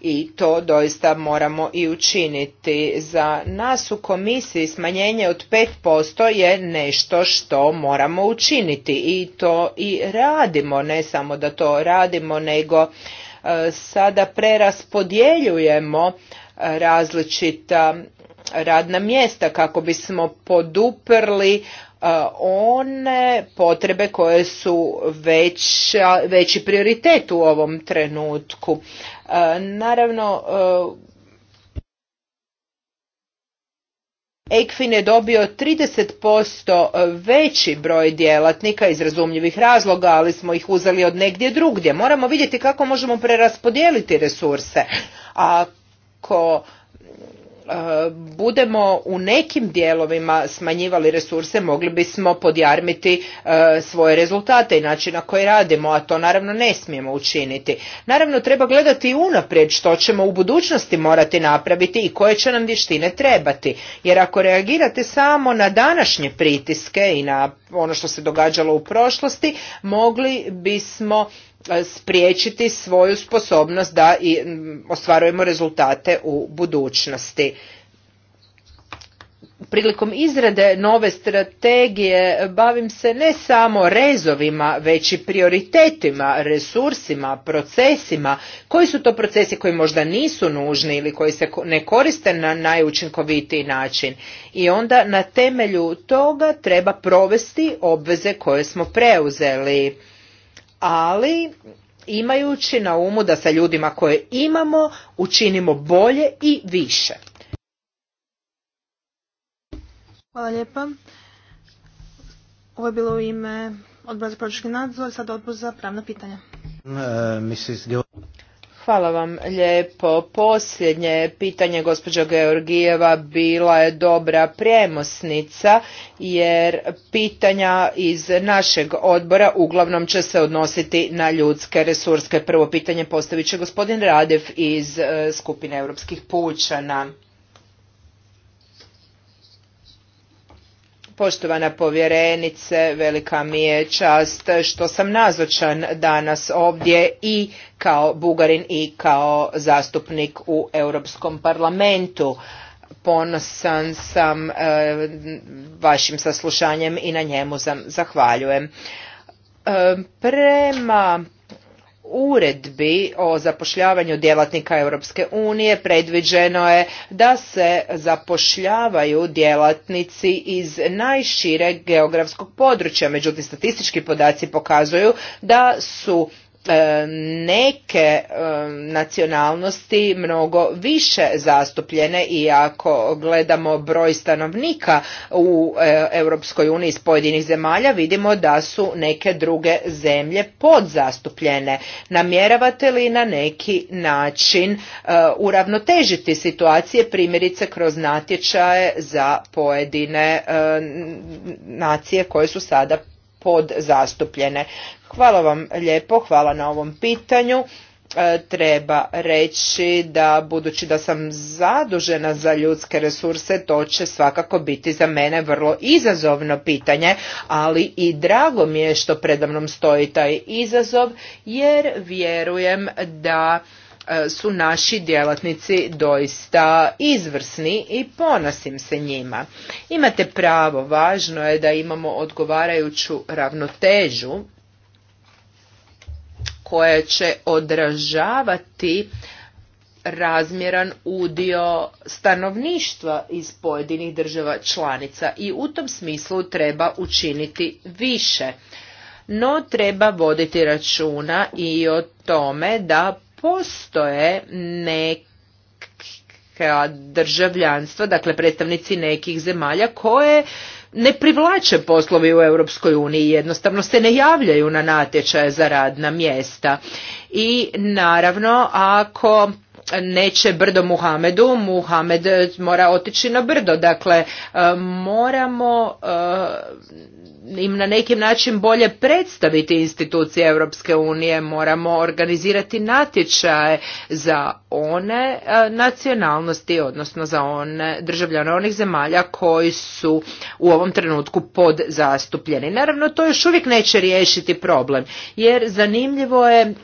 i to doista moramo i učiniti. Za nas u komisiji smanjenje od 5% je nešto što moramo učiniti i to i radimo, ne samo da to radimo, nego e, sada preraspodjeljujemo različita radna mjesta kako bismo poduprli e, one potrebe koje su već, veći prioritet u ovom trenutku. E, naravno, e, Ekfin je dobio 30% veći broj djelatnika iz razumljivih razloga, ali smo ih uzeli od negdje drugdje. Moramo vidjeti kako možemo preraspodijeliti resurse. Ako E, budemo u nekim dijelovima smanjivali resurse mogli bismo podjarmiti e, svoje rezultate i način na koji radimo a to naravno ne smijemo učiniti naravno treba gledati i unaprijed što ćemo u budućnosti morati napraviti i koje će nam vještine trebati jer ako reagirate samo na današnje pritiske i na ono što se događalo u prošlosti mogli bismo E, spriječiti svoju sposobnost da i ostvarujemo rezultate u budućnosti. Prilikom izrade nove strategije bavim se ne samo rezovima, već i prioritetima, resursima, procesima. Koji su to procesi koji možda nisu nužni ili koji se ne koriste na najučinkovitiji način? I onda na temelju toga treba provesti obveze koje smo preuzeli ali imajući na umu da sa ljudima koje imamo učinimo bolje i više. Hvala lijepa. Ovo je bilo u ime odbora za proračunski nadzor, sad odbor za pravna pitanja. E, Hvala vam lijepo. Posljednje pitanje gospođa Georgijeva bila je dobra prijemosnica jer pitanja iz našeg odbora uglavnom će se odnositi na ljudske resurske. Prvo pitanje postavit će gospodin Radev iz eh, skupine europskih pučana. Poštovana povjerenice, velika mi je čast što sam nazočan danas ovdje i kao Bugarin i kao zastupnik u Europskom parlamentu. Ponosan sam e, vašim saslušanjem i na njemu zahvaljujem. E, prema uredbi o zapošljavanju djelatnika Europske unije predviđeno je da se zapošljavaju djelatnici iz najšireg geografskog područja. Međutim, statistički podaci pokazuju da su E, neke e, nacionalnosti mnogo više zastupljene i ako gledamo broj stanovnika u e, Europskoj uniji iz pojedinih zemalja vidimo da su neke druge zemlje podzastupljene. Namjeravate li na neki način uravnotežiti situacije primjerice kroz natječaje za pojedine nacije koje su sada podzastupljene. Hvala vam lijepo, hvala na ovom pitanju. E, treba reći da budući da sam zadužena za ljudske resurse, to će svakako biti za mene vrlo izazovno pitanje, ali i drago mi je što predamnom stoji taj izazov jer vjerujem da e, su naši djelatnici doista izvrsni i ponosim se njima. Imate pravo, važno je da imamo odgovarajuću ravnotežu koja će odražavati razmjeran udio stanovništva iz pojedinih država članica i u tom smislu treba učiniti više. No treba voditi računa i o tome da postoje neka državljanstva, dakle predstavnici nekih zemalja koje ne privlače poslovi u Europskoj uniji, jednostavno se ne javljaju na natječaje za radna mjesta. I naravno, ako neće brdo Muhamedu, Muhamed mora otići na brdo. Dakle, e, moramo e, im na nekim način bolje predstaviti institucije Europske unije, moramo organizirati natječaje za one e, nacionalnosti, odnosno za one državljane onih zemalja koji su u ovom trenutku podzastupljeni. Naravno, to još uvijek neće riješiti problem, jer zanimljivo je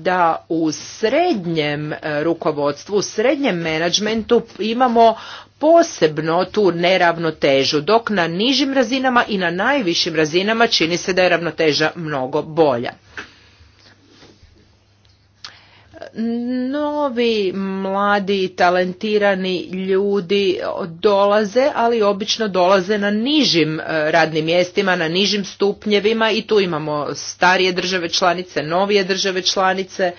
da u srednjem e, rukovodstvu, u srednjem menadžmentu imamo posebno tu neravnotežu, dok na nižim razinama i na najvišim razinama čini se da je ravnoteža mnogo bolja. Novi, mladi, talentirani ljudi dolaze, ali obično dolaze na nižim e, radnim mjestima, na nižim stupnjevima i tu imamo starije države članice, novije države članice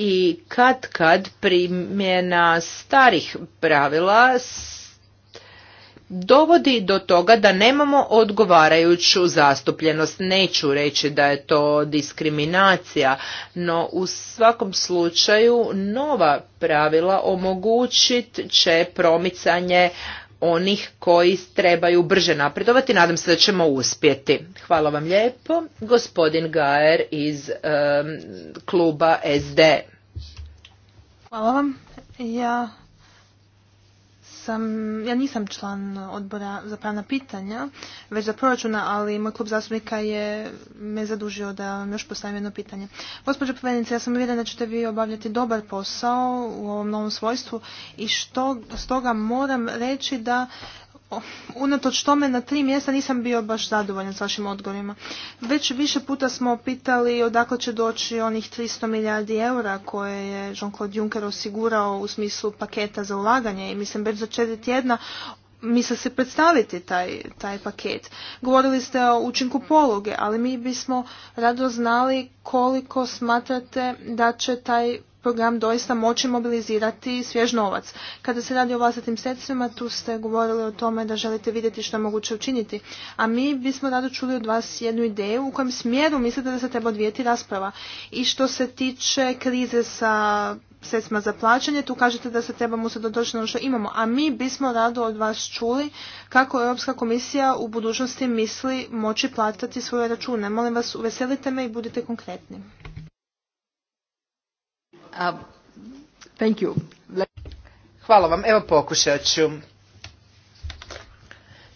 i kad kad primjena starih pravila dovodi do toga da nemamo odgovarajuću zastupljenost. Neću reći da je to diskriminacija, no u svakom slučaju nova pravila omogućit će promicanje onih koji trebaju brže napredovati. Nadam se da ćemo uspjeti. Hvala vam lijepo. Gospodin Gajer iz kluba SD. Hvala vam. Ja ja nisam član odbora za pravna pitanja, već za proračuna, ali moj klub zastupnika je me zadužio da vam još postavim jedno pitanje. Gospođo Povenice, ja sam uvjerena da ćete vi obavljati dobar posao u ovom novom svojstvu i što stoga moram reći da unatoč tome na tri mjesta nisam bio baš zadovoljan s vašim odgovorima. Već više puta smo pitali odakle će doći onih 300 milijardi eura koje je Jean-Claude Juncker osigurao u smislu paketa za ulaganje i mislim već za četiri tjedna misle se predstaviti taj, taj paket. Govorili ste o učinku pologe, ali mi bismo rado znali koliko smatrate da će taj program doista moći mobilizirati svjež novac. Kada se radi o vlastitim sredstvima, tu ste govorili o tome da želite vidjeti što je moguće učiniti. A mi bismo rado čuli od vas jednu ideju u kojem smjeru mislite da se treba odvijeti rasprava. I što se tiče krize sa sredstvima za plaćanje, tu kažete da se trebamo se na ono što imamo. A mi bismo rado od vas čuli kako Europska komisija u budućnosti misli moći platiti svoje račune. Molim vas, uveselite me i budite konkretni. Thank you. Hvala vam. Evo pokušat ću.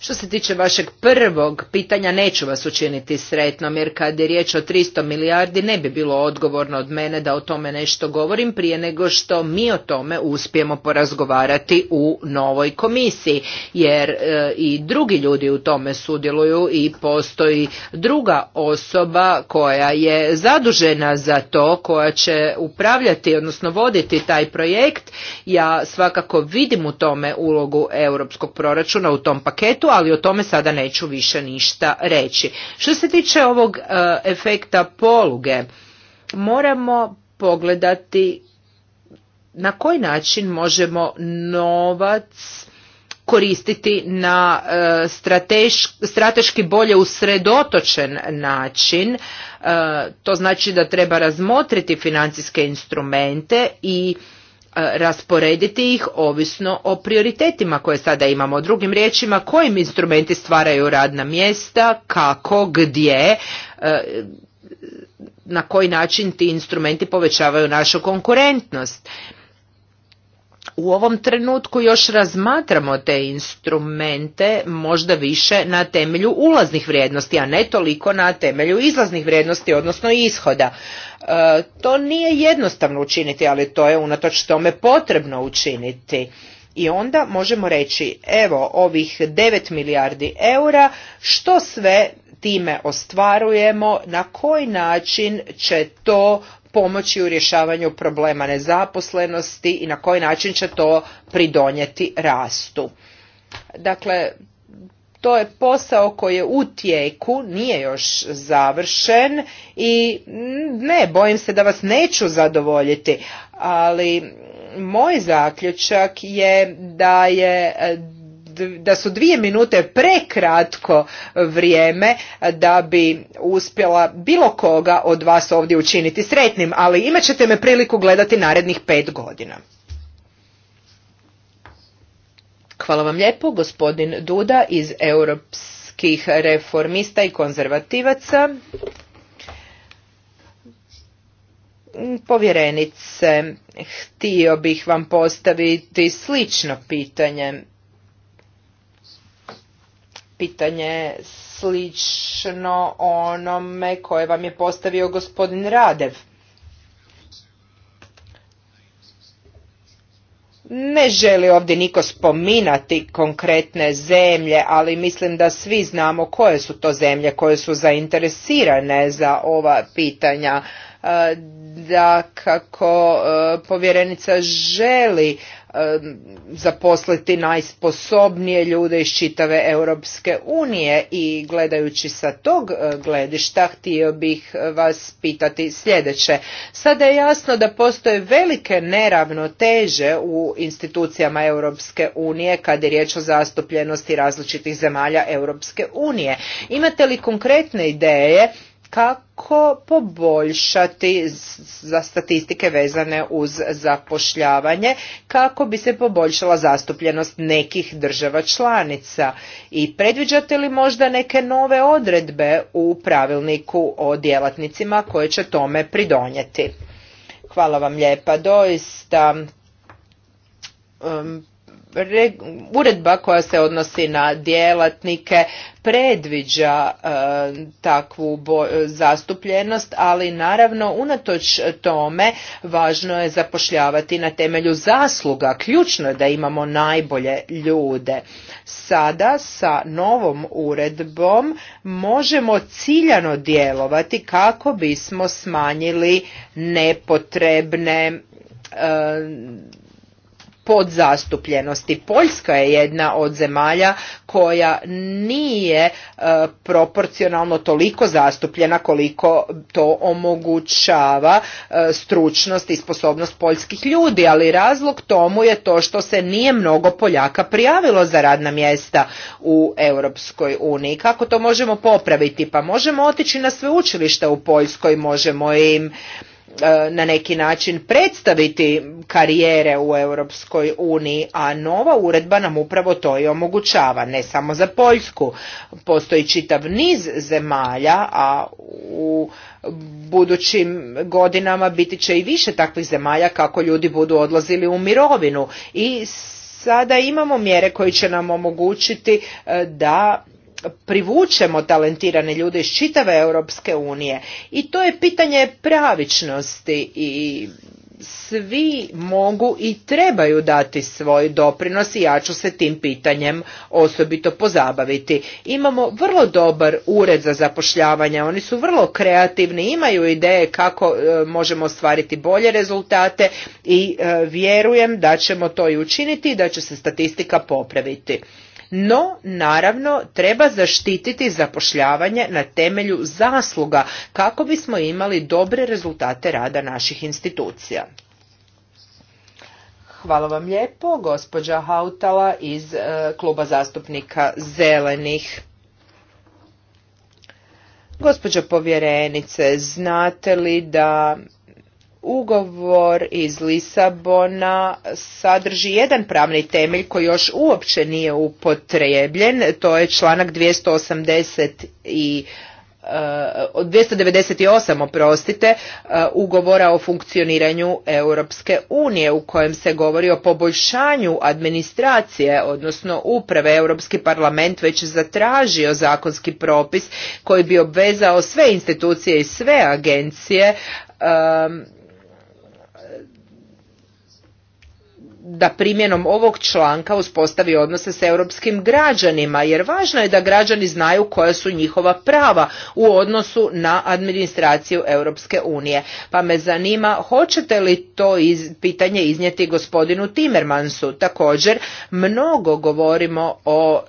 Što se tiče vašeg prvog pitanja, neću vas učiniti sretnom, jer kad je riječ o 300 milijardi, ne bi bilo odgovorno od mene da o tome nešto govorim prije nego što mi o tome uspijemo porazgovarati u novoj komisiji, jer e, i drugi ljudi u tome sudjeluju i postoji druga osoba koja je zadužena za to, koja će upravljati, odnosno voditi taj projekt. Ja svakako vidim u tome ulogu europskog proračuna u tom paketu, ali o tome sada neću više ništa reći. Što se tiče ovog e, efekta poluge, moramo pogledati na koji način možemo novac koristiti na e, strateški bolje usredotočen način. E, to znači da treba razmotriti financijske instrumente i E, rasporediti ih ovisno o prioritetima koje sada imamo. Drugim riječima, kojim instrumenti stvaraju radna mjesta, kako, gdje, e, na koji način ti instrumenti povećavaju našu konkurentnost u ovom trenutku još razmatramo te instrumente možda više na temelju ulaznih vrijednosti, a ne toliko na temelju izlaznih vrijednosti, odnosno ishoda. E, to nije jednostavno učiniti, ali to je unatoč tome potrebno učiniti. I onda možemo reći, evo ovih 9 milijardi eura, što sve time ostvarujemo, na koji način će to pomoći u rješavanju problema nezaposlenosti i na koji način će to pridonijeti rastu. Dakle, to je posao koji je u tijeku, nije još završen i ne, bojim se da vas neću zadovoljiti, ali moj zaključak je da je da su dvije minute prekratko vrijeme da bi uspjela bilo koga od vas ovdje učiniti sretnim, ali imat ćete me priliku gledati narednih pet godina. Hvala vam lijepo, gospodin Duda iz europskih reformista i konzervativaca. Povjerenice, htio bih vam postaviti slično pitanje pitanje slično onome koje vam je postavio gospodin Radev. Ne želi ovdje niko spominati konkretne zemlje, ali mislim da svi znamo koje su to zemlje koje su zainteresirane za ova pitanja e, da kako e, povjerenica želi zaposliti najsposobnije ljude iz čitave Europske unije i gledajući sa tog e, gledišta htio bih e, vas pitati sljedeće. Sada je jasno da postoje velike neravnoteže u institucijama Europske unije kad je riječ o zastupljenosti različitih zemalja Europske unije. Imate li konkretne ideje kako poboljšati za statistike vezane uz zapošljavanje kako bi se poboljšala zastupljenost nekih država članica i predviđate li možda neke nove odredbe u pravilniku o djelatnicima koje će tome pridonijeti hvala vam lijepa doista uredba koja se odnosi na djelatnike predviđa e, takvu zastupljenost ali naravno unatoč tome važno je zapošljavati na temelju zasluga ključno je da imamo najbolje ljude sada sa novom uredbom možemo ciljano djelovati kako bismo smanjili nepotrebne e, podzastupljenosti. Poljska je jedna od zemalja koja nije e, proporcionalno toliko zastupljena koliko to omogućava e, stručnost i sposobnost poljskih ljudi, ali razlog tomu je to što se nije mnogo Poljaka prijavilo za radna mjesta u Europskoj uniji. Kako to možemo popraviti? Pa možemo otići na sveučilište u Poljskoj, možemo im E, na neki način predstaviti karijere u Europskoj uniji, a nova uredba nam upravo to i omogućava, ne samo za Poljsku. Postoji čitav niz zemalja, a u budućim godinama biti će i više takvih zemalja kako ljudi budu odlazili u mirovinu i sada imamo mjere koje će nam omogućiti e, da privučemo talentirane ljude iz čitave Europske unije. I to je pitanje pravičnosti i svi mogu i trebaju dati svoj doprinos i ja ću se tim pitanjem osobito pozabaviti. Imamo vrlo dobar ured za zapošljavanje, oni su vrlo kreativni, imaju ideje kako e, možemo ostvariti bolje rezultate i e, vjerujem da ćemo to i učiniti i da će se statistika popraviti no naravno treba zaštititi zapošljavanje na temelju zasluga kako bismo imali dobre rezultate rada naših institucija. Hvala vam lijepo, gospođa Hautala iz e, kluba zastupnika Zelenih. Gospođa povjerenice, znate li da Ugovor iz Lisabona sadrži jedan pravni temelj koji još uopće nije upotrebljen, to je članak 280 i e, od 298 oprostite e, ugovora o funkcioniranju Europske unije u kojem se govori o poboljšanju administracije odnosno uprave Europski parlament već zatražio zakonski propis koji bi obvezao sve institucije i sve agencije e, da primjenom ovog članka uspostavi odnose s europskim građanima, jer važno je da građani znaju koja su njihova prava u odnosu na administraciju Europske unije. Pa me zanima, hoćete li to pitanje iznijeti gospodinu Timmermansu? Također, mnogo govorimo o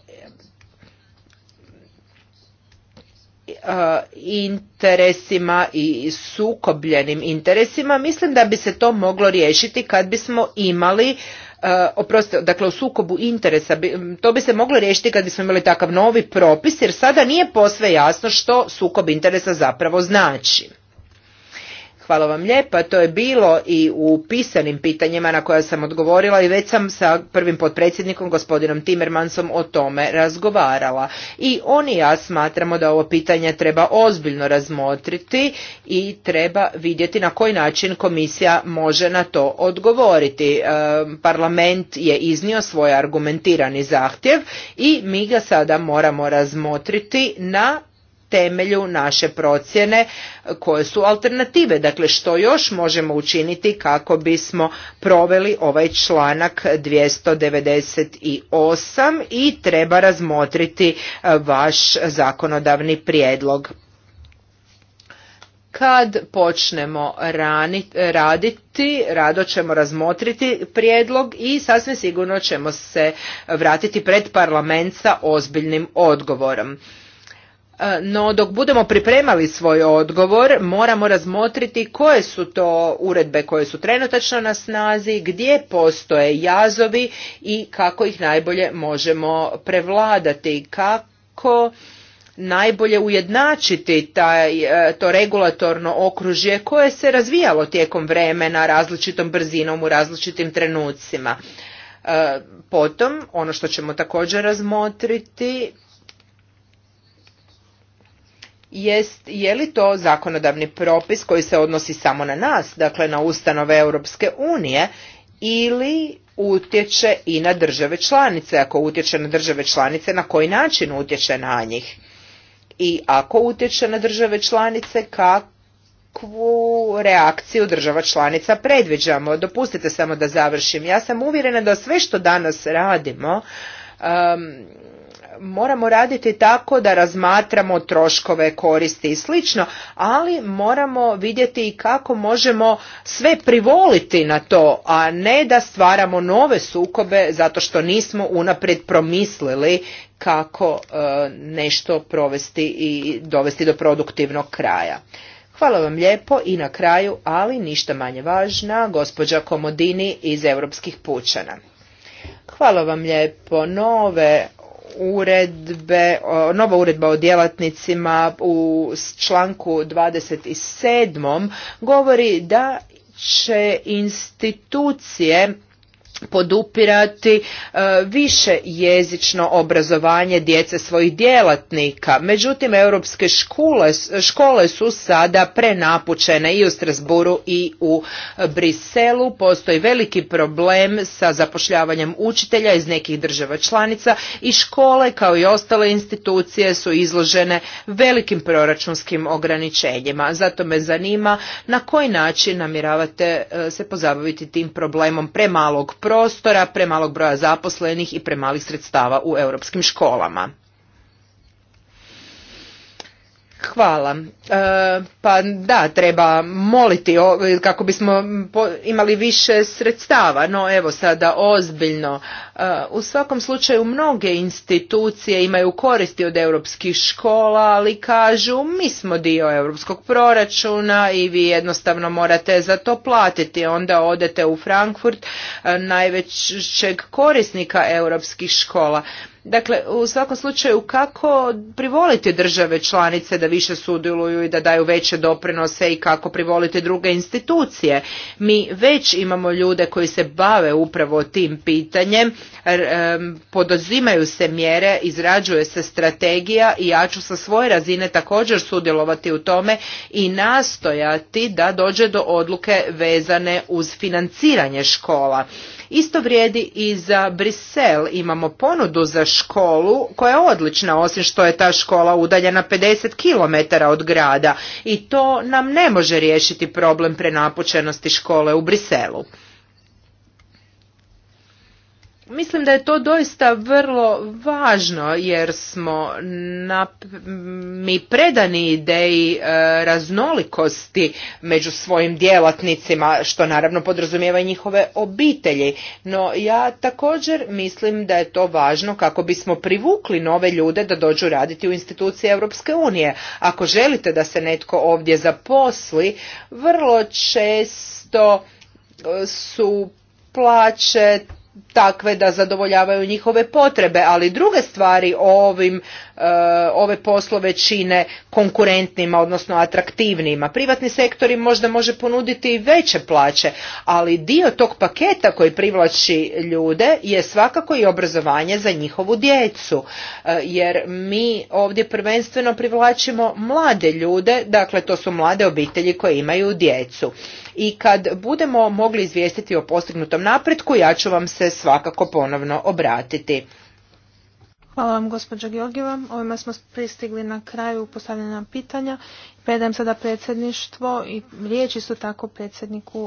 E, interesima i sukobljenim interesima, mislim da bi se to moglo riješiti kad bismo imali e, oprostite, dakle u sukobu interesa, to bi se moglo riješiti kad bismo imali takav novi propis, jer sada nije posve jasno što sukob interesa zapravo znači. Hvala vam lijepa. To je bilo i u pisanim pitanjima na koja sam odgovorila i već sam sa prvim potpredsjednikom gospodinom Timmermansom o tome razgovarala. I on i ja smatramo da ovo pitanje treba ozbiljno razmotriti i treba vidjeti na koji način komisija može na to odgovoriti. E, parlament je iznio svoj argumentirani zahtjev i mi ga sada moramo razmotriti na temelju naše procjene koje su alternative. Dakle, što još možemo učiniti kako bismo proveli ovaj članak 298 i treba razmotriti e, vaš zakonodavni prijedlog. Kad počnemo raditi, rado ćemo razmotriti prijedlog i sasvim sigurno ćemo se vratiti pred parlament sa ozbiljnim odgovorom. E, no dok budemo pripremali svoj odgovor moramo razmotriti koje su to uredbe koje su trenutačno na snazi, gdje postoje jazovi i kako ih najbolje možemo prevladati, kako najbolje ujednačiti taj, e, to regulatorno okružje koje se razvijalo tijekom vremena različitom brzinom u različitim trenucima. E, potom, ono što ćemo također razmotriti jest je li to zakonodavni propis koji se odnosi samo na nas, dakle na ustanove Europske unije ili utječe i na države članice, ako utječe na države članice na koji način utječe na njih i ako utječe na države članice kakvu reakciju država članica predviđamo. Dopustite samo da završim. Ja sam uvjerena da sve što danas radimo um, moramo raditi tako da razmatramo troškove, koristi i slično, ali moramo vidjeti i kako možemo sve privoliti na to, a ne da stvaramo nove sukobe zato što nismo unaprijed promislili kako e, nešto provesti i dovesti do produktivnog kraja. Hvala vam lijepo i na kraju, ali ništa manje važna, gospođa Komodini iz Europskih pučana. Hvala vam lijepo. Nove uredbe, nova uredba o djelatnicima u članku 27. govori da će institucije podupirati e, više jezično obrazovanje djece svojih djelatnika. Međutim, europske škole, škole su sada prenapučene i u Strasburu i u Briselu. Postoji veliki problem sa zapošljavanjem učitelja iz nekih država članica i škole kao i ostale institucije su izložene velikim proračunskim ograničenjima. Zato me zanima na koji način namiravate e, se pozabaviti tim problemom premalog prostora, premalog broja zaposlenih i premalih sredstava u europskim školama. Hvala. E, pa da, treba moliti kako bismo imali više sredstava, no evo sada ozbiljno. E, u svakom slučaju mnoge institucije imaju koristi od europskih škola, ali kažu mi smo dio europskog proračuna i vi jednostavno morate za to platiti. Onda odete u Frankfurt, e, najvećeg korisnika europskih škola. Dakle, u svakom slučaju kako privoliti države članice da više sudjeluju i da daju veće doprinose i kako privoliti druge institucije. Mi već imamo ljude koji se bave upravo tim pitanjem, podozimaju se mjere, izrađuje se strategija i ja ću sa svoje razine također sudjelovati u tome i nastojati da dođe do odluke vezane uz financiranje škola. Isto vrijedi i za Brisel. Imamo ponudu za školu koja je odlična, osim što je ta škola udaljena 50 km od grada i to nam ne može riješiti problem prenapučenosti škole u Briselu. Mislim da je to doista vrlo važno jer smo na, mi predani ideji e, raznolikosti među svojim djelatnicima, što naravno podrazumijeva njihove obitelji. No ja također mislim da je to važno kako bismo privukli nove ljude da dođu raditi u institucije Europske unije. Ako želite da se netko ovdje zaposli, vrlo često e, su plaće takve da zadovoljavaju njihove potrebe, ali druge stvari o ovim E, ove poslove čine konkurentnima, odnosno atraktivnijima. Privatni sektor im možda može ponuditi i veće plaće, ali dio tog paketa koji privlači ljude je svakako i obrazovanje za njihovu djecu, e, jer mi ovdje prvenstveno privlačimo mlade ljude, dakle to su mlade obitelji koje imaju djecu. I kad budemo mogli izvijestiti o postignutom napretku, ja ću vam se svakako ponovno obratiti. Hvala vam gospođa Georgijeva. Ovime smo pristigli na kraju postavljena pitanja. Predajem sada predsjedništvo i riječ isto tako predsjedniku